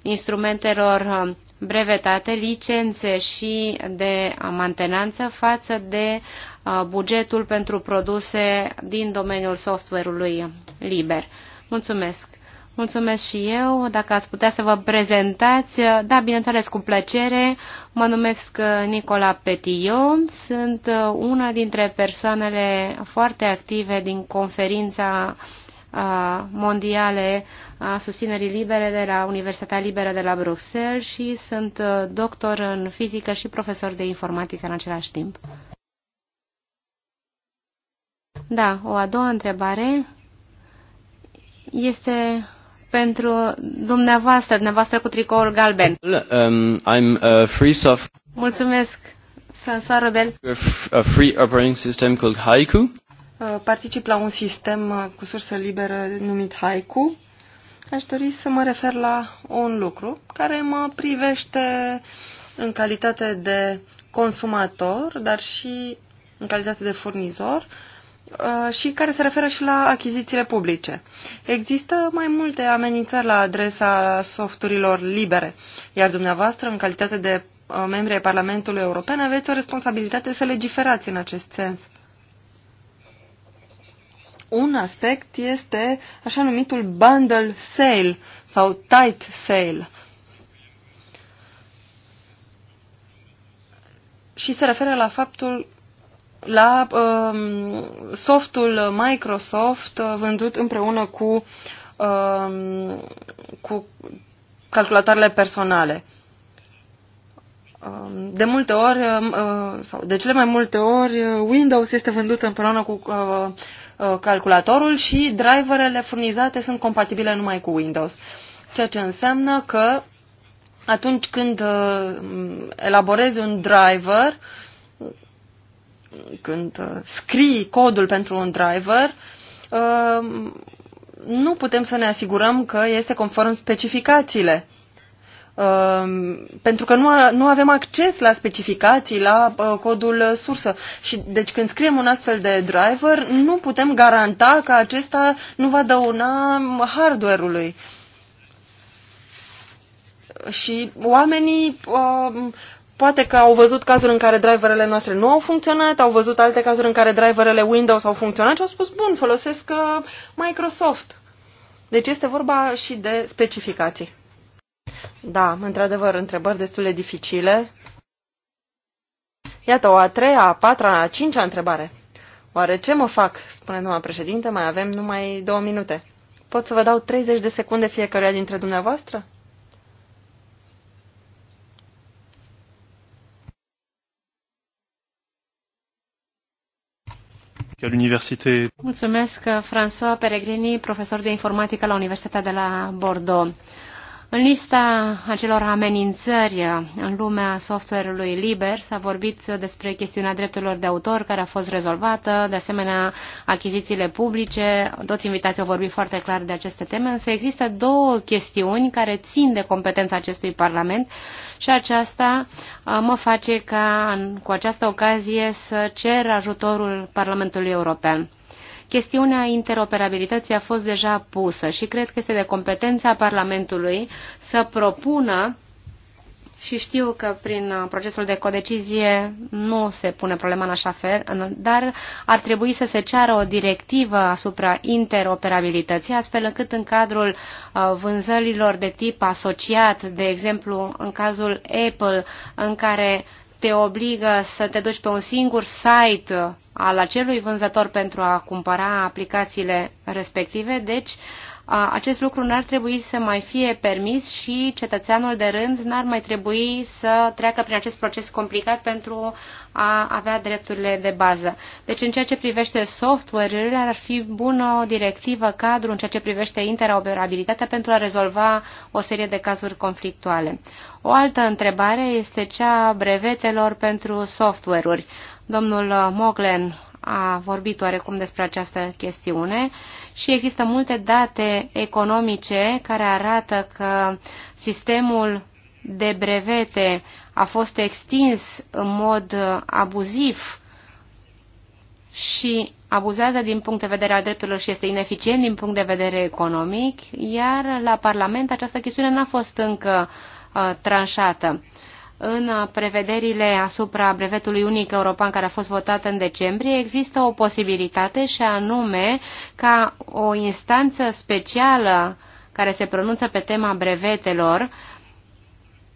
instrumentelor uh, brevetate, licențe și de mantenanță față de bugetul pentru produse din domeniul software-ului liber. Mulțumesc! Mulțumesc și eu. Dacă ați putea să vă prezentați, da, bineînțeles, cu plăcere. Mă numesc uh, Nicola Petio. Sunt uh, una dintre persoanele foarte active din conferința uh, mondiale a susținerii libere de la Universitatea Liberă de la Bruxelles și sunt doctor în fizică și profesor de informatică în același timp. Da, o a doua întrebare este pentru dumneavoastră, dumneavoastră cu tricoul galben. Um, I'm uh, free soft. Mulțumesc, François Robel. A free operating system called Haiku. Uh, particip la un sistem uh, cu sursă liberă numit Haiku. Aș dori să mă refer la un lucru care mă privește în calitate de consumator, dar și în calitate de furnizor Uh, și care se referă și la achizițiile publice. Există mai multe amenințări la adresa softurilor libere, iar dumneavoastră, în calitate de uh, membri ai Parlamentului European, aveți o responsabilitate să legiferați în acest sens. Un aspect este așa numitul bundle sale sau tight sale. Și se referă la faptul la um, softul Microsoft uh, vândut împreună cu, um, cu calculatoarele personale. Um, de multe ori, um, uh, sau de cele mai multe ori, uh, Windows este vândut împreună cu calculatorul și driverele furnizate sunt compatibile numai cu Windows. Ceea ce înseamnă că atunci când elaborezi un driver, când uh, scrii codul pentru un driver, uh, nu putem să ne asigurăm că este conform specificațiile. Uh, pentru că nu, nu avem acces la specificații, la codul sursă. Și deci când scriem un astfel de driver, nu putem garanta că acesta nu va dăuna hardware-ului și oamenii uh, Poate că au văzut cazuri în care driverele noastre nu au funcționat, au văzut alte cazuri în care driverele Windows au funcționat și au spus, bun, folosesc uh, Microsoft. Deci este vorba și de specificații. Da, într-adevăr, întrebări destul de dificile. Iată, o a treia, a patra, a cincea întrebare. Oare ce mă fac? Spune doamna președinte, mai avem numai două minute. Pot să vă dau 30 de secunde fiecăruia dintre dumneavoastră? Mulțumesc, François Peregrini, profesor de informatică la Universitatea de la Bordeaux. În lista acelor amenințări în lumea software-ului liber s-a vorbit despre chestiunea drepturilor de autor care a fost rezolvată, de asemenea achizițiile publice, toți invitații au vorbit foarte clar de aceste teme, însă există două chestiuni care țin de competența acestui Parlament și aceasta uh, mă face ca cu această ocazie să cer ajutorul Parlamentului European. Chestiunea interoperabilității a fost deja pusă și cred că este de competența Parlamentului să propună și știu că prin uh, procesul de codecizie nu se pune problema în așa fel, dar ar trebui să se ceară o directivă asupra interoperabilității, astfel încât în cadrul uh, vânzărilor de tip asociat, de exemplu în cazul Apple, în care te obligă să te duci pe un singur site al acelui vânzător pentru a cumpăra aplicațiile respective, deci acest lucru n-ar trebui să mai fie permis și cetățeanul de rând n-ar mai trebui să treacă prin acest proces complicat pentru a avea drepturile de bază. Deci în ceea ce privește software-urile ar fi bună o directivă cadru în ceea ce privește interoperabilitatea pentru a rezolva o serie de cazuri conflictuale. O altă întrebare este cea a brevetelor pentru software-uri. Domnul Moglen a vorbit oarecum despre această chestiune și există multe date economice care arată că sistemul de brevete a fost extins în mod uh, abuziv și abuzează din punct de vedere al drepturilor și este ineficient din punct de vedere economic, iar la Parlament această chestiune n-a fost încă uh, tranșată. În uh, prevederile asupra brevetului unic european care a fost votat în decembrie, există o posibilitate și anume ca o instanță specială care se pronunță pe tema brevetelor uh,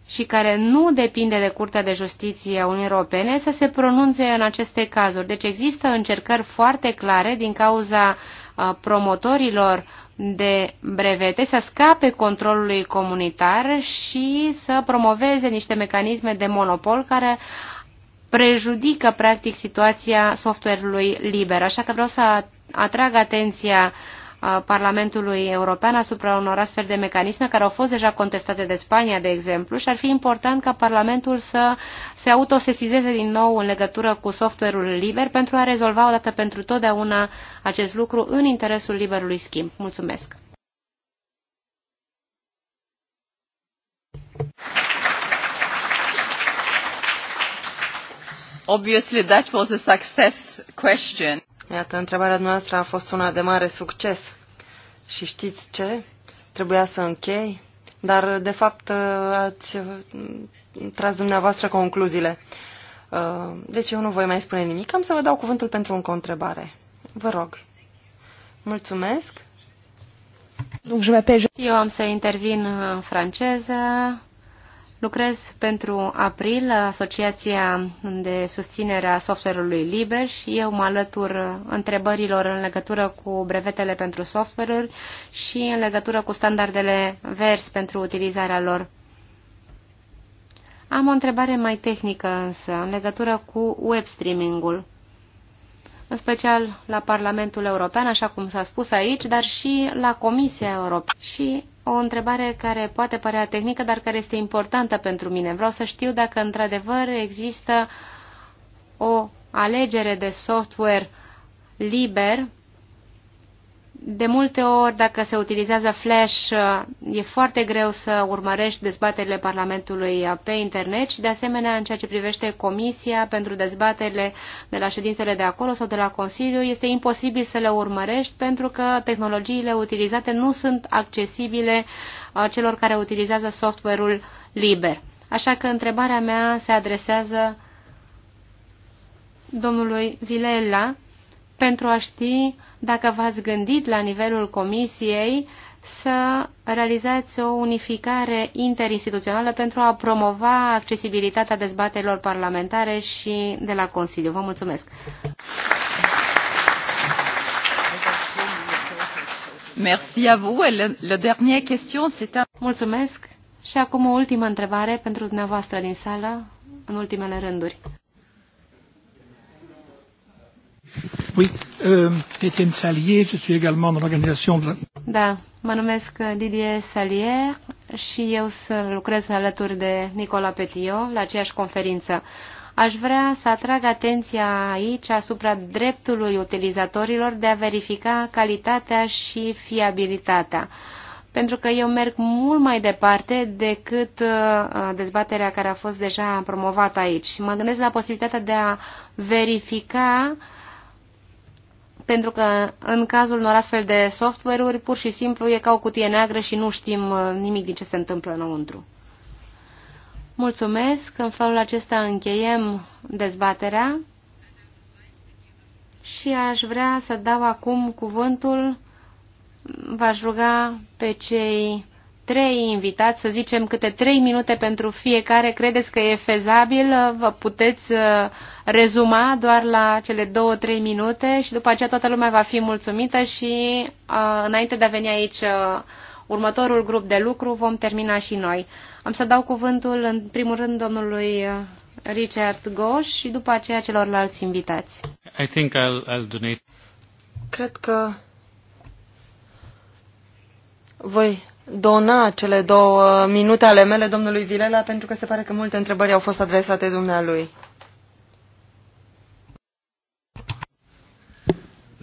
și care nu depinde de Curtea de Justiție a Uniunii Europene să se pronunțe în aceste cazuri. Deci există încercări foarte clare din cauza uh, promotorilor de brevete să scape controlului comunitar și să promoveze niște mecanisme de monopol care prejudică practic situația software-ului liber. Așa că vreau să atrag atenția uh, Parlamentului European asupra unor astfel de mecanisme care au fost deja contestate de Spania, de exemplu, și ar fi important ca Parlamentul să se autosesizeze din nou în legătură cu software-ul liber pentru a rezolva odată pentru totdeauna acest lucru în interesul liberului schimb. Mulțumesc! Obviously that was a success question. Iată, întrebarea noastră a fost una de mare succes. Și știți ce? Trebuia să închei, dar de fapt ați tras dumneavoastră concluziile. Uh, deci eu nu voi mai spune nimic, am să vă dau cuvântul pentru încă o întrebare. Vă rog. Mulțumesc. Eu am să intervin în franceză. Lucrez pentru April, Asociația de Susținere a Software-ului Liber și eu mă alătur întrebărilor în legătură cu brevetele pentru software și în legătură cu standardele vers pentru utilizarea lor. Am o întrebare mai tehnică însă, în legătură cu web streaming-ul, în special la Parlamentul European, așa cum s-a spus aici, dar și la Comisia Europeană. Și o întrebare care poate părea tehnică, dar care este importantă pentru mine. Vreau să știu dacă într-adevăr există o alegere de software liber de multe ori, dacă se utilizează flash, e foarte greu să urmărești dezbaterile Parlamentului pe internet și, de asemenea, în ceea ce privește Comisia pentru dezbaterile de la ședințele de acolo sau de la Consiliu, este imposibil să le urmărești pentru că tehnologiile utilizate nu sunt accesibile uh, celor care utilizează software-ul liber. Așa că întrebarea mea se adresează domnului Vilela pentru a ști dacă v-ați gândit la nivelul comisiei să realizați o unificare interinstituțională pentru a promova accesibilitatea dezbaterilor parlamentare și de la Consiliu. Vă mulțumesc! Merci à vous. Le, le dernier question, c'est un... Mulțumesc! Și acum o ultimă întrebare pentru dumneavoastră din sală, în ultimele rânduri. Oui, euh, Étienne Salier, je suis également dans l'organisation de... Da, mă numesc uh, Didier Salier și eu să lucrez alături de Nicola Petio la aceeași conferință. Aș vrea să atrag atenția aici asupra dreptului utilizatorilor de a verifica calitatea și fiabilitatea pentru că eu merg mult mai departe decât uh, dezbaterea care a fost deja promovată aici. Mă gândesc la posibilitatea de a verifica uh, pentru că în cazul unor astfel de software-uri pur și simplu e ca o cutie neagră și nu știm uh, nimic din ce se întâmplă înăuntru. Mulțumesc, în felul acesta încheiem dezbaterea și aș vrea să dau acum cuvântul, v-aș ruga pe cei trei invitați, să zicem câte trei minute pentru fiecare, credeți că e fezabil, vă puteți uh, rezuma doar la cele două, trei minute și după aceea toată lumea va fi mulțumită și înainte de a veni aici următorul grup de lucru vom termina și noi. Am să dau cuvântul în primul rând domnului Richard Goș și după aceea celorlalți invitați. I think I'll, I'll donate. Cred că voi dona cele două minute ale mele domnului Vilela pentru că se pare că multe întrebări au fost adresate dumnealui.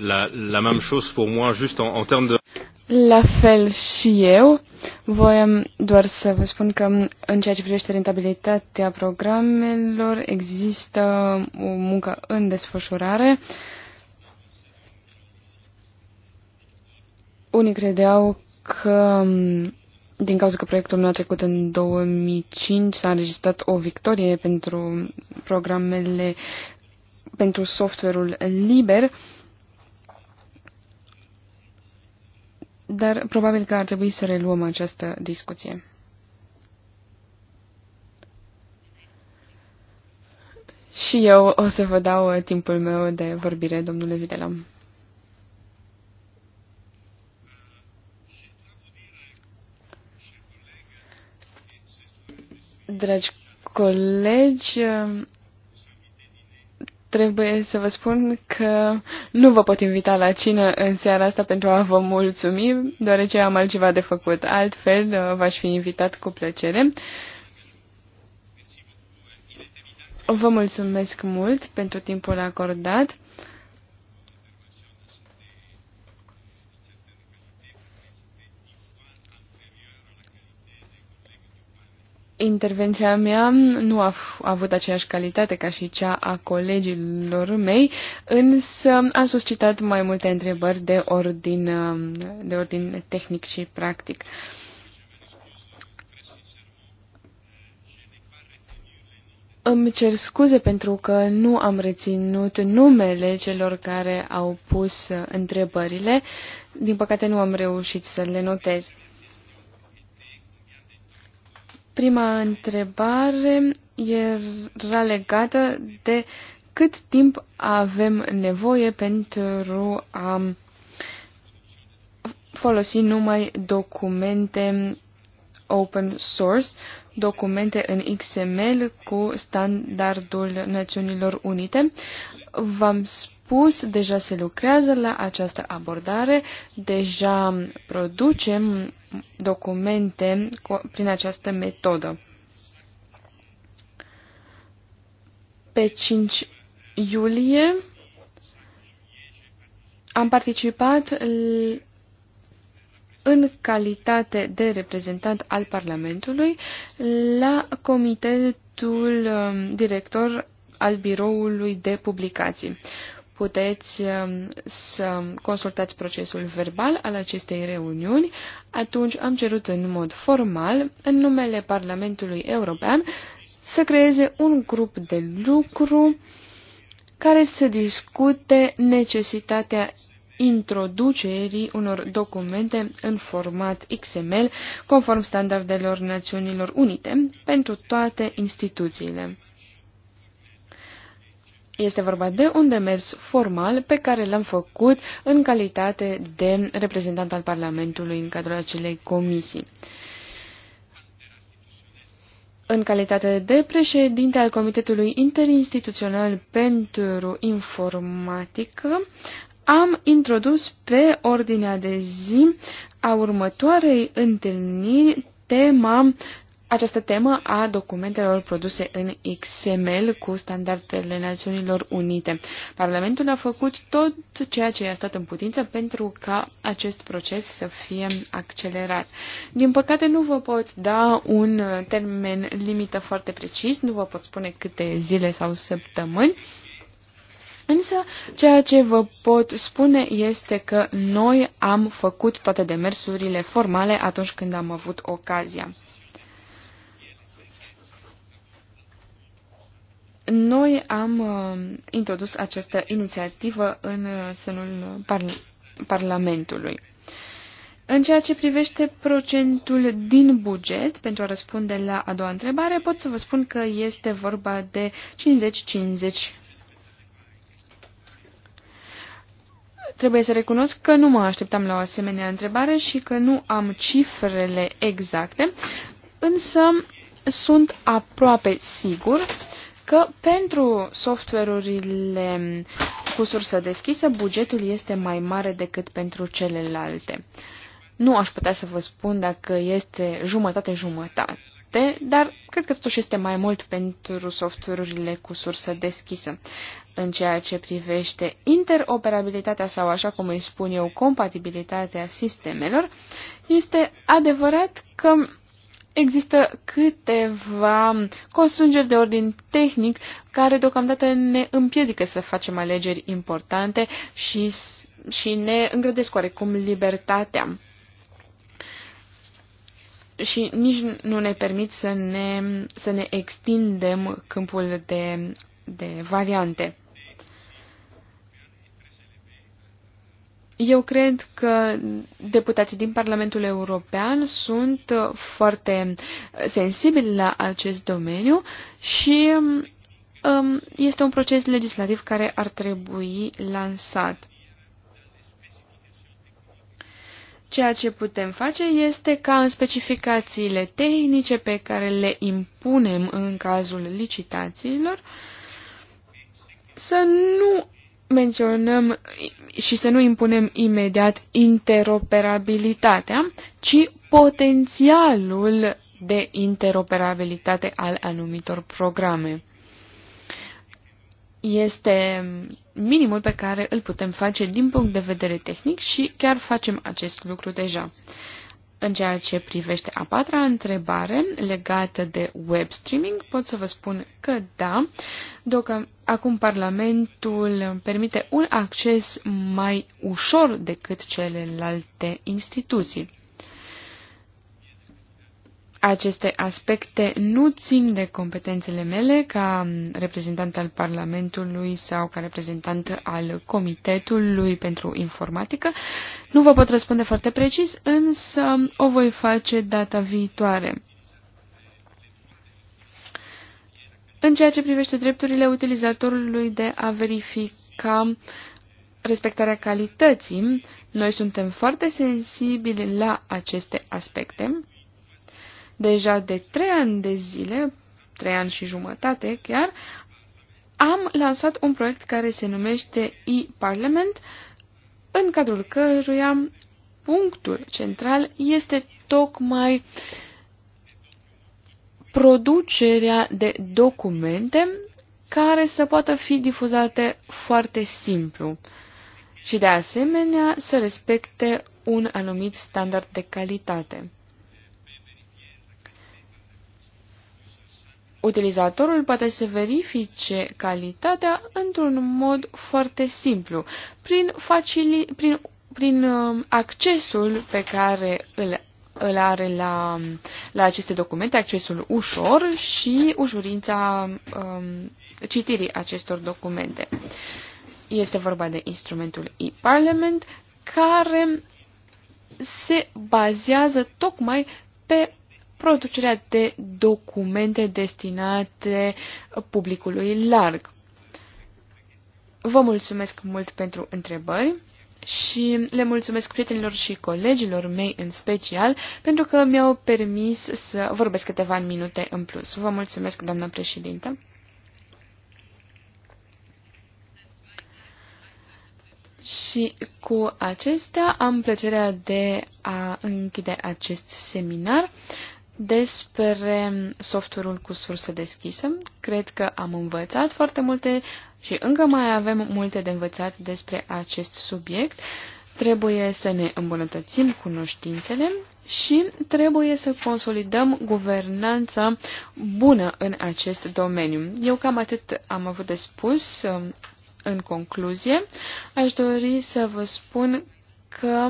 la, la même chose pour moi, juste en, en termes de... La fel și eu. Voiam doar să vă spun că în ceea ce privește rentabilitatea programelor există o muncă în desfășurare. Unii credeau că din cauza că proiectul nu a trecut în 2005 s-a înregistrat o victorie pentru programele pentru software-ul liber. Uh, dar probabil că ar trebui să reluăm această discuție. Și eu o să vă dau uh, timpul meu de vorbire, domnule Videlam. Dragi colegi, uh, trebuie să vă spun că nu vă pot invita la cină în seara asta pentru a vă mulțumi, deoarece am altceva de făcut. Altfel, uh, v-aș fi invitat cu plăcere. Vă mulțumesc mult pentru timpul acordat. Intervenția mea nu a, a avut aceeași calitate ca și cea a colegilor mei, însă a suscitat mai multe întrebări de ordin, de ordin tehnic și practic. Îmi cer scuze pentru că nu am reținut numele celor care au pus întrebările. Din păcate nu am reușit să le notez. Prima întrebare era legată de cât timp avem nevoie pentru a folosi numai documente open source, documente în XML cu standardul Națiunilor Unite. V-am spus, deja se lucrează la această abordare, deja producem documente cu, prin această metodă. Pe 5 iulie am participat în calitate de reprezentant al Parlamentului la comitetul um, director al biroului de publicații. Puteți um, să consultați procesul verbal al acestei reuniuni. Atunci am cerut în mod formal, în numele Parlamentului European, să creeze un grup de lucru care să discute necesitatea introducerii unor documente în format XML conform standardelor Națiunilor Unite pentru toate instituțiile. Este vorba de un demers formal pe care l-am făcut în calitate de reprezentant al Parlamentului în cadrul acelei comisii. În calitate de președinte al Comitetului Interinstituțional pentru Informatică, am introdus pe ordinea de zi a următoarei întâlniri tema această temă a documentelor produse în XML cu standardele Națiunilor Unite. Parlamentul a făcut tot ceea ce i-a stat în putință pentru ca acest proces să fie accelerat. Din păcate nu vă pot da un termen limită foarte precis, nu vă pot spune câte zile sau săptămâni, Însă, ceea ce vă pot spune este că noi am făcut toate demersurile formale atunci când am avut ocazia. Noi am uh, introdus această inițiativă în uh, sânul par Parlamentului. În ceea ce privește procentul din buget, pentru a răspunde la a doua întrebare, pot să vă spun că este vorba de 50-50 Trebuie să recunosc că nu mă așteptam la o asemenea întrebare și că nu am cifrele exacte, însă sunt aproape sigur că pentru software-urile cu sursă deschisă, bugetul este mai mare decât pentru celelalte. Nu aș putea să vă spun dacă este jumătate-jumătate, dar cred că totuși este mai mult pentru software-urile cu sursă deschisă în ceea ce privește interoperabilitatea sau, așa cum îi spun eu, compatibilitatea sistemelor, este adevărat că există câteva constrângeri de ordin tehnic care deocamdată ne împiedică să facem alegeri importante și, și ne îngrădesc oarecum libertatea și nici nu ne permit să ne, să ne extindem câmpul de, de variante. Eu cred că deputații din Parlamentul European sunt foarte sensibili la acest domeniu și um, este un proces legislativ care ar trebui lansat. Ceea ce putem face este ca în specificațiile tehnice pe care le impunem în cazul licitațiilor să nu menționăm și să nu impunem imediat interoperabilitatea, ci potențialul de interoperabilitate al anumitor programe. Este minimul pe care îl putem face din punct de vedere tehnic și chiar facem acest lucru deja. Uh, în ceea ce privește a patra întrebare legată de web streaming, pot să vă spun că da. Dacă acum Parlamentul permite un acces mai ușor decât celelalte instituții. Aceste aspecte nu țin de competențele mele ca reprezentant al Parlamentului sau ca reprezentant al Comitetului pentru Informatică, nu vă pot răspunde foarte precis, însă o voi face data viitoare. În ceea ce privește drepturile utilizatorului de a verifica respectarea calității, noi suntem foarte sensibili la aceste aspecte. Deja de trei ani de zile, trei ani și jumătate chiar, am lansat un proiect care se numește e-Parliament în cadrul căruia punctul central este tocmai producerea de documente care să poată fi difuzate foarte simplu și de asemenea să respecte un anumit standard de calitate. Utilizatorul poate să verifice calitatea într-un mod foarte simplu, prin, facili, prin, prin um, accesul pe care îl, îl are la, la aceste documente, accesul ușor și ușurința um, citirii acestor documente. Este vorba de instrumentul e-Parliament, care se bazează tocmai pe producerea de documente destinate publicului larg. Vă mulțumesc mult pentru întrebări și le mulțumesc prietenilor și colegilor mei în special pentru că mi-au permis să vorbesc câteva minute în plus. Vă mulțumesc, doamnă președintă. Și cu acestea am plăcerea de a închide acest seminar. Despre software-ul cu sursă deschisă, cred că am învățat foarte multe și încă mai avem multe de învățat despre acest subiect. Trebuie să ne îmbunătățim cunoștințele și trebuie să consolidăm guvernanța bună în acest domeniu. Eu cam atât am avut de spus um, în concluzie. Aș dori să vă spun că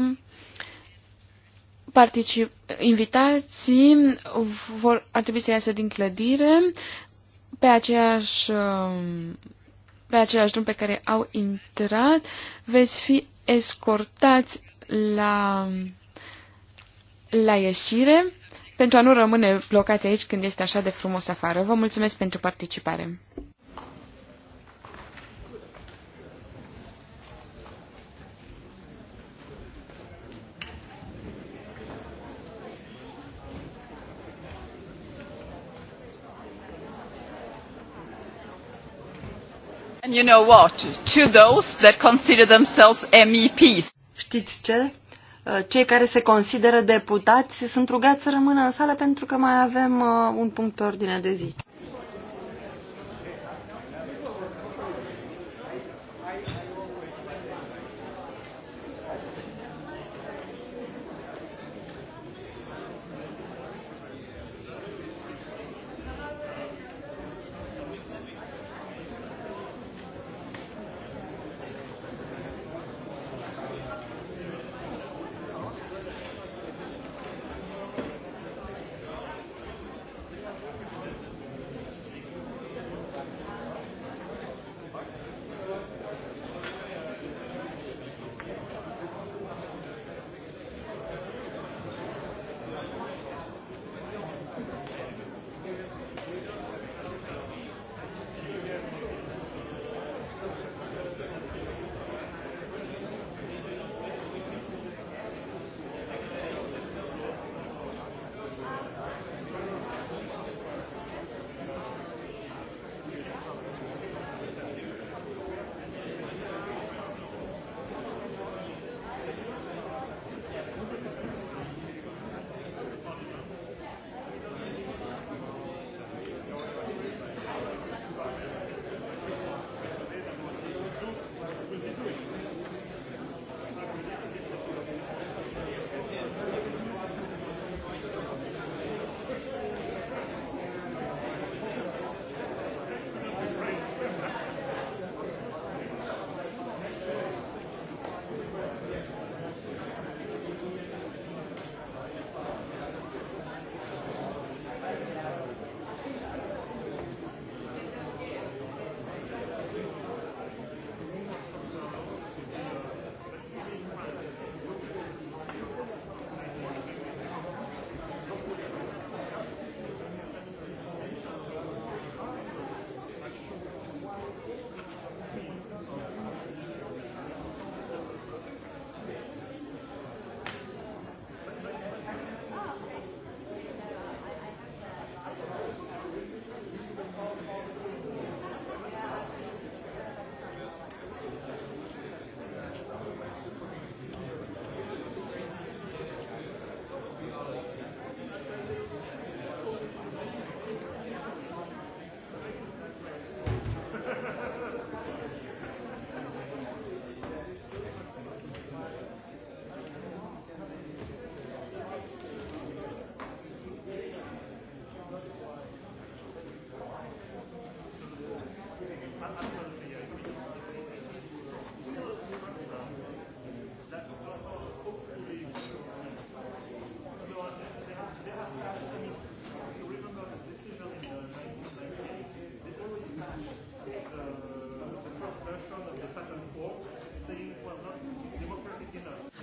particip, invitații vor, ar trebui să iasă din clădire pe aceeași, um, pe aceeași drum pe care au intrat. Veți fi escortați la, la ieșire pentru a nu rămâne blocați aici când este așa de frumos afară. Vă mulțumesc pentru participare! you know what, to those that consider themselves MEPs. Știți ce? Uh, cei care se consideră deputați sunt rugați să rămână în sală pentru că mai avem uh, un punct pe ordine de zi.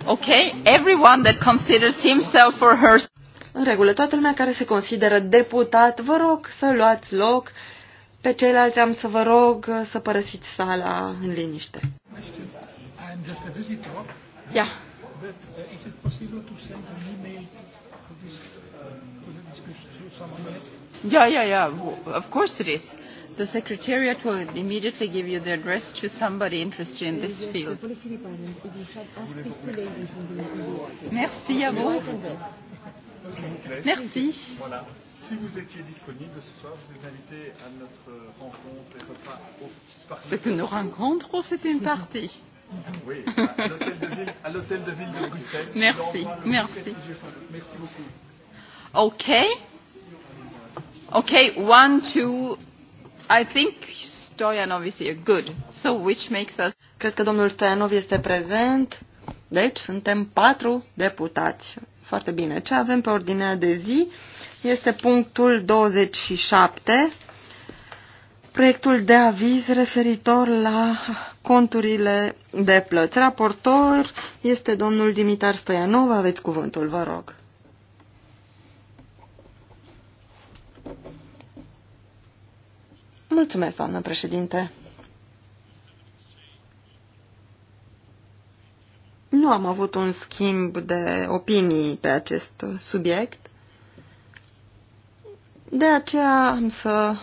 Okay, everyone that considers himself or her... În regulă, toată lumea care se consideră deputat, vă rog să luați loc. Pe ceilalți am să vă rog să părăsiți sala în liniște. I'm just a visitor. Yeah. But uh, is it possible to send an email to this, uh, to the discussion to someone else? Yeah, yeah, yeah. Of course it is the Secretariat will immediately give you the address to somebody interested in this field. Merci à vous. Merci. Voilà. Si vous étiez disponible ce soir, vous êtes invité à notre rencontre et repas au parc. C'était une rencontre ou c'était une partie Oui, à l'hôtel de, de ville de Bruxelles. Merci, merci. Merci beaucoup. Okay. Okay, one, two, I think Stoyanov is here. Good. So which makes us... Cred că domnul Stoyanov este prezent. Deci suntem patru deputați. Foarte bine. Ce avem pe ordinea de zi este punctul 27, proiectul de aviz referitor la conturile de plăți. Raportor este domnul Dimitar Stoianov. Aveți cuvântul, vă rog. Mulțumesc, doamnă președinte. Nu am avut un schimb de opinii pe acest subiect. De aceea am să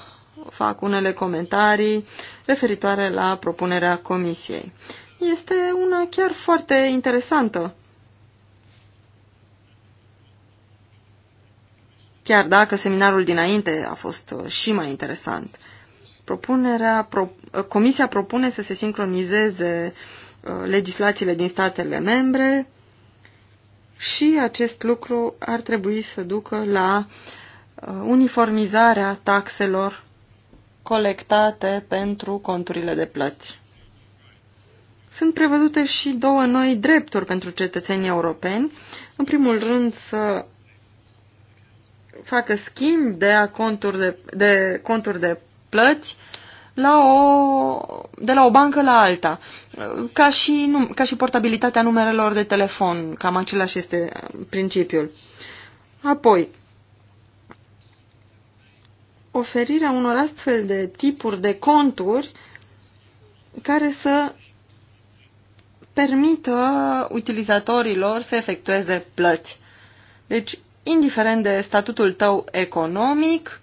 fac unele comentarii referitoare la propunerea comisiei. Este una chiar foarte interesantă. Chiar dacă seminarul dinainte a fost și mai interesant. Propunerea, pro, Comisia propune să se sincronizeze uh, legislațiile din statele membre și acest lucru ar trebui să ducă la uh, uniformizarea taxelor colectate pentru conturile de plăți. Sunt prevăzute și două noi drepturi pentru cetățenii europeni. În primul rând să facă schimb de conturi de, de, conturi de plăți la o, de la o bancă la alta, ca și, num, ca și portabilitatea numerelor de telefon, cam același este principiul. Apoi, oferirea unor astfel de tipuri de conturi care să permită utilizatorilor să efectueze plăți. Deci, indiferent de statutul tău economic,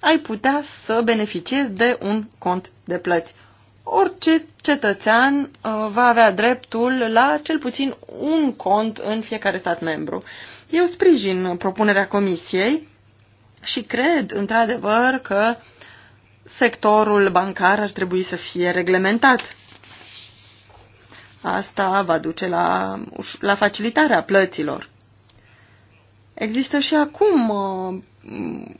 ai putea să beneficiezi de un cont de plăți. Orice cetățean uh, va avea dreptul la cel puțin un cont în fiecare stat membru. Eu sprijin propunerea Comisiei și cred, într-adevăr, că sectorul bancar ar trebui să fie reglementat. Asta va duce la, la facilitarea plăților. Există și acum uh,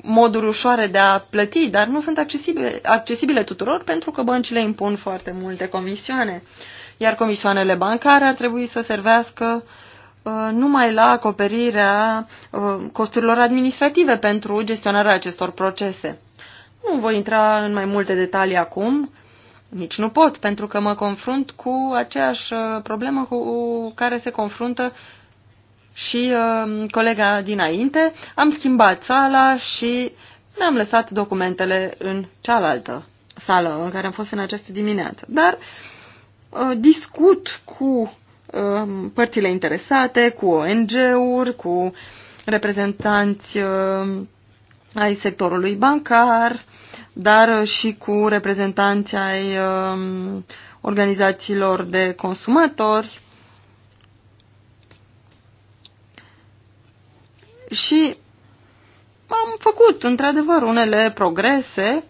moduri ușoare de a plăti, dar nu sunt accesibile, accesibile tuturor pentru că băncile impun foarte multe comisioane. Iar comisioanele bancare ar trebui să servească uh, numai la acoperirea uh, costurilor administrative pentru gestionarea acestor procese. Nu voi intra în mai multe detalii acum, nici nu pot, pentru că mă confrunt cu aceeași problemă cu care se confruntă și uh, colega dinainte, am schimbat sala și ne-am lăsat documentele în cealaltă sală în care am fost în această dimineață. Dar uh, discut cu uh, părțile interesate, cu ONG-uri, cu reprezentanți uh, ai sectorului bancar, dar și cu reprezentanți ai uh, organizațiilor de consumatori Și am făcut, într-adevăr, unele progrese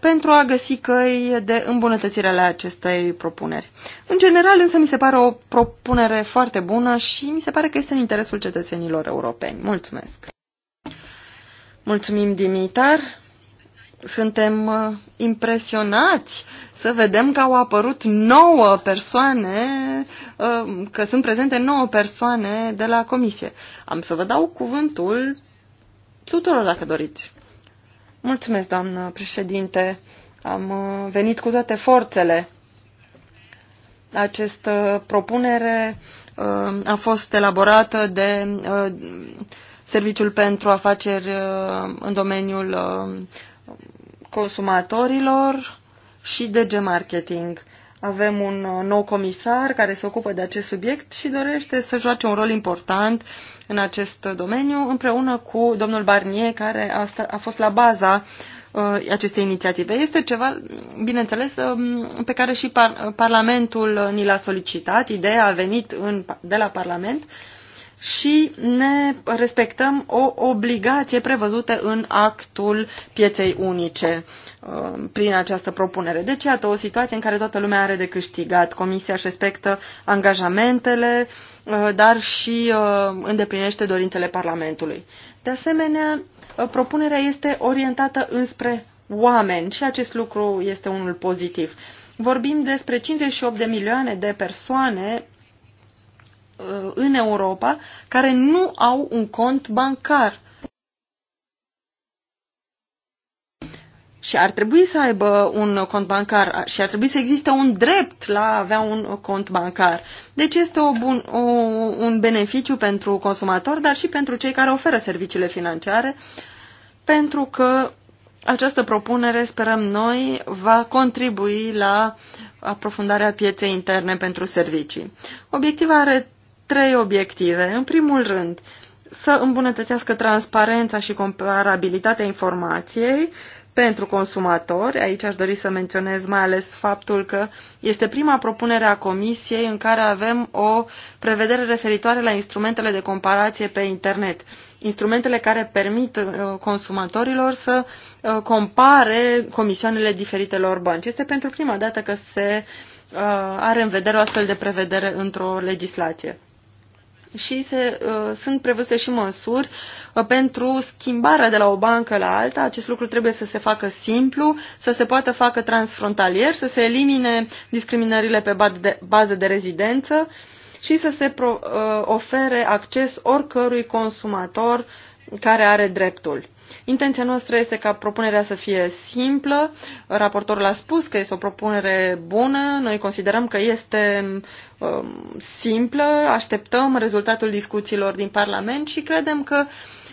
pentru a găsi căi de îmbunătățire ale acestei propuneri. În general, însă, mi se pare o propunere foarte bună și mi se pare că este în interesul cetățenilor europeni. Mulțumesc! Mulțumim, Dimitar! suntem uh, impresionați să vedem că au apărut nouă persoane, uh, că sunt prezente nouă persoane de la comisie. Am să vă dau cuvântul tuturor dacă doriți. Mulțumesc, doamnă președinte. Am uh, venit cu toate forțele. Această propunere a fost elaborată de Serviciul pentru Afaceri în domeniul consumatorilor și DG Marketing. Avem un uh, nou comisar care se ocupă de acest subiect și dorește să joace un rol important în acest domeniu, împreună cu domnul Barnier, care a, sta, a fost la baza uh, acestei inițiative. Este ceva, bineînțeles, uh, pe care și par, uh, Parlamentul uh, ni l-a solicitat. Ideea a venit în, de la Parlament uh, și ne respectăm o obligație prevăzută în actul pieței unice um, prin această propunere. Deci, iată, o situație în care toată lumea are de câștigat. Comisia își respectă angajamentele, uh, dar și uh, îndeplinește dorințele Parlamentului. De asemenea, uh, propunerea este orientată înspre oameni și acest lucru este unul pozitiv. Vorbim despre 58 de milioane de persoane Uh, în Europa care nu au un cont bancar. Și ar trebui să aibă un cont bancar și ar trebui să existe un drept la a avea un cont bancar. Deci este o bun, o, un beneficiu pentru consumator, dar și pentru cei care oferă serviciile financiare, pentru că această propunere, sperăm noi, va contribui la aprofundarea pieței interne pentru servicii. are trei obiective. În primul rând, să îmbunătățească transparența și comparabilitatea informației pentru consumatori. Aici aș dori să menționez mai ales faptul că este prima propunere a Comisiei în care avem o prevedere referitoare la instrumentele de comparație pe internet. Instrumentele care permit uh, consumatorilor să uh, compare comisioanele diferitelor bănci. Este pentru prima dată că se uh, are în vedere o astfel de prevedere într-o legislație și se, uh, sunt prevăzute și măsuri uh, pentru schimbarea de la o bancă la alta. Acest lucru trebuie să se facă simplu, să se poată facă transfrontalier, să se elimine discriminările pe bază de rezidență și să se pro, uh, ofere acces oricărui consumator care are dreptul. Intenția noastră este ca propunerea să fie simplă. Raportorul a spus că este o propunere bună. Noi considerăm că este um, simplă. Așteptăm rezultatul discuțiilor din Parlament și credem că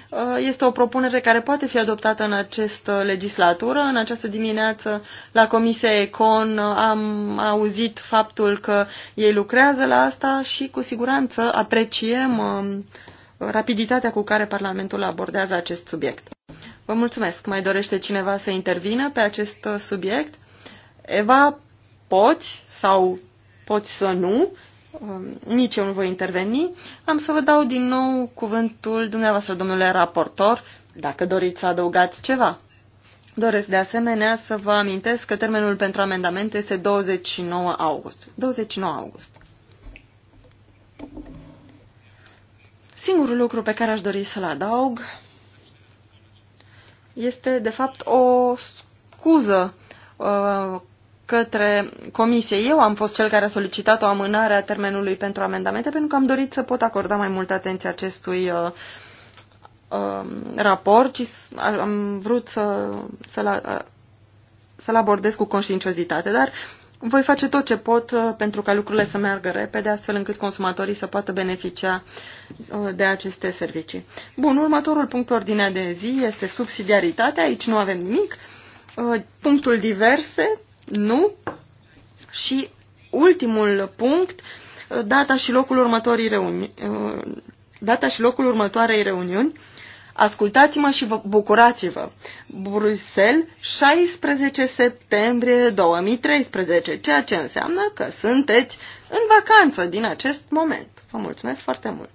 uh, este o propunere care poate fi adoptată în această legislatură. În această dimineață, la Comisia Econ, am auzit faptul că ei lucrează la asta și cu siguranță apreciem um, rapiditatea cu care Parlamentul abordează acest subiect. Vă mulțumesc. Mai dorește cineva să intervină pe acest subiect? Eva, poți sau poți să nu? Um, nici eu nu voi interveni. Am să vă dau din nou cuvântul dumneavoastră, domnule raportor, dacă doriți să adăugați ceva. Doresc de asemenea să vă amintesc că termenul pentru amendamente este 29 august. 29 august. Singurul lucru pe care aș dori să-l adaug este, de fapt, o scuză uh, către comisie. Eu am fost cel care a solicitat o amânare a termenului pentru amendamente pentru că am dorit să pot acorda mai multă atenție acestui uh, uh, raport și am vrut să, l uh, să, -l, să abordez cu conștiinciozitate, dar voi face tot ce pot uh, pentru ca lucrurile să meargă repede, astfel încât consumatorii să poată beneficia uh, de aceste servicii. Bun, următorul punct pe ordinea de zi este subsidiaritatea. Aici nu avem nimic. Uh, punctul diverse, nu. Și ultimul punct, data și locul următorii reuni- data și locul următoarei reuniuni Ascultați-mă și vă bucurați-vă. Bruxelles, 16 septembrie 2013, ceea ce înseamnă că sunteți în vacanță din acest moment. Vă mulțumesc foarte mult!